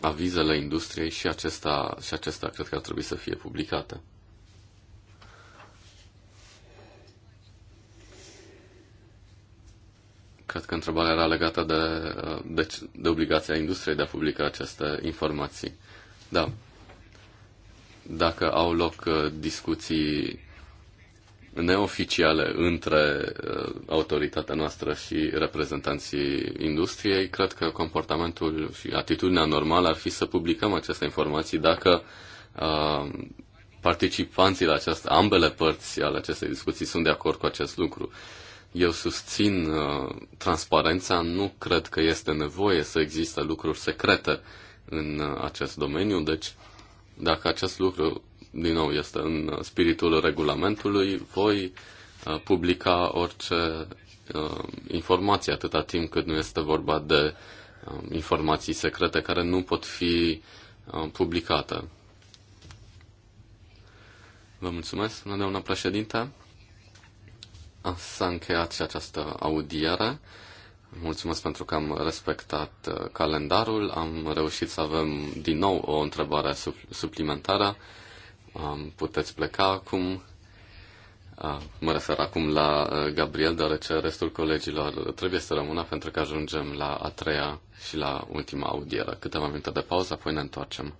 avizele industriei și acesta, și acesta cred că ar trebui să fie publicate. Cred că întrebarea era legată de, de, de obligația industriei de a publica aceste informații. Da. Dacă au loc uh, discuții neoficiale între uh, autoritatea noastră și reprezentanții industriei, cred că comportamentul și atitudinea normală ar fi să publicăm aceste informații dacă uh, participanții la această, ambele părți ale acestei discuții sunt de acord cu acest lucru. Eu susțin uh, transparența, nu cred că este nevoie să existe lucruri secrete în uh, acest domeniu, deci dacă acest lucru din nou, este în spiritul regulamentului, voi uh, publica orice uh, informație atâta timp cât nu este vorba de um, informații secrete care nu pot fi uh, publicate. Vă mulțumesc, doamna președinte. Ah, s-a încheiat și această audiere. Mulțumesc pentru că am respectat calendarul. Am reușit să avem din nou o întrebare suplimentară puteți pleca acum. Mă refer acum la Gabriel, deoarece restul colegilor trebuie să rămână pentru că ajungem la a treia și la ultima audieră. Câteva minute de pauză, apoi ne întoarcem.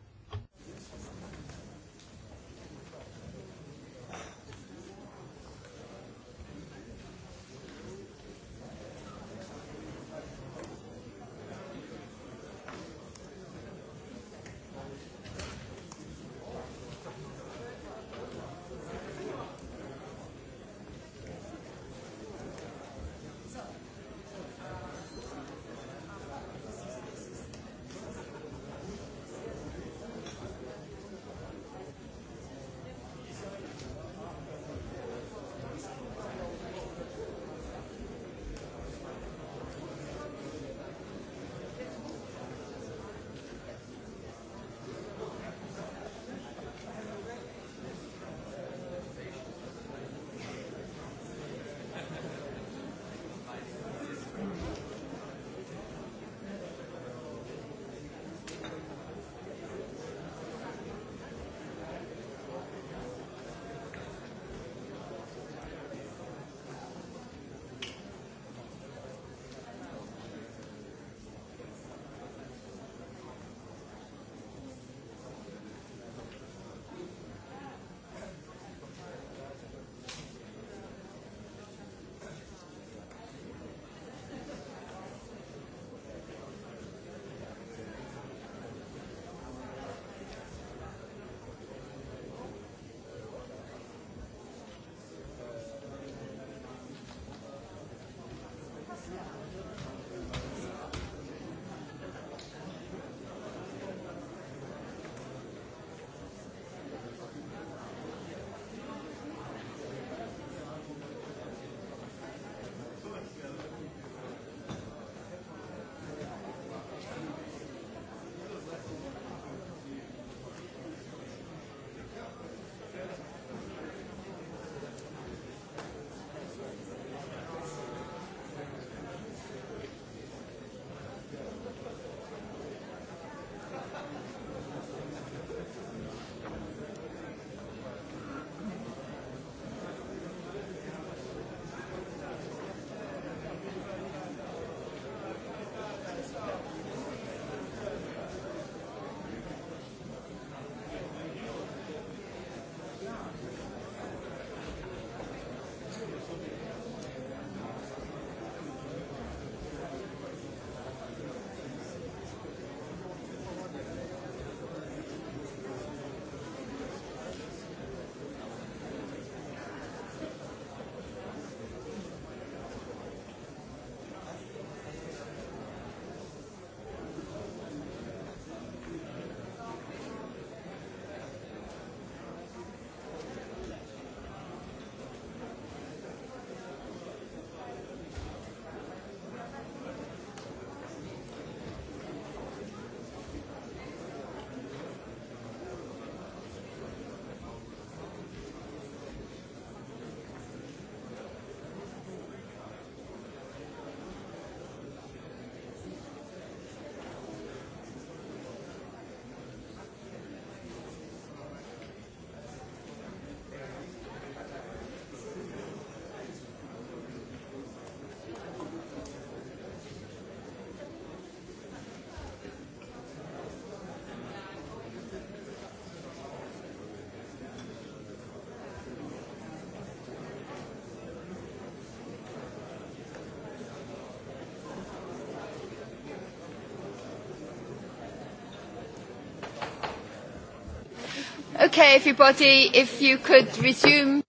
okay, everybody, if you could resume.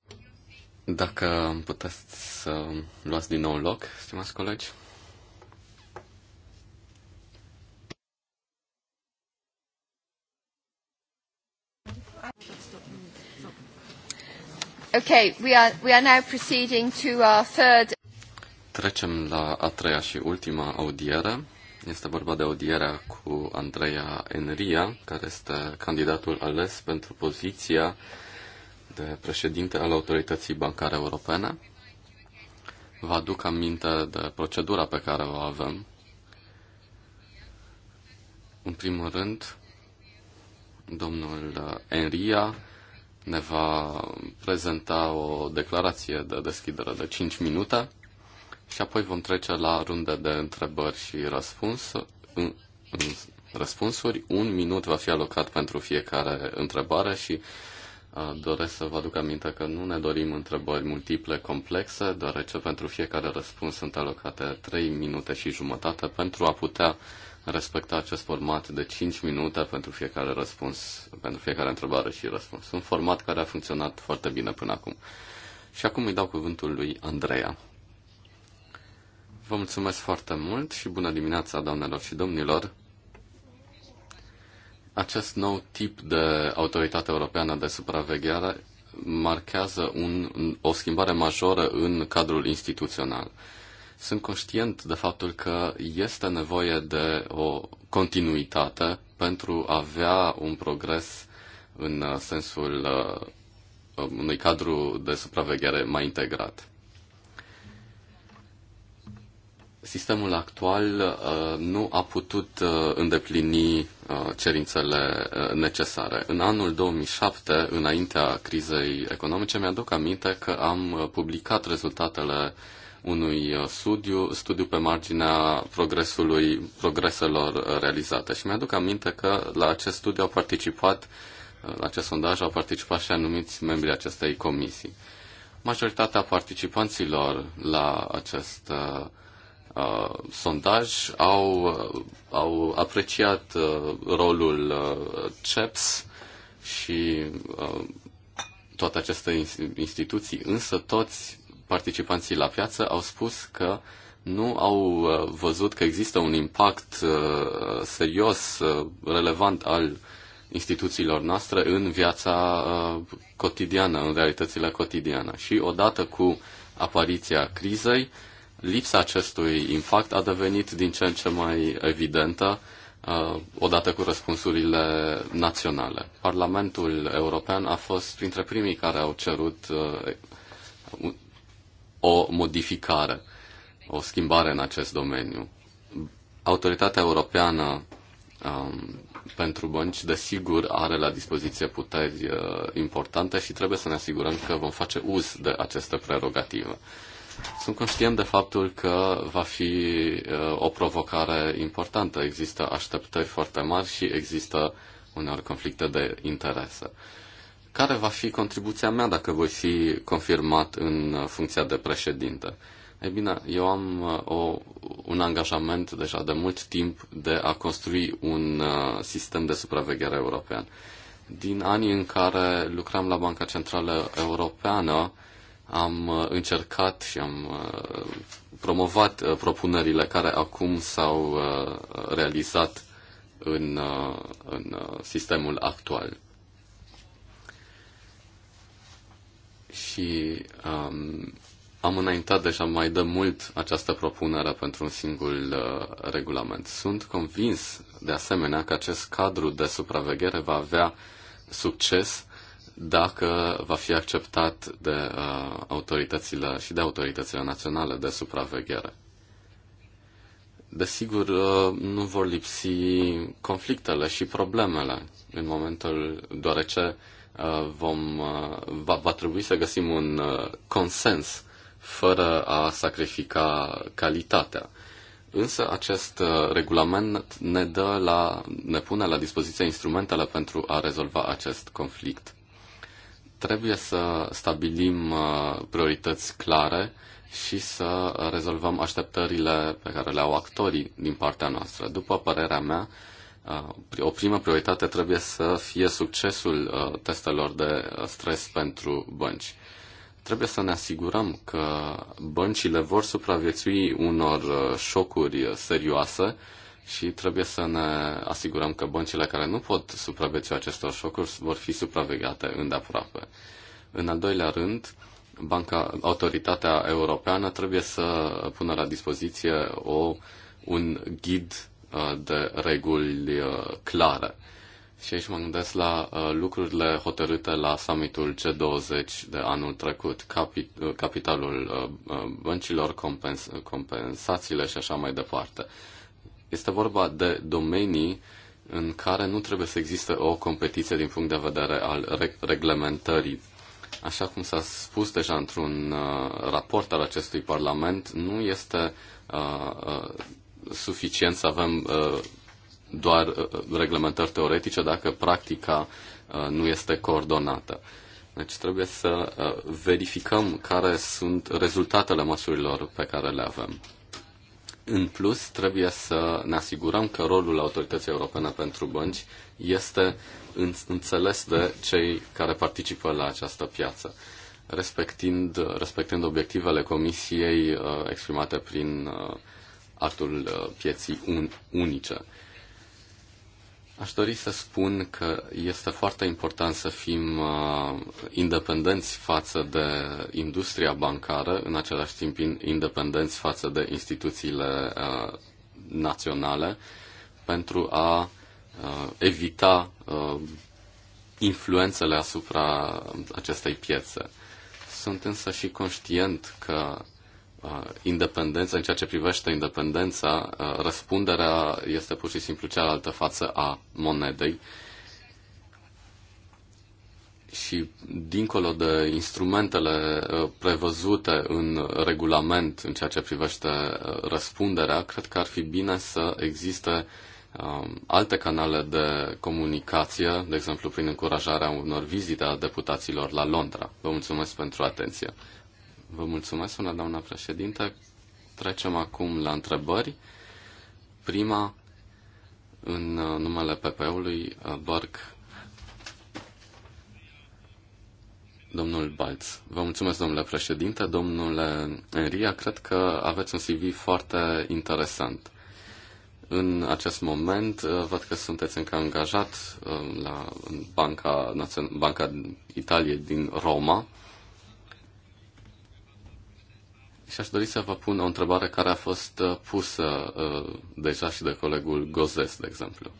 Dacă puteți să luați din nou loc, stimați colegi. Okay, we are, we are now proceeding to our third... Trecem la a treia și ultima audiere. Este vorba de audierea cu Andreea Enria, care este candidatul ales pentru poziția de președinte al Autorității Bancare Europene. Vă aduc aminte de procedura pe care o avem. În primul rând, domnul Enria ne va prezenta o declarație de deschidere de 5 minute și apoi vom trece la runde de întrebări și răspuns, răspunsuri. Un minut va fi alocat pentru fiecare întrebare și uh, doresc să vă aduc aminte că nu ne dorim întrebări multiple, complexe, deoarece pentru fiecare răspuns sunt alocate 3 minute și jumătate pentru a putea respecta acest format de 5 minute pentru fiecare răspuns, pentru fiecare întrebare și răspuns. Un format care a funcționat foarte bine până acum. Și acum îi dau cuvântul lui Andreea. Vă mulțumesc foarte mult și bună dimineața, doamnelor și domnilor! Acest nou tip de autoritate europeană de supraveghere marchează un, o schimbare majoră în cadrul instituțional. Sunt conștient de faptul că este nevoie de o continuitate pentru a avea un progres în uh, sensul uh, unui cadru de supraveghere mai integrat. sistemul actual uh, nu a putut uh, îndeplini uh, cerințele necesare. În anul 2007, înaintea crizei economice, mi-aduc aminte că am publicat rezultatele unui studiu, studiu pe marginea progresului, progreselor realizate. Și mi-aduc aminte că la acest studiu au participat, la acest sondaj au participat și anumiți membrii acestei comisii. Majoritatea participanților la acest uh, uh, sondaj au, uh, au apreciat uh, rolul uh, CEPS și uh, toate aceste instituții, însă toți participanții la piață au spus că nu au uh, văzut că există un impact uh, serios, relevant al instituțiilor noastre în viața cotidiană, în realitățile cotidiană. Și odată cu apariția crizei, Lipsa acestui impact a devenit din ce în ce mai evidentă uh, odată cu răspunsurile naționale. Parlamentul European a fost printre primii care au cerut uh, o modificare, o schimbare în acest domeniu. Autoritatea Europeană um, pentru bănci, desigur, are la dispoziție puteri uh, importante și trebuie să ne asigurăm că vom face uz de aceste prerogative. Sunt conștient de faptul că va fi uh, o provocare importantă. Există așteptări foarte mari și există uneori conflicte de interese. Care va fi contribuția mea dacă voi fi confirmat în funcția de președinte? Ei bine, eu am uh, o, un angajament deja de mult timp de a construi un uh, sistem de supraveghere european. Din anii în care lucram la Banca Centrală Europeană, am uh, încercat și am uh, promovat uh, propunerile care acum s-au realizat în, în sistemul actual. Și um, am înaintat deja mai de mult această propunere pentru un singur uh, regulament. Sunt convins, de asemenea, că acest cadru de supraveghere va avea succes dacă va fi acceptat de uh, autoritățile și de autoritățile naționale de supraveghere. Desigur, uh, nu vor lipsi conflictele și problemele în momentul deoarece uh, vom, uh, va, va trebui să găsim un uh, consens fără a sacrifica calitatea. Însă acest uh, regulament ne, dă la, ne pune la dispoziție instrumentele pentru a rezolva acest conflict. Trebuie să stabilim uh, priorități clare și să rezolvăm așteptările pe care le au actorii din partea noastră. După părerea mea, uh, o primă prioritate trebuie să fie succesul uh, testelor de stres pentru bănci. Trebuie să ne asigurăm că băncile vor supraviețui unor șocuri serioase și trebuie să ne asigurăm că băncile care nu pot supraviețui acestor șocuri vor fi supravegheate îndeaproape. În al doilea rând, Banca, autoritatea europeană trebuie să pună la dispoziție o, un ghid uh, de reguli uh, clare. Și aici mă gândesc la uh, lucrurile hotărâte la summitul c 20 de anul trecut, capitalul băncilor, compens, compensațiile și așa mai departe. Este vorba de domenii în care nu trebuie să existe o competiție din punct de vedere al reglementării. Așa cum s-a spus deja într-un uh, raport al acestui Parlament, nu este uh, uh, suficient să avem doar reglementări teoretice dacă practica nu este coordonată. Deci trebuie să verificăm care sunt rezultatele măsurilor pe care le avem. În plus, trebuie să ne asigurăm că rolul Autorității Europene pentru Bănci este înțeles de cei care participă la această piață, respectind, respectând obiectivele Comisiei uh, exprimate prin uh, actul uh, pieții unice. Aș dori să spun că este foarte important să fim uh, independenți față de industria bancară, în același timp independenți față de instituțiile uh, naționale, pentru a uh, evita influențele asupra acestei piețe. Sunt însă și conștient că Uh, independență, în ceea ce privește independența, uh, răspunderea este pur și simplu cealaltă față a monedei. Și dincolo de instrumentele uh, prevăzute în regulament în ceea ce privește răspunderea, cred că ar fi bine să existe um, alte canale de comunicație, de exemplu prin încurajarea unor vizite a deputaților la Londra. Vă mulțumesc pentru atenție. Vă mulțumesc, una doamna președinte. Trecem acum la întrebări. Prima, în uh, numele PP-ului, uh, Borg. Domnul Balț. Vă mulțumesc, domnule președinte. Domnule Enria, cred că aveți un CV foarte interesant. În acest moment, uh, văd că sunteți încă angajat la Banca, Banca Italiei din Roma Și aș dori să vă pun o întrebare care a fost uh, pusă uh, deja și de colegul Gozes, de exemplu.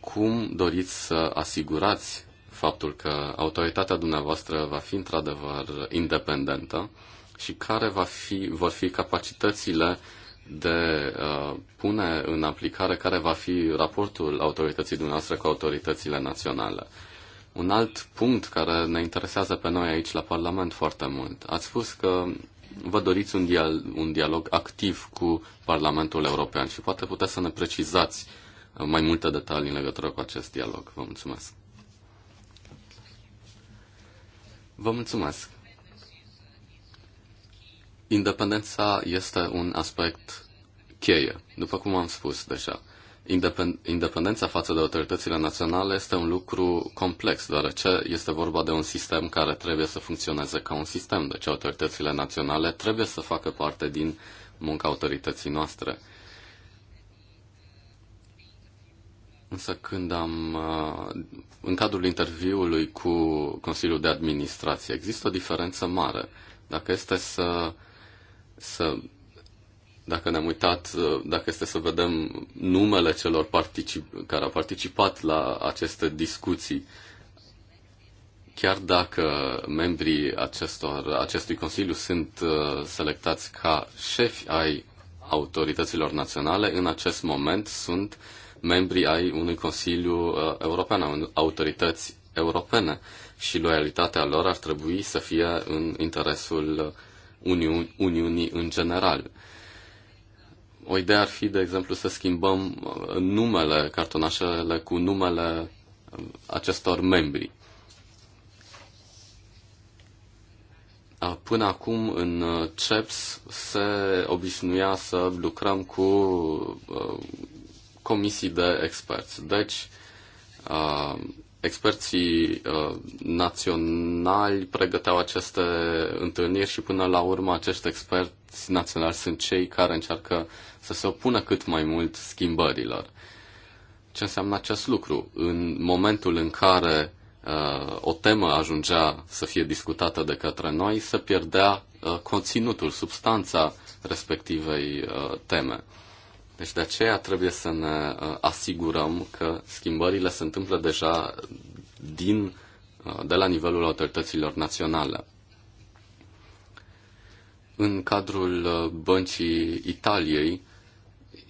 Cum doriți să asigurați faptul că autoritatea dumneavoastră va fi într-adevăr independentă și care va fi, vor fi capacitățile de uh, pune în aplicare care va fi raportul autorității dumneavoastră cu autoritățile naționale. Un alt punct care ne interesează pe noi aici la Parlament foarte mult. Ați spus că vă doriți un, dial- un dialog activ cu Parlamentul European și poate puteți să ne precizați uh, mai multe detalii în legătură cu acest dialog. Vă mulțumesc. Vă mulțumesc. Independența este un aspect cheie, după cum am spus deja independența față de autoritățile naționale este un lucru complex, deoarece este vorba de un sistem care trebuie să funcționeze ca un sistem, deci autoritățile naționale trebuie să facă parte din munca autorității noastre. Însă când am, uh, în cadrul interviului cu Consiliul de Administrație, există o diferență mare. Dacă este să, să dacă ne-am uitat, uh, dacă este să vedem numele celor particip- care au participat la aceste discuții, chiar dacă membrii acestor, acestui Consiliu sunt uh, selectați ca șefi ai autorităților naționale, în acest moment sunt membrii ai unui Consiliu uh, European, a autorități europene și loialitatea lor ar trebui să fie în interesul Uniunii în general. O idee ar fi, de exemplu, să schimbăm uh, numele, cartonașele cu numele um, acestor membri. Până acum, în uh, CEPS, se obișnuia să lucrăm cu uh, comisii de experți. Deci, experții naționali pregăteau aceste întâlniri și până la urmă acești experți experți naționali sunt cei care încearcă să se opună cât mai mult schimbărilor. Ce înseamnă acest lucru? În momentul în care uh, o temă ajungea să fie discutată de către noi, să pierdea uh, conținutul, substanța respectivei uh, teme. Deci de aceea trebuie să ne uh, asigurăm că schimbările se întâmplă deja din, uh, de la nivelul autorităților naționale. În cadrul uh, băncii Italiei,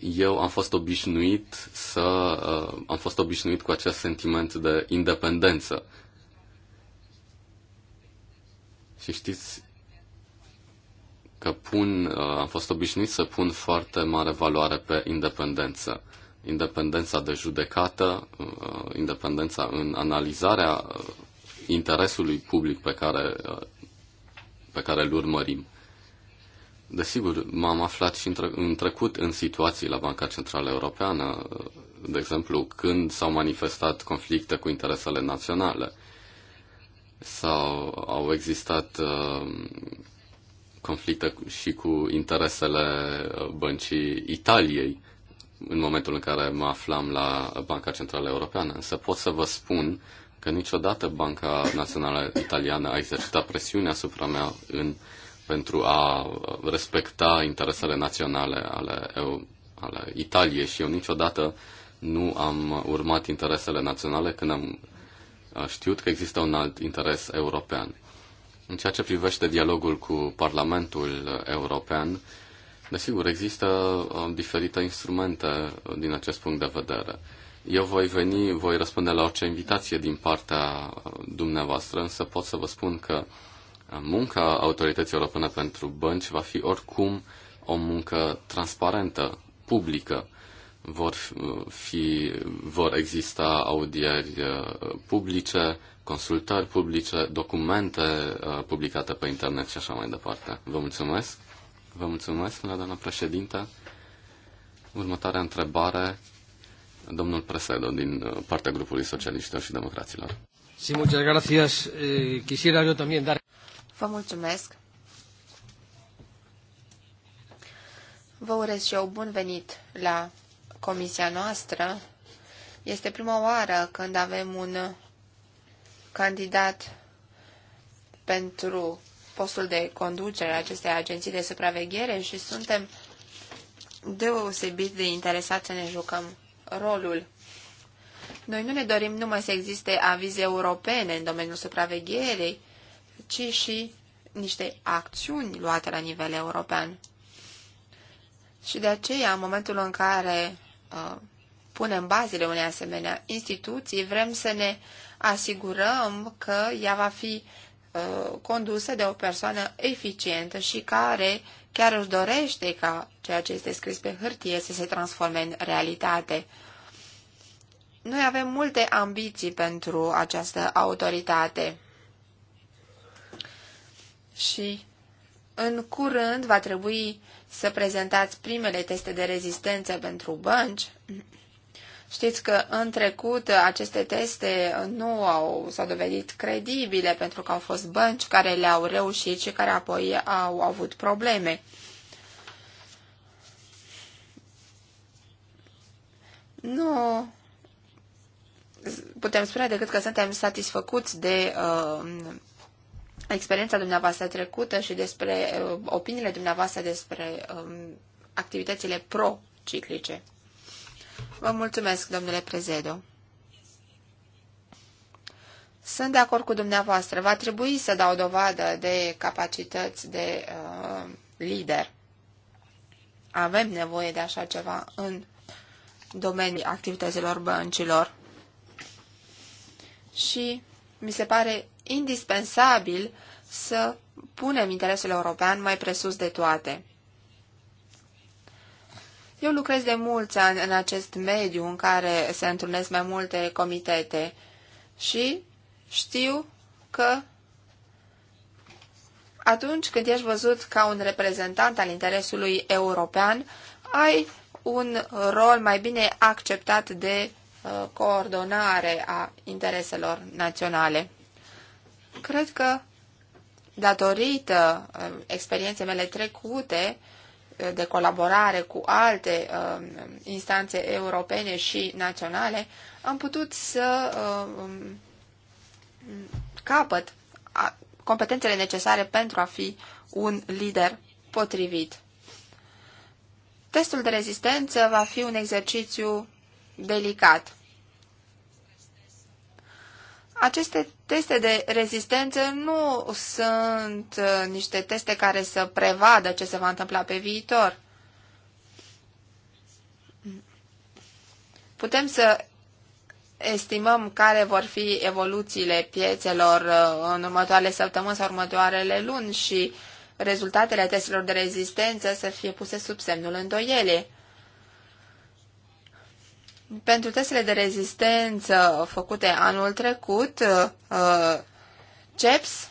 eu am fost obișnuit să uh, am fost obișnuit cu acest sentiment de independență. Și știți că pun, uh, am fost obișnuit să pun foarte mare valoare pe independență. Independența de judecată, independența în analizarea interesului public pe care, pe care îl urmărim. Desigur, m-am aflat și în, trecut în situații la Banca Centrală Europeană, de exemplu, când s-au manifestat conflicte cu interesele naționale sau au existat uh, conflicte și cu interesele uh, băncii Italiei în momentul în care mă aflam la Banca Centrală Europeană. Însă pot să vă spun că niciodată Banca Națională Italiană a exercitat presiune asupra mea în uh, pentru a uh, respecta interesele naționale ale, eu, ale Italiei și eu niciodată nu am urmat interesele naționale când am uh, știut că există un alt interes european. În ceea ce privește dialogul cu Parlamentul European, desigur, există uh, diferite instrumente din acest punct de vedere. Eu voi veni, voi răspunde la orice invitație din partea dumneavoastră, însă pot să vă spun că uh, munca Autorității Europene pentru Bănci va fi oricum o muncă transparentă, publică. Vor, fi, vor exista audieri uh, publice, consultări publice, documente uh, publicate pe internet și așa mai departe. Vă mulțumesc. Vă mulțumesc, doamna președinte. Următoarea întrebare, domnul Presedo, din uh, partea grupului socialiștilor și democraților. Sí, muchas gracias. Eh, quisiera yo también dar... Vă mulțumesc. Vă urez și eu bun venit la comisia noastră. Este prima oară când avem un candidat pentru postul de conducere a acestei agenții de supraveghere și suntem deosebit de interesați să ne jucăm rolul. Noi nu ne dorim numai să existe avize europene în domeniul supravegherii, ci și niște acțiuni luate la nivel european. Și de aceea, în momentul în care uh, punem bazele unei asemenea instituții, vrem să ne asigurăm că ea va fi uh, condusă de o persoană eficientă și care chiar își dorește ca ceea ce este scris pe hârtie să se transforme în realitate. Noi avem multe ambiții pentru această autoritate și în curând va trebui să prezentați primele teste de rezistență pentru bănci. Știți că în trecut aceste teste nu au, s-au dovedit credibile pentru că au fost bănci care le-au reușit și care apoi au, avut probleme. Nu putem spune decât că suntem satisfăcuți de uh, experiența dumneavoastră trecută și despre uh, opiniile dumneavoastră despre um, activitățile pro-ciclice. Vă mulțumesc, domnule Prezedo. Sunt de acord cu dumneavoastră. Va trebui să dau dovadă de capacități de uh, lider. Avem nevoie de așa ceva în domeniul activităților băncilor. Și mi se pare indispensabil să punem interesul european mai presus de toate. Eu lucrez de mulți ani în acest mediu în care se întâlnesc mai multe comitete și știu că atunci când ești văzut ca un reprezentant al interesului european, ai un rol mai bine acceptat de uh, coordonare a intereselor naționale. Cred că, datorită uh, experienței mele trecute uh, de colaborare cu alte uh, instanțe europene și naționale, am putut să um, capăt competențele necesare pentru a fi un lider potrivit. Testul de rezistență va fi un exercițiu delicat. Aceste teste de rezistență nu sunt uh, niște teste care să prevadă ce se va întâmpla pe viitor. Putem să estimăm care vor fi evoluțiile piețelor uh, în următoarele săptămâni sau următoarele luni și rezultatele testelor de rezistență să fie puse sub semnul îndoielii. Pentru testele de rezistență făcute anul trecut, uh, uh, CEPS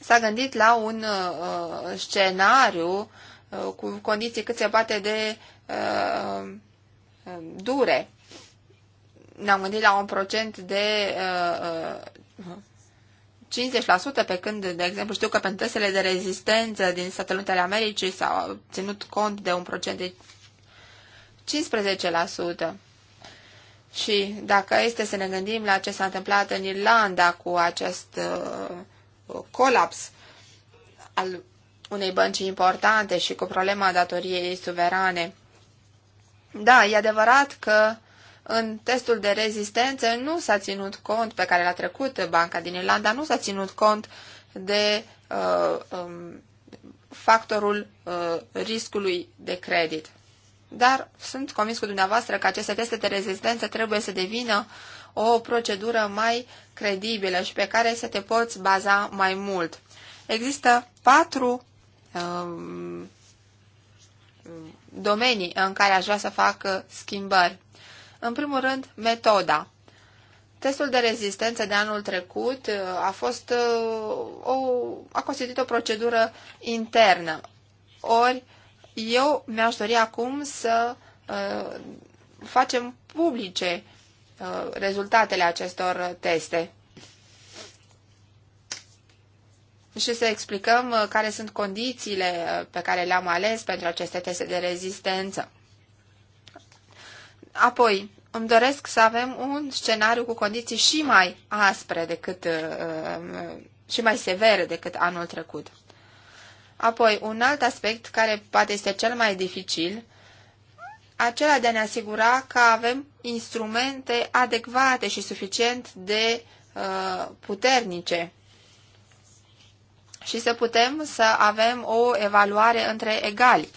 s-a gândit la un uh, scenariu cu condiții cât se poate de um, dure. Ne-am gândit la un procent de 50%, pe când, de exemplu, știu că pentru testele de rezistență din Statele Unite ale Americii s-a ținut cont de un procent de 15%. Și dacă este să ne gândim la ce s-a întâmplat în Irlanda cu acest uh, colaps al unei bănci importante și cu problema datoriei suverane. Da, e adevărat că în testul de rezistență nu s-a ținut cont, pe care l-a trecut banca din Irlanda, nu s-a ținut cont de uh, um, factorul uh, riscului de credit dar sunt convins cu dumneavoastră că aceste teste de rezistență trebuie să devină o procedură mai credibilă și pe care să te poți baza mai mult. Există patru uh, domenii în care aș vrea să fac uh, schimbări. În primul rând, metoda. Testul de rezistență de anul trecut uh, a fost uh, o, a constituit o procedură internă. Ori eu mi-aș dori acum să uh, facem publice uh, rezultatele acestor teste și să explicăm uh, care sunt condițiile uh, pe care le-am ales pentru aceste teste de rezistență. Apoi, îmi doresc să avem un scenariu cu condiții și mai aspre decât uh, și mai severe decât anul trecut. Apoi, un alt aspect care poate este cel mai dificil, acela de a ne asigura că avem instrumente adecvate și suficient de uh, puternice și să putem să avem o evaluare între egali,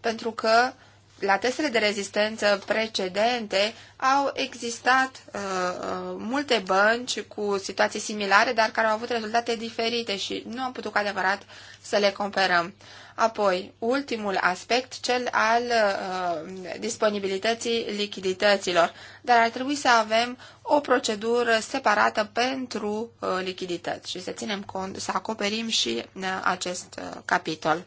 pentru că la testele de rezistență precedente au existat uh, uh, multe bănci cu situații similare, dar care au avut rezultate diferite și nu am putut cu adevărat să le comparăm. Apoi, ultimul aspect, cel al uh, disponibilității lichidităților, dar ar trebui să avem o procedură separată pentru uh, lichidități și să ținem cont, să acoperim și uh, acest uh, capitol.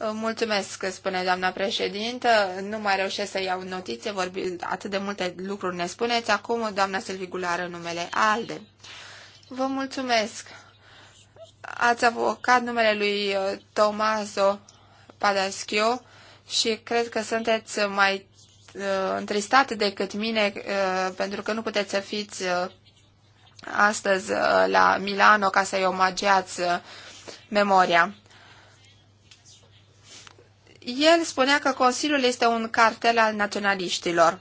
Mulțumesc, spune doamna președintă. Nu mai reușesc să iau notițe, vorbi, atât de multe lucruri ne spuneți. Acum, doamna Silvigulară, numele ALDE. Vă mulțumesc. Ați avocat numele lui uh, Tomaso Padaschio și cred că sunteți mai uh, întristat decât mine uh, pentru că nu puteți să fiți uh, astăzi uh, la Milano ca să-i omageați uh, memoria. El spunea că Consiliul este un cartel al naționaliștilor.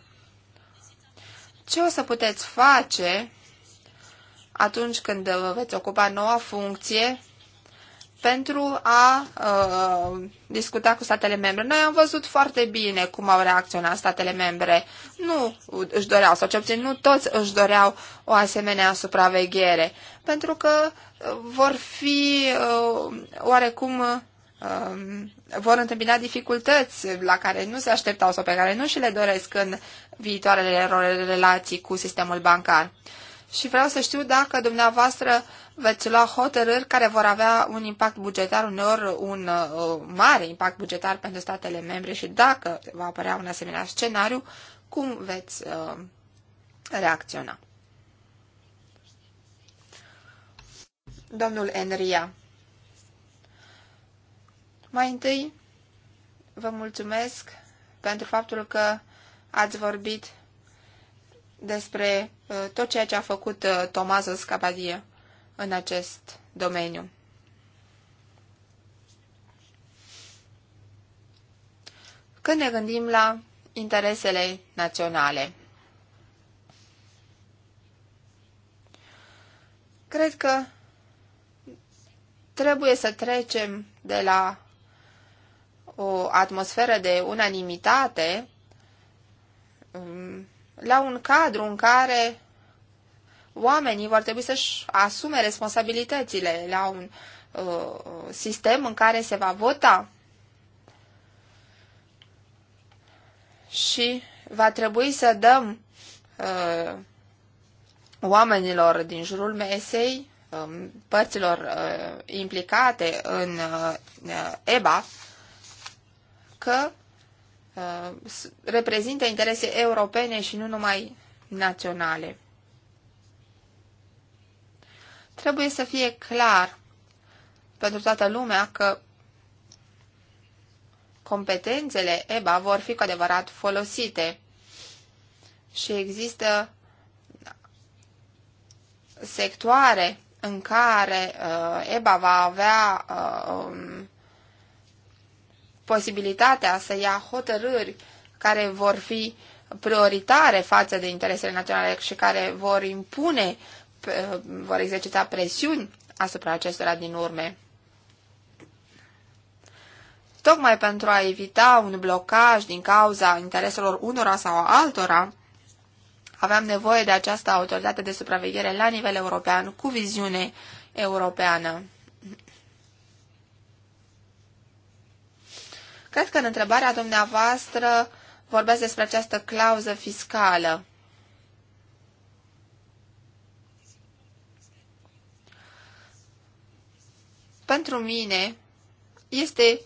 Ce o să puteți face atunci când vă veți ocupa noua funcție pentru a uh, discuta cu statele membre. Noi am văzut foarte bine cum au reacționat statele membre. Nu își doreau, sau ce obțin, nu toți își doreau o asemenea supraveghere, pentru că vor fi uh, oarecum Um, vor întâmpina dificultăți la care nu se așteptau sau pe care nu și le doresc în viitoarele relații cu sistemul bancar. Și vreau să știu dacă dumneavoastră veți lua hotărâri care vor avea un impact bugetar, uneori un uh, mare impact bugetar pentru statele membre și dacă va apărea un asemenea scenariu, cum veți uh, reacționa? Domnul Enria. Mai întâi, vă mulțumesc pentru faptul că ați vorbit despre uh, tot ceea ce a făcut uh, Tomaso Scabadie în acest domeniu. Când ne gândim la interesele naționale, cred că trebuie să trecem de la o atmosferă de unanimitate um, la un cadru în care oamenii vor trebui să-și asume responsabilitățile la un uh, sistem în care se va vota. Și va trebui să dăm uh, oamenilor din jurul mesei, um, părților uh, implicate în uh, uh, EBA, că uh, reprezintă interese europene și nu numai naționale. Trebuie să fie clar pentru toată lumea că competențele EBA vor fi cu adevărat folosite și există sectoare în care uh, EBA va avea uh, um, posibilitatea să ia hotărâri care vor fi prioritare față de interesele naționale și care vor impune, vor exercita presiuni asupra acestora din urme. Tocmai pentru a evita un blocaj din cauza intereselor unora sau altora, aveam nevoie de această autoritate de supraveghere la nivel european cu viziune europeană. Cred că în întrebarea dumneavoastră vorbesc despre această clauză fiscală. Pentru mine este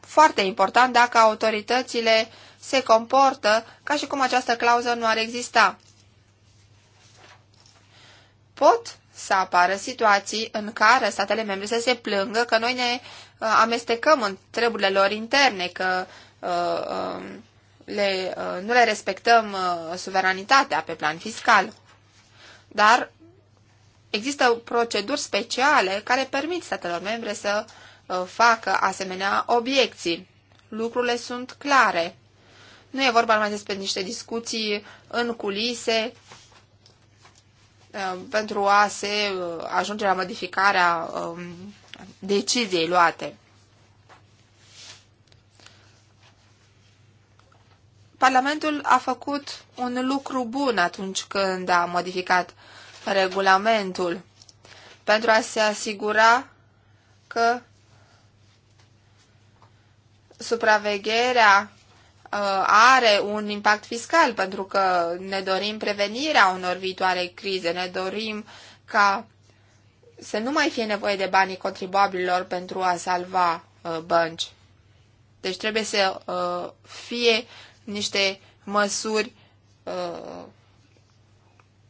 foarte important dacă autoritățile se comportă ca și cum această clauză nu ar exista. Pot să apară situații în care statele membre să se plângă că noi ne Uh, amestecăm în treburile lor interne, că uh, um, le, uh, nu le respectăm suveranitatea pe plan fiscal. Dar există proceduri speciale care permit statelor membre să facă asemenea obiecții. Lucrurile sunt clare. Nu e vorba mai despre niște discuții în culise pentru a se ajunge la modificarea um, deciziei luate. Parlamentul a făcut un lucru bun atunci când a modificat regulamentul pentru a se asigura că supravegherea uh, are un impact fiscal, pentru că ne dorim prevenirea unor viitoare crize, ne dorim ca să nu mai fie nevoie de banii contribuabililor pentru a salva uh, bănci. Deci trebuie să uh, fie niște măsuri uh,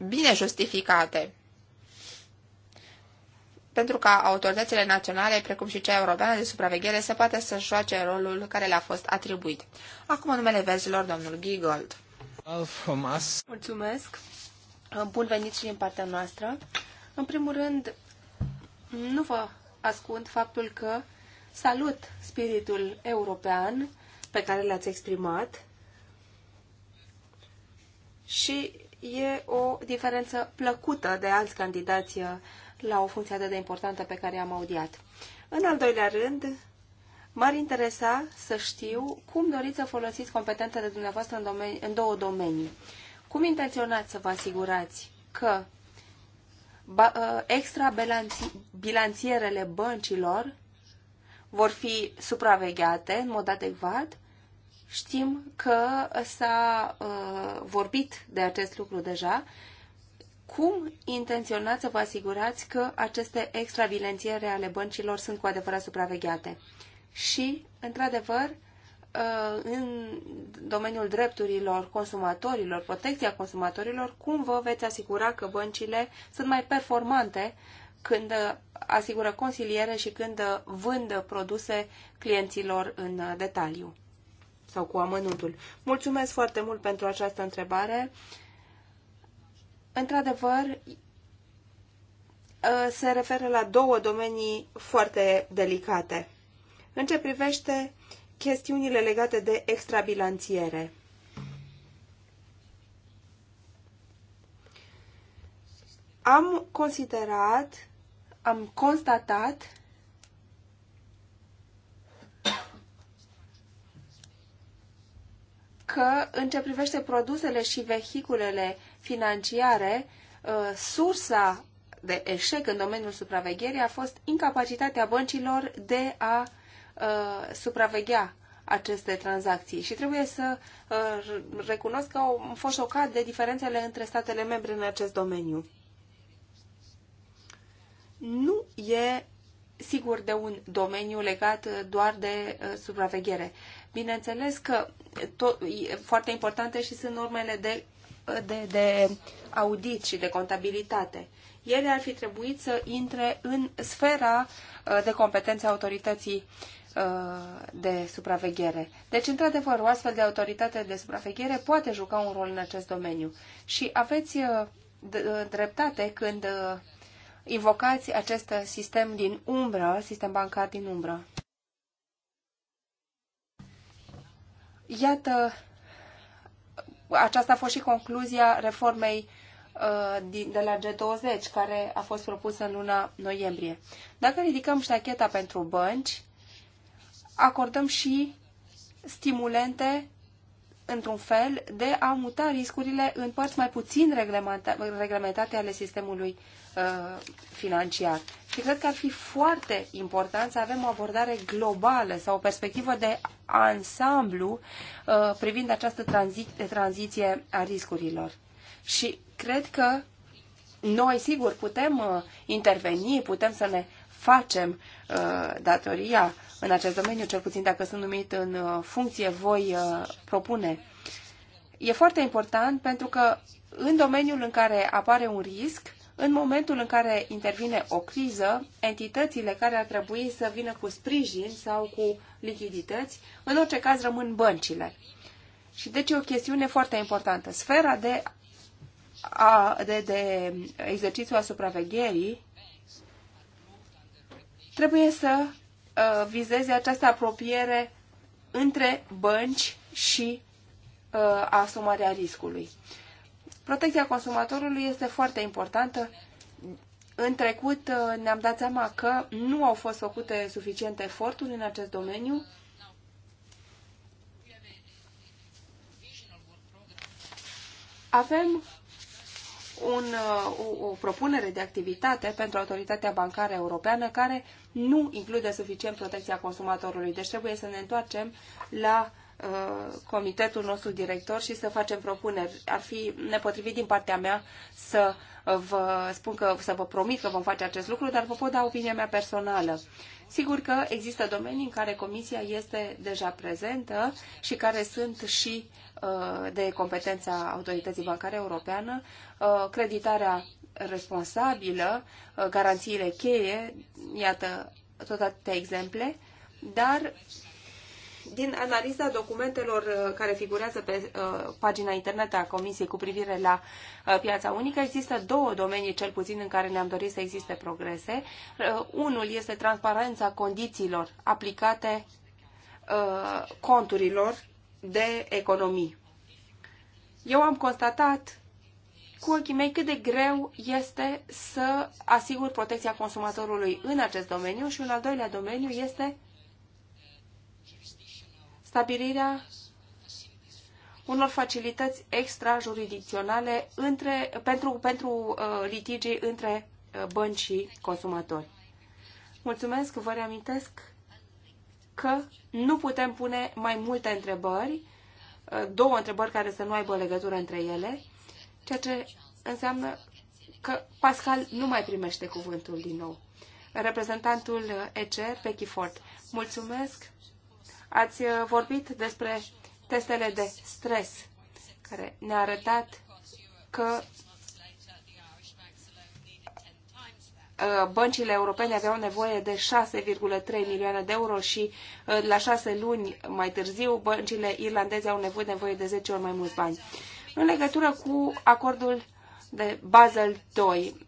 bine justificate. Pentru ca autoritățile naționale, precum și cea europeană de supraveghere, să poată să joace rolul care le-a fost atribuit. Acum numele verzilor, domnul Giggold. Mulțumesc! Bun venit și din partea noastră! În primul rând, nu vă ascund faptul că salut spiritul european pe care l-ați exprimat și e o diferență plăcută de alți candidați la o funcție atât de importantă pe care am audiat. În al doilea rând, m-ar interesa să știu cum doriți să folosiți competențele dumneavoastră în, domeni, în două domenii. Cum intenționați să vă asigurați că Uh, extra bilanțierele băncilor vor fi supravegheate în mod adecvat. Știm că s-a uh, vorbit de acest lucru deja. Cum intenționați să vă asigurați că aceste extrabilanțiere ale băncilor sunt cu adevărat supravegheate? Și, într-adevăr, Uh, în domeniul drepturilor consumatorilor, protecția consumatorilor, cum vă veți asigura că băncile sunt mai performante când asigură consiliere și când vând produse clienților în detaliu sau cu amănuntul. Mulțumesc foarte mult pentru această întrebare. Într-adevăr, uh, se referă la două domenii foarte delicate. În ce privește chestiunile legate de extrabilanțiere. Am considerat, am constatat că în ce privește produsele și vehiculele financiare, uh, sursa de eșec în domeniul supravegherii a fost incapacitatea băncilor de a uh, supraveghea aceste tranzacții și trebuie să uh, recunosc că au fost șocat de diferențele între statele membre în acest domeniu. Nu e sigur de un domeniu legat uh, doar de uh, supraveghere. Bineînțeles că tot, e foarte importante și sunt normele de, uh, de, de audit și de contabilitate. Ele ar fi trebuit să intre în sfera uh, de competențe autorității Uh, de supraveghere. Deci, într-adevăr, o astfel de autoritate de supraveghere poate juca un rol în acest domeniu. Și aveți uh, uh, dreptate când invocați acest sistem din umbră, sistem bancar din umbră. Iată, aceasta a fost și concluzia reformei de la G20, care a fost propusă în luna noiembrie. Dacă ridicăm ștacheta pentru bănci, acordăm și stimulente într-un fel, de a muta riscurile în părți mai puțin reglementate ale sistemului uh, financiar. Și cred că ar fi foarte important să avem o abordare globală sau o perspectivă de ansamblu uh, privind această tranzi tranziție a riscurilor. Și cred că noi, sigur, putem uh, interveni, putem să ne facem uh, datoria în acest domeniu, cel puțin dacă sunt numit în uh, funcție, voi uh, propune. E foarte important pentru că în domeniul în care apare un risc, în momentul în care intervine o criză, entitățile care ar trebui să vină cu sprijin sau cu lichidități, în orice caz rămân băncile. Și deci e o chestiune foarte importantă. Sfera de, a, de, de exercițiu a supravegherii trebuie să uh, vizeze această apropiere între bănci și uh, asumarea riscului. Protecția consumatorului este foarte importantă. În trecut uh, ne-am dat seama că nu au fost făcute suficiente eforturi în acest domeniu. Avem un, uh, o, o propunere de activitate pentru Autoritatea Bancară Europeană care nu include suficient protecția consumatorului. Deci trebuie să ne întoarcem la uh, comitetul nostru director și să facem propuneri. Ar fi nepotrivit din partea mea să uh, vă spun că, să vă promit că vom face acest lucru, dar vă pot da opinia mea personală. Sigur că există domenii în care comisia este deja prezentă și care sunt și uh, Uh, de competența Autorității Bancare Europeană, uh, creditarea responsabilă, uh, garanțiile cheie, iată tot atâtea exemple, dar din analiza documentelor care figurează pe pagina internet a Comisiei cu privire la piața unică, există două domenii cel puțin în care ne-am dorit să existe progrese. unul este transparența condițiilor aplicate conturilor de economii. Eu am constatat cu ochii mei cât de greu este să asigur protecția consumatorului în acest domeniu și un al doilea domeniu este stabilirea unor facilități extrajurisdicționale între, pentru, pentru uh, litigii între uh, bănci și consumatori. Mulțumesc, vă reamintesc că nu putem pune mai multe întrebări, uh, două întrebări care să nu aibă legătură între ele, ceea ce înseamnă că Pascal nu mai primește cuvântul din nou. Reprezentantul EC, Pecky Ford, mulțumesc. Ați uh, vorbit despre testele de stres care ne-a arătat că Uh, băncile europene aveau nevoie de 6,3 milioane de euro și uh, la șase luni mai târziu băncile irlandeze au nevoie, nevoie de 10 ori mai mulți bani. În legătură cu acordul de Basel II,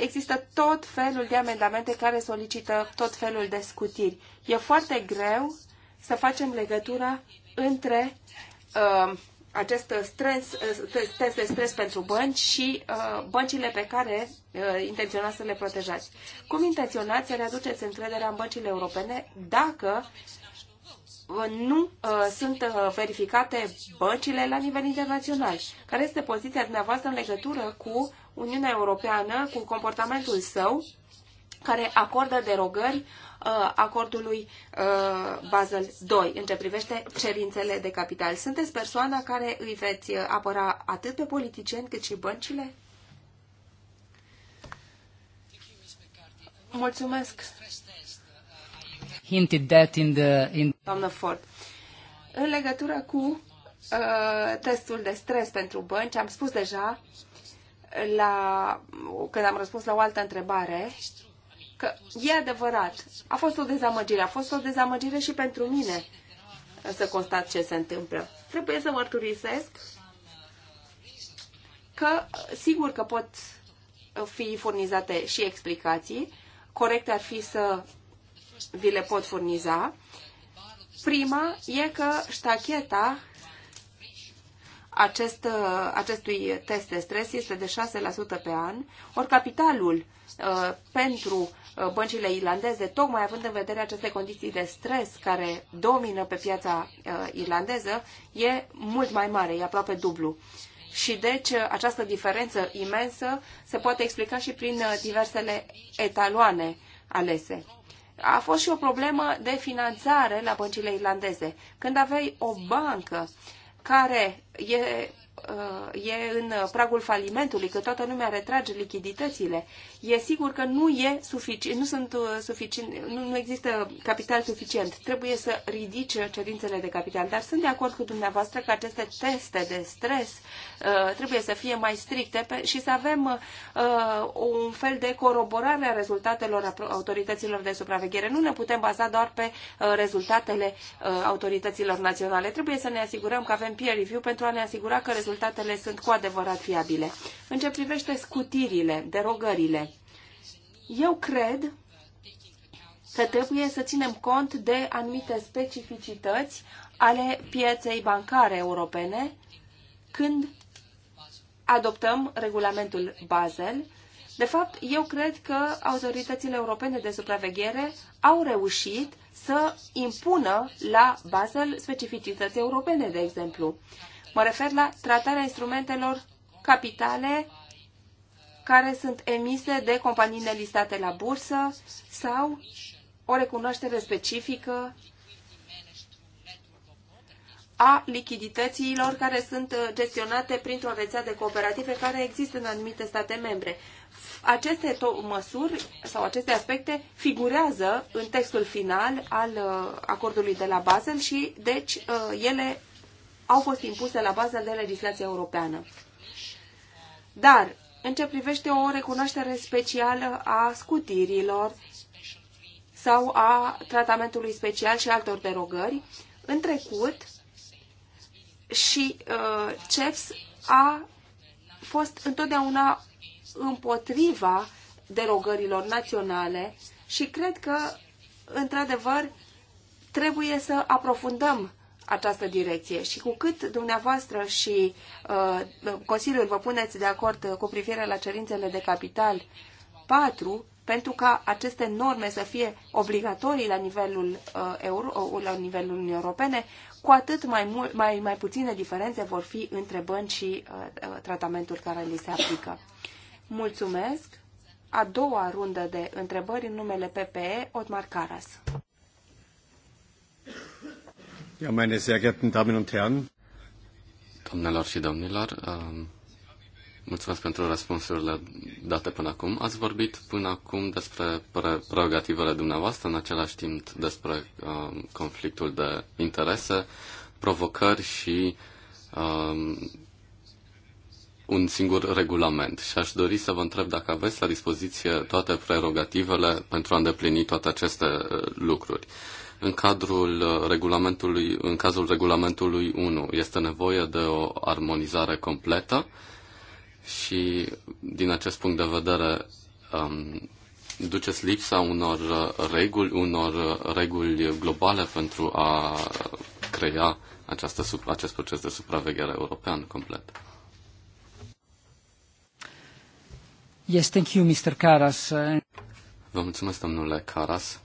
există tot felul de amendamente care solicită tot felul de scutiri. E foarte greu să facem legătura între uh, acest stres, test de stres pentru bănci și uh, băncile pe care uh, intenționați să le protejați. Cum intenționați să readuceți încrederea în băncile europene dacă uh, nu sunt verificate băncile la nivel internațional. Care este poziția dumneavoastră în legătură cu Uniunea Europeană, cu comportamentul său, care acordă derogări Uh, acordului uh, Basel II în ce privește cerințele de capital. Sunteți persoana care îi veți uh, apăra atât pe politicieni cât și băncile? Mulțumesc. Hinted that in the, in... Doamnă Ford, în legătură cu uh, testul de stres pentru bănci, am spus deja la, când am răspuns la o altă întrebare, uh, că e adevărat, a fost o dezamăgire, a fost o dezamăgire și pentru mine să constat ce se întâmplă. Trebuie să mărturisesc că sigur că pot fi furnizate și explicații, corect ar fi să vi le pot furniza. Prima e că ștacheta acest, uh, acestui test de stres este de 6% pe an, ori capitalul uh, pentru uh, băncile irlandeze, tocmai având în vedere aceste condiții de stres care domină pe piața irlandeză, e mult mai mare, e aproape dublu. Și deci această diferență imensă se poate explica și prin diversele etaloane alese. A fost și o problemă de finanțare la băncile irlandeze. Când aveai o bancă care e, uh, e în pragul falimentului, că toată lumea retrage lichiditățile, e sigur că nu, e suficient, nu, sunt uh, sufici, nu, nu există capital suficient. Trebuie să ridice cerințele de capital. Dar sunt de acord cu dumneavoastră că aceste teste de stres Uh, trebuie să fie mai stricte și să avem uh, un fel de coroborare a rezultatelor autorităților de supraveghere. Nu ne putem baza doar pe uh, rezultatele autorităților naționale. Trebuie să ne asigurăm că avem peer review pentru a ne asigura că rezultatele sunt cu adevărat fiabile. În ce privește scutirile, derogările, eu cred că trebuie să ținem cont de anumite specificități ale pieței bancare europene când adoptăm regulamentul Basel, de fapt, eu cred că autoritățile europene de supraveghere au reușit să impună la Basel specificități europene, de exemplu. Mă refer la tratarea instrumentelor capitale care sunt emise de companiile listate la bursă sau o recunoaștere specifică a lichidităților care sunt uh, gestionate printr-o rețea de cooperative care există în anumite state membre. Aceste măsuri sau aceste aspecte figurează în textul final al uh, acordului de la Basel și deci uh, ele au fost impuse la bază de legislația europeană. Dar, în ce privește o recunoaștere specială a scutirilor sau a tratamentului special și altor derogări, în trecut, și uh, CEPS a fost întotdeauna împotriva derogărilor naționale și cred că, într-adevăr, trebuie să aprofundăm această direcție și cu cât dumneavoastră și uh, Consiliul vă puneți de acord cu privire la cerințele de capital 4, pentru ca aceste norme să fie obligatorii la nivelul, uh, euro, uh, la nivelul Uniunii Europene, cu atât mai, mult, mai, mai puține diferențe vor fi între bănci și uh, uh tratamentul care li se aplică. Mulțumesc! A doua rundă de întrebări în numele PPE, Otmar Caras. Ja, meine sehr geehrten Damen und Herren. Domnilor și domnilor, um, Mulțumesc pentru răspunsurile date până acum. Ați vorbit până acum despre prerogativele dumneavoastră, în același timp despre uh, conflictul de interese, provocări și uh, un singur regulament. Și aș dori să vă întreb dacă aveți la dispoziție toate prerogativele pentru a îndeplini toate aceste uh, lucruri. În cadrul uh, regulamentului, în cazul regulamentului 1, este nevoie de o armonizare completă și din acest punct de vedere um, duceți lipsa unor uh, reguli, unor uh, reguli globale pentru a crea această, acest proces de supraveghere european complet. Yes, thank you, Mr. Caras. Vă mulțumesc, domnule Caras,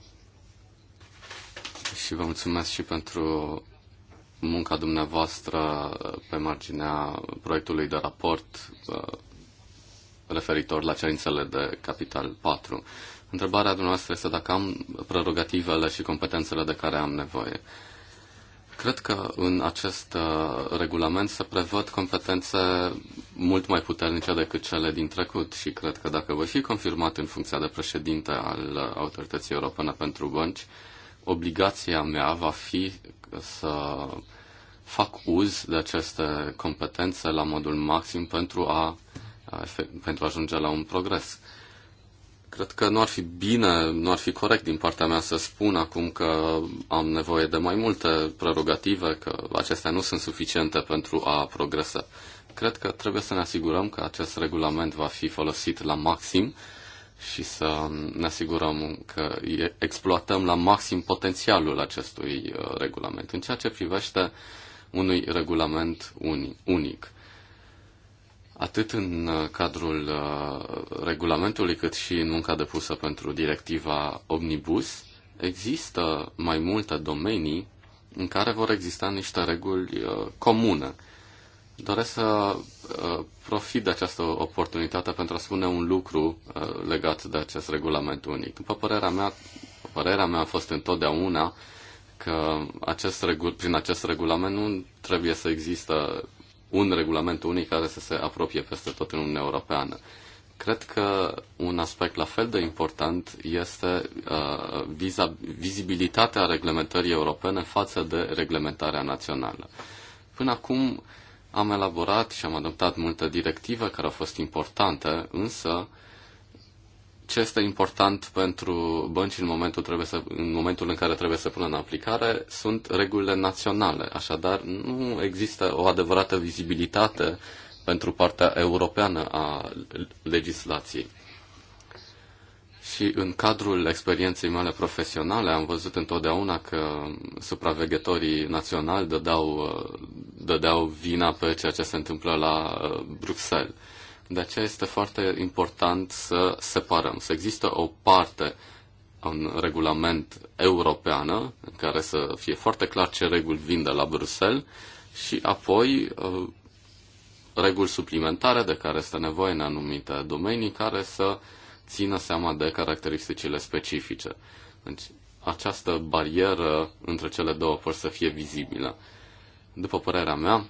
și vă mulțumesc și pentru munca dumneavoastră pe marginea proiectului de raport uh, referitor la cerințele de capital 4. Întrebarea dumneavoastră este dacă am prerogativele și competențele de care am nevoie. Cred că în acest uh, regulament se prevăd competențe mult mai puternice decât cele din trecut și cred că dacă voi fi confirmat în funcția de președinte al Autorității Europene pentru Bănci, obligația mea va fi să fac uz de aceste competențe la modul maxim pentru a, pentru a ajunge la un progres. Cred că nu ar fi bine, nu ar fi corect din partea mea să spun acum că am nevoie de mai multe prerogative, că acestea nu sunt suficiente pentru a progresa. Cred că trebuie să ne asigurăm că acest regulament va fi folosit la maxim și să ne asigurăm că exploatăm la maxim potențialul acestui uh, regulament în ceea ce privește unui regulament unic. Atât în uh, cadrul uh, regulamentului cât și în munca depusă pentru directiva Omnibus, există mai multe domenii în care vor exista niște reguli comune. Doresc să Uh, profit de această oportunitate pentru a spune un lucru uh, legat de acest regulament unic. După părerea mea, părerea mea a fost întotdeauna că acest regul, prin acest regulament nu trebuie să există un regulament unic care să se apropie peste tot în Uniunea Europeană. Cred că un aspect la fel de important este uh, viza, vizibilitatea reglementării europene față de reglementarea națională. Până acum, uh, am elaborat și am adoptat multă directivă care a fost importantă, însă ce este important pentru bănci în momentul, trebuie să, în momentul în care trebuie să pună în aplicare sunt regulile naționale. Așadar, nu există o adevărată vizibilitate pentru partea europeană a legislației și în cadrul experienței mele profesionale am văzut întotdeauna că supraveghetorii naționali dădeau, uh, dădeau vina pe ceea ce se întâmplă la uh, Bruxelles. De aceea este foarte important să separăm, să există o parte un regulament europeană în care să fie foarte clar ce reguli vin de la Bruxelles și apoi uh, reguli suplimentare de care este nevoie în anumite domenii care să uh, țină seama de caracteristicile specifice. Deci această barieră între cele două părți să fie vizibilă. După părerea mea,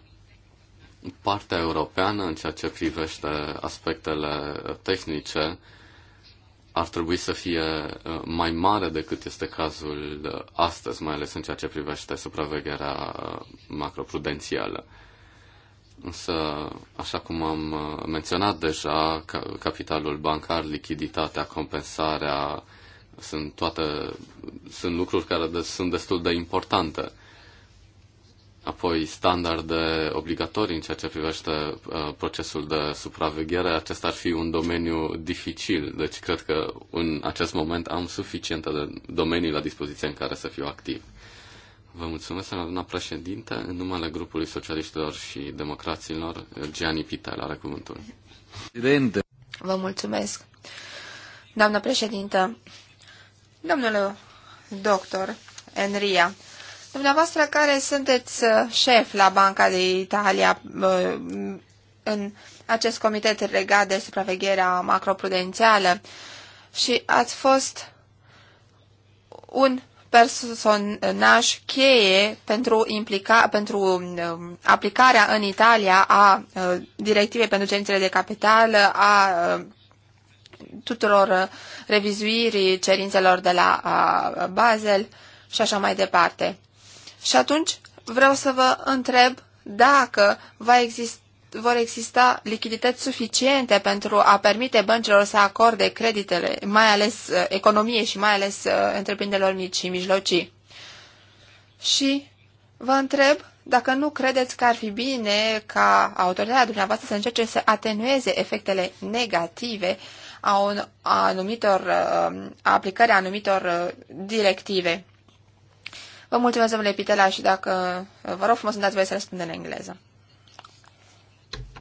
partea europeană în ceea ce privește aspectele tehnice ar trebui să fie uh, mai mare decât este cazul astăzi, mai ales în ceea ce privește supravegherea uh, macroprudențială. Însă, așa cum am uh, menționat deja, capitalul bancar, lichiditatea, compensarea, sunt toate, sunt lucruri care de, sunt destul de importante. Apoi, standarde obligatorii în ceea ce privește uh, procesul de supraveghere, acesta ar fi un domeniu dificil, deci cred că în acest moment am suficiente de domenii la dispoziție în care să fiu activ. Vă mulțumesc, doamna președinte. În numele grupului socialiștilor și democraților, Gianni Pitel are cuvântul. Vă mulțumesc. Doamna președinte, domnule doctor Enria, dumneavoastră care sunteți uh, șef la Banca de Italia uh, în acest comitet legat de supravegherea macroprudențială și ați fost un personaj cheie pentru, implica, pentru um, aplicarea în Italia a uh, directivei pentru cerințele de capital, a uh, tuturor uh, revizuirii cerințelor de la Basel și așa mai departe. Și atunci vreau să vă întreb dacă va exista vor exista lichidități suficiente pentru a permite băncilor să acorde creditele, mai ales uh, economiei și mai ales uh, întreprinderilor mici și mijlocii. Și vă întreb dacă nu credeți că ar fi bine ca autoritatea dumneavoastră să încerce să atenueze efectele negative a, un, a anumitor uh, a aplicării a anumitor directive. Vă mulțumesc, domnule Pitela, și dacă vă rog frumos să dați voie să răspund în engleză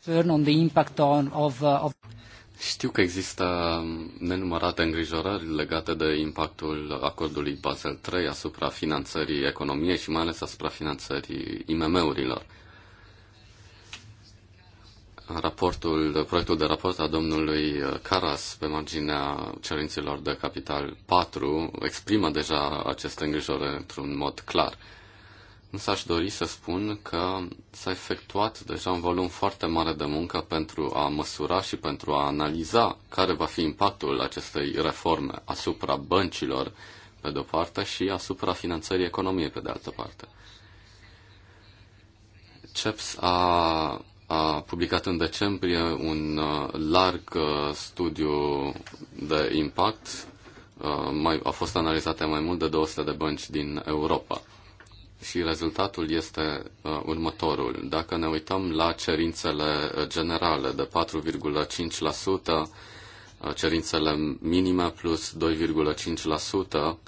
on the impact on, of, uh, of... Știu că există nenumărate îngrijorări legate de impactul acordului Basel III asupra finanțării economiei și mai ales asupra finanțării IMM-urilor. Raportul, proiectul de raport a domnului Caras pe marginea cerințelor de capital 4 exprimă deja aceste îngrijorări într-un mod clar. Însă aș dori să spun că s-a efectuat deja un volum foarte mare de muncă pentru a măsura și pentru a analiza care va fi impactul acestei reforme asupra băncilor, pe de-o parte, și asupra finanțării economiei, pe de altă parte. CEPS a, a publicat în decembrie un uh, larg uh, studiu de impact. Uh, mai, fost analizate mai mult de 200 de bănci din Europa și rezultatul este uh, următorul. Dacă ne uităm la cerințele generale de 4,5%, uh, cerințele minime plus 2,5%, um,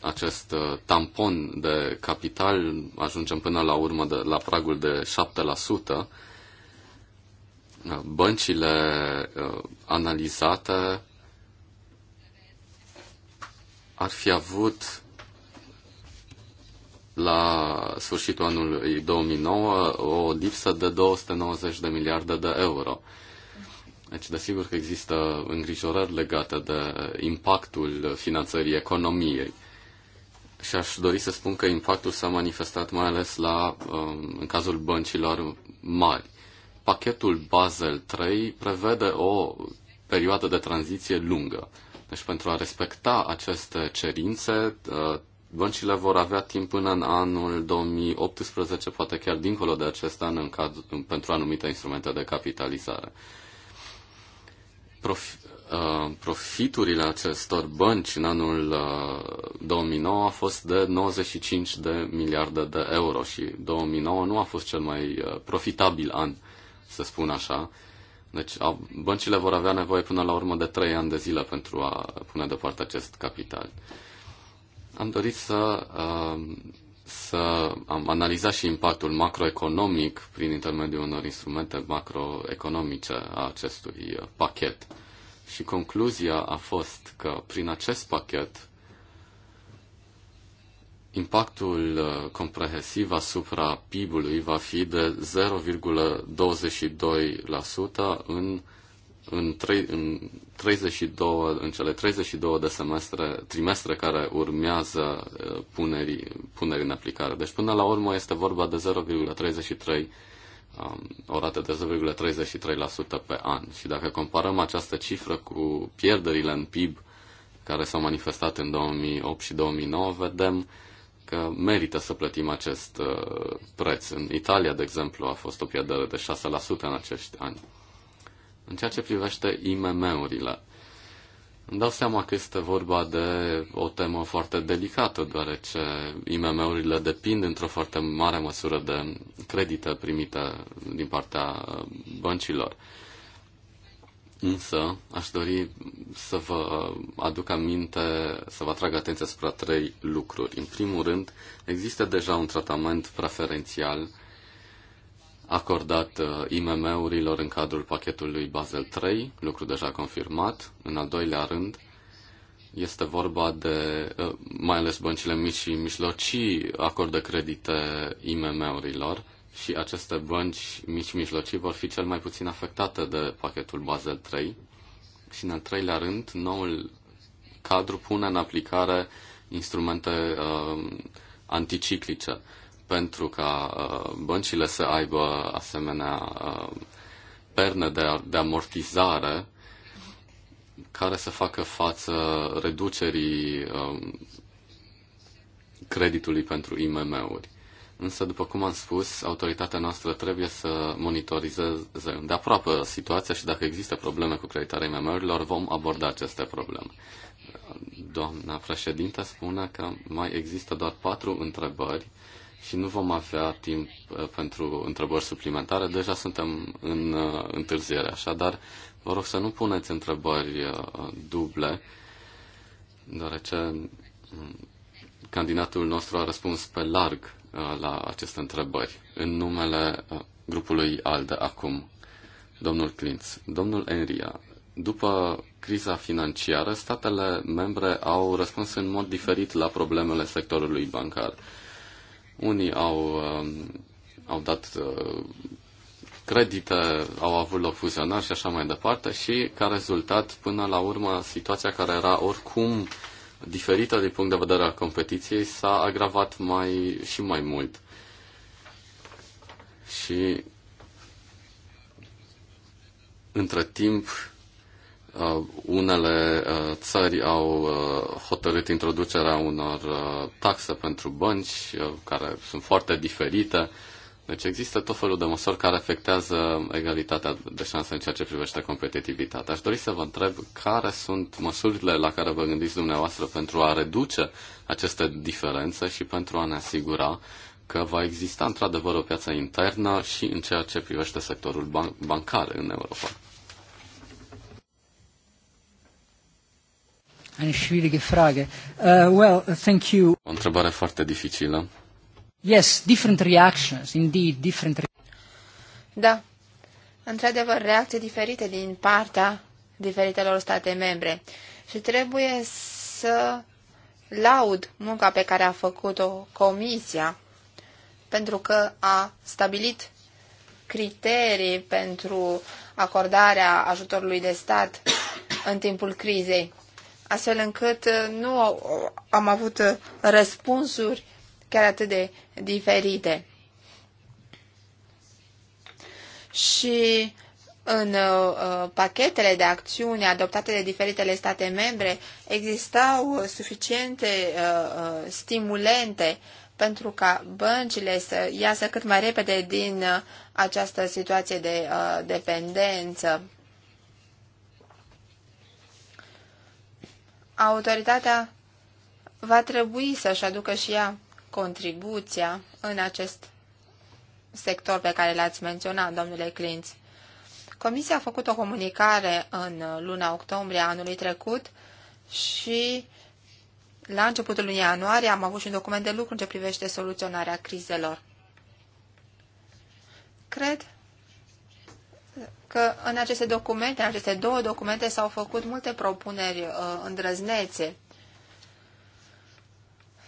acest uh, tampon de capital, ajungem până la urmă de, la pragul de 7%, uh, băncile analizate ar fi avut la sfârșitul anului 2009 o lipsă de 290 de miliarde de euro. Deci, desigur că există îngrijorări legate de impactul finanțării economiei. Și aș dori să spun că impactul s-a manifestat mai ales la, um, în cazul băncilor mari. Pachetul Basel III prevede o perioadă de tranziție lungă. Deci pentru a respecta aceste cerințe uh, Băncile vor avea timp până în anul 2018, poate chiar dincolo de acest an, în caz, pentru anumite instrumente de capitalizare. Prof, uh, profiturile acestor bănci în anul uh, 2009 a fost de 95 de miliarde de euro și 2009 nu a fost cel mai uh, profitabil an, să spun așa. Deci au, băncile vor avea nevoie până la urmă de 3 ani de zile pentru a pune deoparte acest capital. Uh, am dorit să, um, să am analizat și impactul macroeconomic prin intermediul unor instrumente macroeconomice a acestui uh, pachet. Și concluzia a fost că prin acest pachet impactul uh, comprehensiv asupra PIB-ului va fi de 0,22% în în, trei, în, 32, în cele 32 de semestre, trimestre care urmează uh, punerii, punerii în aplicare. Deci până la urmă este vorba de 0,33 o rată de 0,33% pe an. Și dacă comparăm această cifră cu pierderile în PIB care s-au manifestat în 2008 și 2009, vedem că merită să plătim acest uh, preț. În Italia, de exemplu, a fost o pierdere de 6% în acești ani. În ceea ce privește IMM-urile, îmi dau seama că este vorba de o temă foarte delicată, deoarece IMM-urile depind într-o foarte mare măsură de credite primite din partea uh, băncilor. Însă, aș dori să vă uh, aduc aminte, să vă atrag atenția asupra trei lucruri. În primul rând, există deja un tratament preferențial acordat uh, IMM-urilor în cadrul pachetului Basel III, lucru deja confirmat. În al doilea rând, este vorba de, uh, mai ales băncile mici și mijlocii, acordă credite IMM-urilor și aceste bănci mici și mijlocii vor fi cel mai puțin afectate de pachetul Basel III. Și în al treilea rând, noul cadru pune în aplicare instrumente uh, anticiclice pentru ca uh, băncile să aibă asemenea uh, perne de, de amortizare care să facă față reducerii um, creditului pentru IMM-uri. Însă, după cum am spus, autoritatea noastră trebuie să monitorizeze de aproape situația și dacă există probleme cu creditarea IMM-urilor, vom aborda aceste probleme. Doamna președintă spune că mai există doar patru întrebări și nu vom avea timp uh, pentru întrebări suplimentare. Deja suntem în uh, întârziere, așadar vă rog să nu puneți întrebări uh, duble, deoarece mm, candidatul nostru a răspuns pe larg la aceste întrebări în numele grupului ALDE acum, domnul Clintz. Domnul Enria, după criza financiară, statele membre au răspuns în mod diferit la problemele sectorului bancar. Unii au, um, au dat uh, credite, au avut loc fuzionari și așa mai departe și ca rezultat, până la urmă, situația care era oricum diferită din punct de vedere al competiției s-a agravat mai și mai mult. Și între timp, Uh, unele uh, țări au uh, hotărât introducerea unor taxe pentru bănci care sunt foarte diferite. Deci există tot felul de măsuri care afectează egalitatea de șanse în ceea ce privește competitivitatea. Aș dori să vă întreb care sunt măsurile la care vă gândiți dumneavoastră pentru a reduce aceste diferențe și pentru a ne asigura că va exista într-adevăr o piață internă și în ceea ce privește sectorul ban- bancar în Europa. Eine schwierige Frage. Uh, well, thank you. O întrebare foarte dificilă. Yes, different reactions, indeed, different Da. Într-adevăr, reacții diferite din partea diferitelor state membre. Și trebuie să laud munca pe care a făcut-o comisia, pentru că a stabilit criterii pentru acordarea ajutorului de stat în timpul crizei astfel încât uh, nu uh, am avut uh, răspunsuri chiar atât de diferite. Și în uh, pachetele de acțiune adoptate de diferitele state membre existau suficiente uh, stimulente pentru ca băncile să iasă cât mai repede din uh, această situație de uh, dependență autoritatea va trebui să-și aducă și ea contribuția în acest sector pe care l-ați menționat, domnule Clinț. Comisia a făcut o comunicare în luna octombrie anului trecut și la începutul lunii ianuarie am avut și un document de lucru în ce privește soluționarea crizelor. Cred că în aceste documente, în aceste două documente s-au făcut multe propuneri uh, îndrăznețe.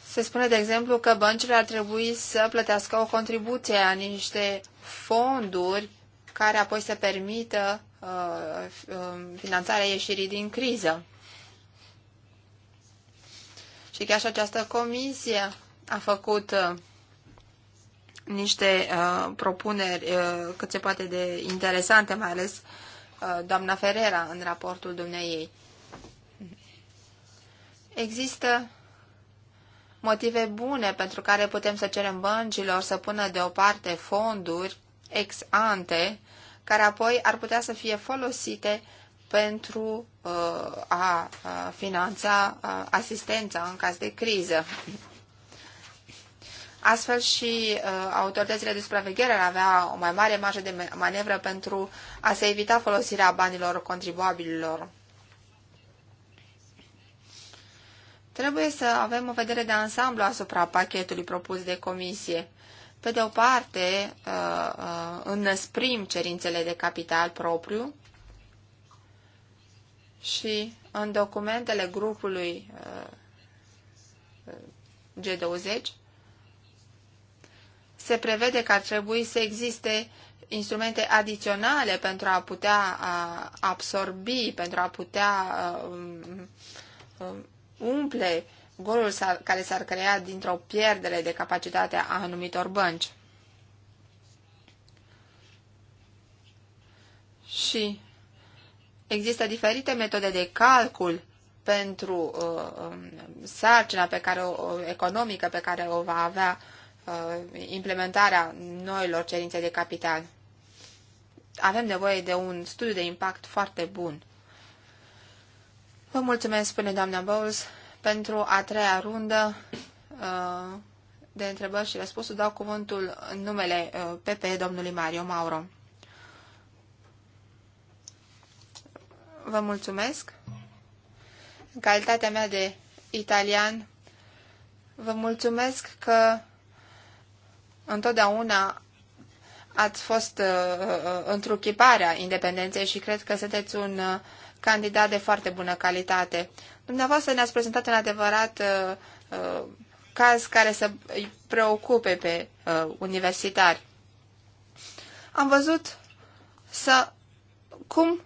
Se spune, de exemplu, că băncile ar trebui să plătească o contribuție a niște fonduri care apoi să permită uh, um, finanțarea ieșirii din criză. Și chiar și această comisie a făcut uh, niște uh, propuneri uh, cât se poate de interesante, mai ales uh, doamna Ferrera în raportul dumneiei. Există motive bune pentru care putem să cerem băncilor să pună deoparte fonduri ex ante, care apoi ar putea să fie folosite pentru uh, a, a finanța uh, asistența în caz de criză. Astfel și uh, autoritățile de supraveghere ar avea o mai mare marjă de manevră pentru a se evita folosirea banilor contribuabililor. Trebuie să avem o vedere de ansamblu asupra pachetului propus de comisie. Pe de o parte, uh, uh, înăsprim cerințele de capital propriu și în documentele grupului uh, uh G20 se prevede că ar trebui să existe instrumente adiționale pentru a putea absorbi, pentru a putea uh, um, um, umple golul care s-ar crea dintr-o pierdere de capacitate a anumitor bănci. Și există diferite metode de calcul pentru uh, um, sarcina pe care o, economică pe care o va avea Uh, implementarea noilor cerințe de capital. Avem nevoie de un studiu de impact foarte bun. Vă mulțumesc, spune doamna Bowles, pentru a treia rundă uh, de întrebări și răspunsuri. Dau cuvântul în numele PP uh, domnului Mario Mauro. Vă mulțumesc. În calitatea mea de italian, vă mulțumesc că întotdeauna ați fost uh, uh chiparea independenței și cred că sunteți un uh, candidat de foarte bună calitate. Dumneavoastră ne-ați prezentat un adevărat uh, uh, caz care să îi preocupe pe uh, universitari. Am văzut să cum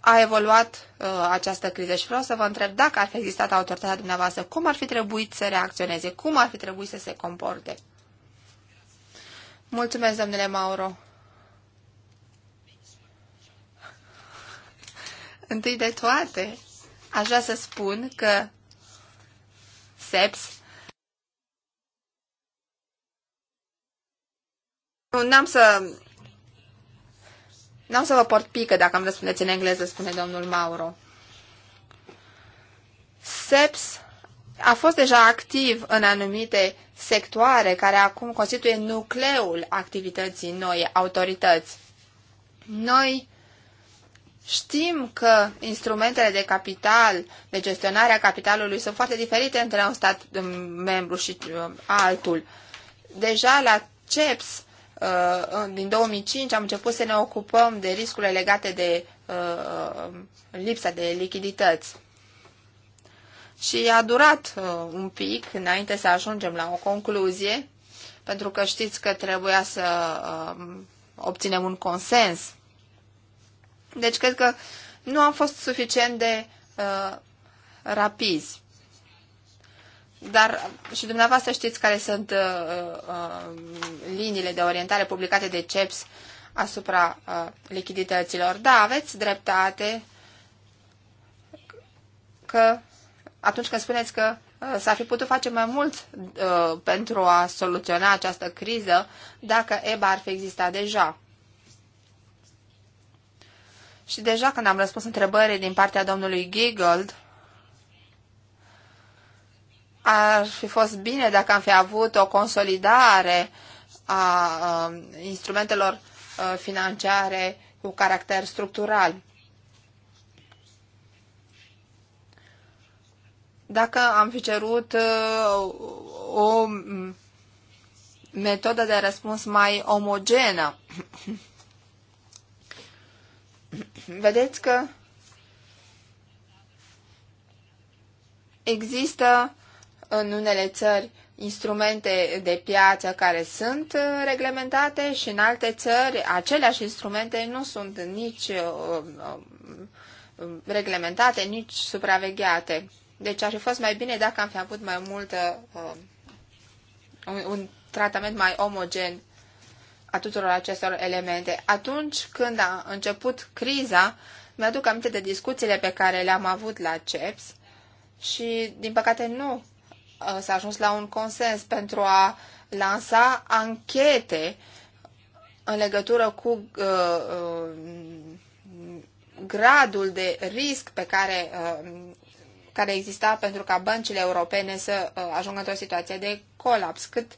a evoluat uh, această criză și vreau să vă întreb dacă ar fi existat autoritatea dumneavoastră, cum ar fi trebuit să reacționeze, cum ar fi trebuit să se comporte. Mulțumesc, domnule Mauro. Întâi de toate, aș vrea să spun că SEPS Nu, n-am să... N-am să vă port pică dacă îmi răspundeți în engleză, spune domnul Mauro. SEPS a fost deja activ în anumite sectoare care acum constituie nucleul activității noi autorități. Noi știm că instrumentele de capital, de gestionare a capitalului sunt foarte diferite între un stat membru și uh, altul. Deja la CEPS uh, din 2005 am început să ne ocupăm de riscurile legate de uh, lipsa de lichidități și a durat uh, un pic înainte să ajungem la o concluzie, pentru că știți că trebuia să uh, obținem un consens. Deci cred că nu am fost suficient de uh, rapizi. Dar și dumneavoastră știți care sunt uh, uh, liniile de orientare publicate de CEPS asupra uh, lichidităților. Da, aveți dreptate că atunci când spuneți că uh, s-ar fi putut face mai mult uh, pentru a soluționa această criză dacă EBA ar fi existat deja. Și deja când am răspuns întrebării din partea domnului Giggold, ar fi fost bine dacă am fi avut o consolidare a uh, instrumentelor uh, financiare cu caracter structural. Dacă am fi cerut uh, o mm, metodă de răspuns mai omogenă, vedeți că există în unele țări instrumente de piață care sunt uh, reglementate și în alte țări aceleași instrumente nu sunt nici uh, reglementate, nici supravegheate. Deci ar fi fost mai bine dacă am fi avut mai multă, uh, un, un tratament mai omogen a tuturor acestor elemente. Atunci când a început criza, mi-aduc aminte de discuțiile pe care le-am avut la CEPS și, din păcate, nu uh, s-a ajuns la un consens pentru a lansa anchete în legătură cu uh, uh, gradul de risc pe care uh, care exista pentru ca băncile europene să uh, ajungă într-o situație de colaps, cât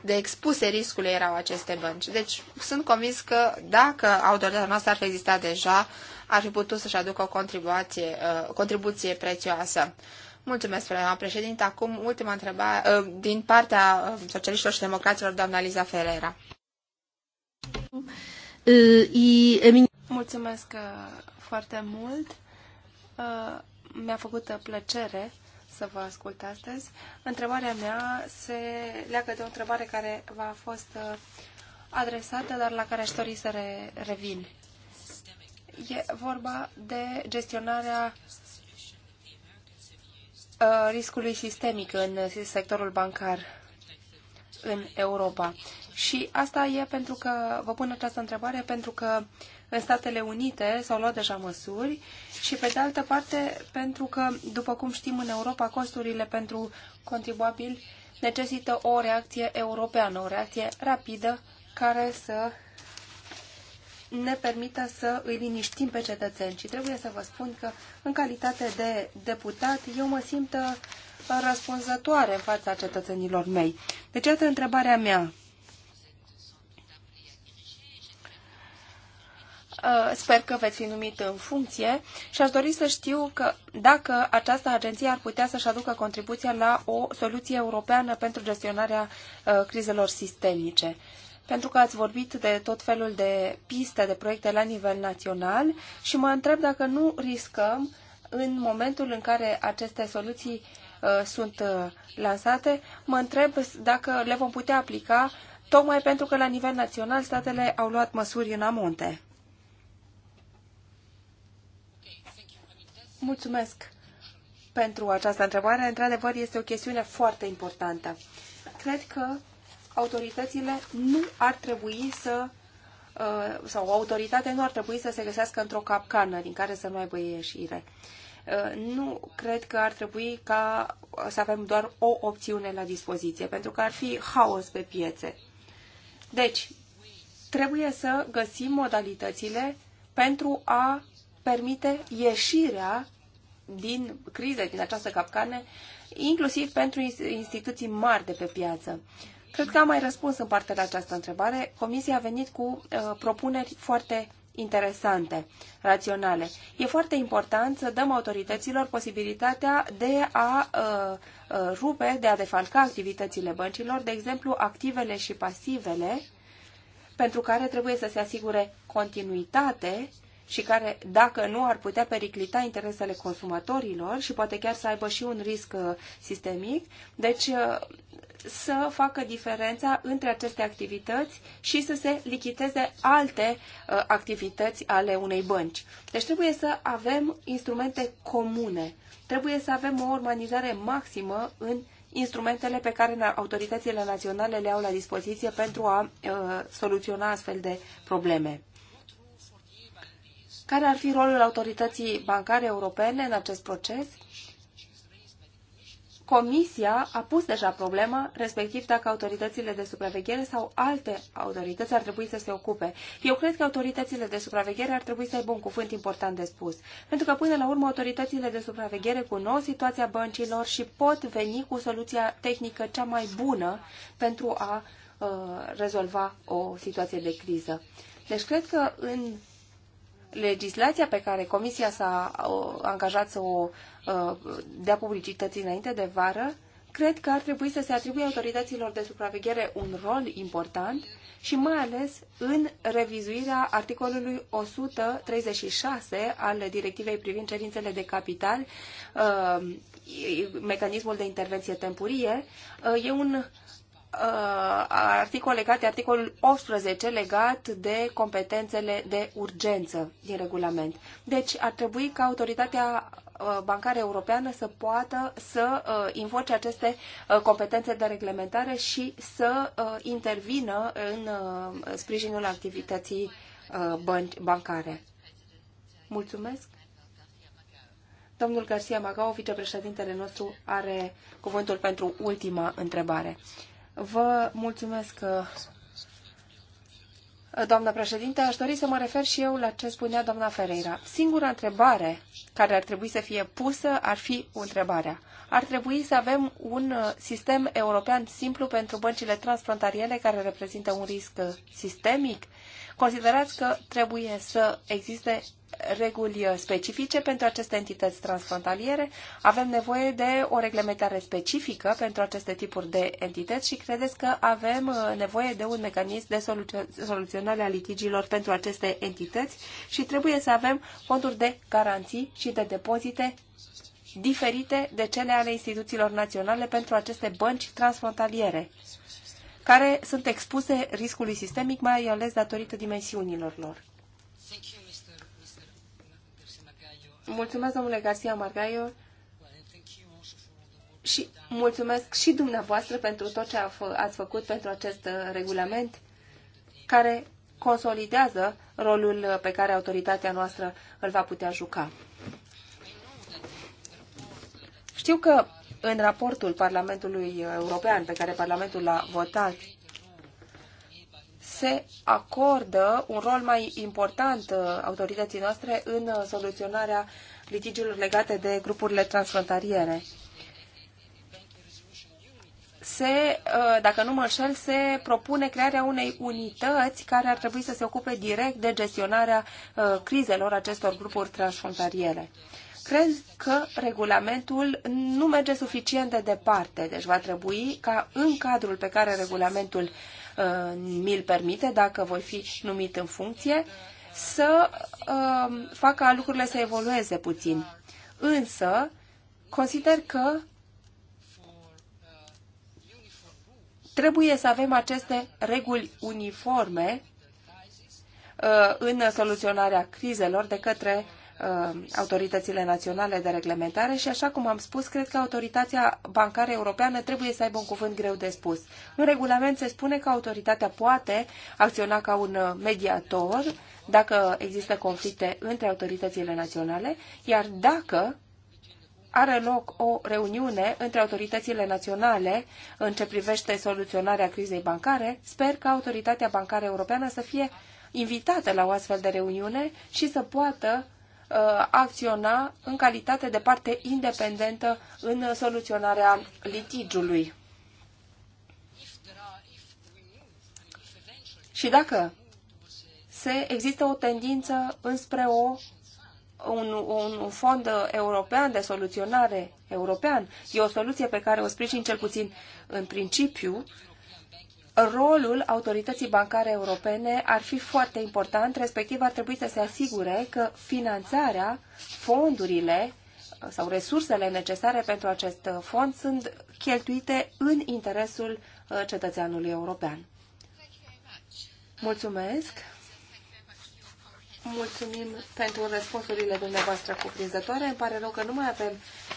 de expuse riscurile erau aceste bănci. Deci sunt convins că dacă autoritatea noastră ar fi existat deja, ar fi putut să-și aducă o contribuție, uh, contribuție prețioasă. Mulțumesc, doamna președinte. Acum, ultima întrebare uh, din partea socialiștilor și democraților, doamna Liza Ferreira. Mulțumesc foarte mult mi-a făcut plăcere să vă ascult astăzi. Întrebarea mea se leagă de o întrebare care v-a fost uh, adresată, dar la care aș dori să re revin. E vorba de gestionarea uh, riscului sistemic în sectorul bancar în Europa. Și asta e pentru că vă pun această întrebare pentru că în Statele Unite s-au luat deja măsuri și, pe de altă parte, pentru că, după cum știm, în Europa costurile pentru contribuabili necesită o reacție europeană, o reacție rapidă care să ne permită să îi liniștim pe cetățeni. Și trebuie să vă spun că, în calitate de deputat, eu mă simt răspunzătoare în fața cetățenilor mei. Deci, iată întrebarea mea. Uh, sper că veți fi numit în funcție și aș dori să știu că dacă această agenție ar putea să-și aducă contribuția la o soluție europeană pentru gestionarea uh, crizelor sistemice. Pentru că ați vorbit de tot felul de piste, de proiecte la nivel național și mă întreb dacă nu riscăm în momentul în care aceste soluții uh, sunt lansate, mă întreb dacă le vom putea aplica tocmai pentru că la nivel național statele au luat măsuri în amonte. Mulțumesc pentru această întrebare. Într-adevăr, este o chestiune foarte importantă. Cred că autoritățile nu ar trebui să uh, sau autoritatea autoritate nu ar trebui să se găsească într-o capcană din care să nu aibă ieșire. Uh, nu cred că ar trebui ca să avem doar o opțiune la dispoziție, pentru că ar fi haos pe piețe. Deci, trebuie să găsim modalitățile pentru a permite ieșirea din crize, din această capcane, inclusiv pentru instituții mari de pe piață. Cred că am mai răspuns în partea de această întrebare. Comisia a venit cu uh, propuneri foarte interesante, raționale. E foarte important să dăm autorităților posibilitatea de a uh, uh rupe, de a defalca activitățile băncilor, de exemplu, activele și pasivele, pentru care trebuie să se asigure continuitate și care, dacă nu, ar putea periclita interesele consumatorilor și poate chiar să aibă și un risc uh, sistemic. Deci uh, să facă diferența între aceste activități și să se lichiteze alte uh, activități ale unei bănci. Deci trebuie să avem instrumente comune. Trebuie să avem o urbanizare maximă în instrumentele pe care autoritățile naționale le au la dispoziție pentru a uh, soluționa astfel de probleme. Care ar fi rolul autorității bancare europene în acest proces? Comisia a pus deja problema, respectiv dacă autoritățile de supraveghere sau alte autorități ar trebui să se ocupe. Eu cred că autoritățile de supraveghere ar trebui să aibă un cuvânt important de spus, pentru că până la urmă autoritățile de supraveghere cunosc situația băncilor și pot veni cu soluția tehnică cea mai bună pentru a uh, rezolva o situație de criză. Deci cred că în legislația pe care Comisia s-a angajat să o uh, dea publicității înainte de vară, cred că ar trebui să se atribuie autorităților de supraveghere un rol important și mai ales în revizuirea articolului 136 al directivei privind cerințele de capital, uh, mecanismul de intervenție temporie. Uh, e un uh, articol legat de articolul 18 legat de competențele de urgență din regulament. Deci ar trebui ca autoritatea uh, bancară europeană să poată să uh, invoce aceste uh, competențe de reglementare și să intervină în sprijinul activității bancare. Mulțumesc. Domnul Garcia Magao, vicepreședintele nostru, are cuvântul pentru ultima întrebare. Vă mulțumesc, uh, doamna președinte. Aș dori să mă refer și eu la ce spunea doamna Ferreira. Singura întrebare care ar trebui să fie pusă ar fi întrebarea. Ar trebui să avem un uh, sistem european simplu pentru băncile transfrontaliere care reprezintă un risc uh, sistemic Considerați că trebuie să existe reguli uh, specifice pentru aceste entități transfrontaliere. Avem nevoie de o reglementare specifică pentru aceste tipuri de entități și credeți că avem uh, nevoie de un mecanism de soluționare a litigiilor pentru aceste entități și trebuie să avem fonduri de garanții și de depozite diferite de cele ale instituțiilor naționale pentru aceste bănci transfrontaliere care sunt expuse riscului sistemic, mai ales datorită dimensiunilor lor. Mulțumesc, domnule Garcia Margaio, și mulțumesc și dumneavoastră pentru tot ce ați făcut pentru acest uh, regulament care consolidează rolul uh, pe care autoritatea noastră îl va putea juca. Știu că în raportul Parlamentului European pe care Parlamentul l-a votat se acordă un rol mai important autorității noastre în soluționarea litigiilor legate de grupurile transfrontaliere. Se, dacă nu mă înșel, se propune crearea unei unități care ar trebui să se ocupe direct de gestionarea uh, crizelor acestor grupuri transfrontaliere cred că regulamentul nu merge suficient de departe, deci va trebui ca în cadrul pe care regulamentul uh, mi-l permite, dacă voi fi numit în funcție, să uh, facă lucrurile să evolueze puțin. Însă, consider că trebuie să avem aceste reguli uniforme uh, în soluționarea crizelor de către Uh, autoritățile naționale de reglementare și, așa cum am spus, cred că autoritatea bancară europeană trebuie să aibă un cuvânt greu de spus. În regulament se spune că autoritatea poate acționa ca un uh, mediator dacă există conflicte între autoritățile naționale, iar dacă are loc o reuniune între autoritățile naționale în ce privește soluționarea crizei bancare, sper că autoritatea bancară europeană să fie invitată la o astfel de reuniune și să poată Uh, acționa în calitate de parte independentă în soluționarea litigiului. Și dacă se există o tendință înspre o, un, un, un fond european de soluționare european, e o soluție pe care o sprijin cel puțin în principiu rolul autorității bancare europene ar fi foarte important, respectiv ar trebui să se asigure că finanțarea, fondurile uh, sau resursele necesare pentru acest uh, fond sunt cheltuite în interesul uh, cetățeanului european. Mulțumesc! Mulțumim pentru răspunsurile dumneavoastră cuprinzătoare. Îmi pare rău că nu mai avem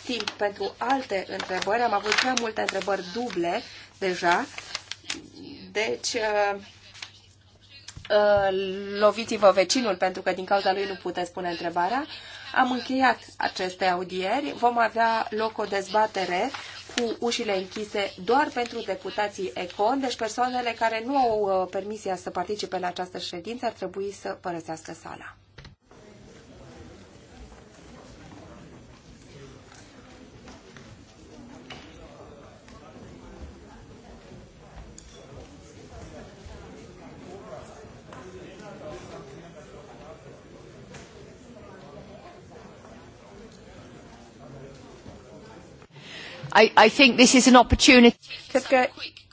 timp pentru alte întrebări. Am avut prea multe întrebări duble deja. Deci, uh, uh, loviți-vă vecinul, pentru că din cauza lui nu puteți pune întrebarea. Am încheiat aceste audieri. Vom avea loc o dezbatere cu ușile închise doar pentru deputații ECON, deci persoanele care nu au uh, permisia să participe la această ședință ar trebui să părăsească sala. I, think this is an opportunity. a quick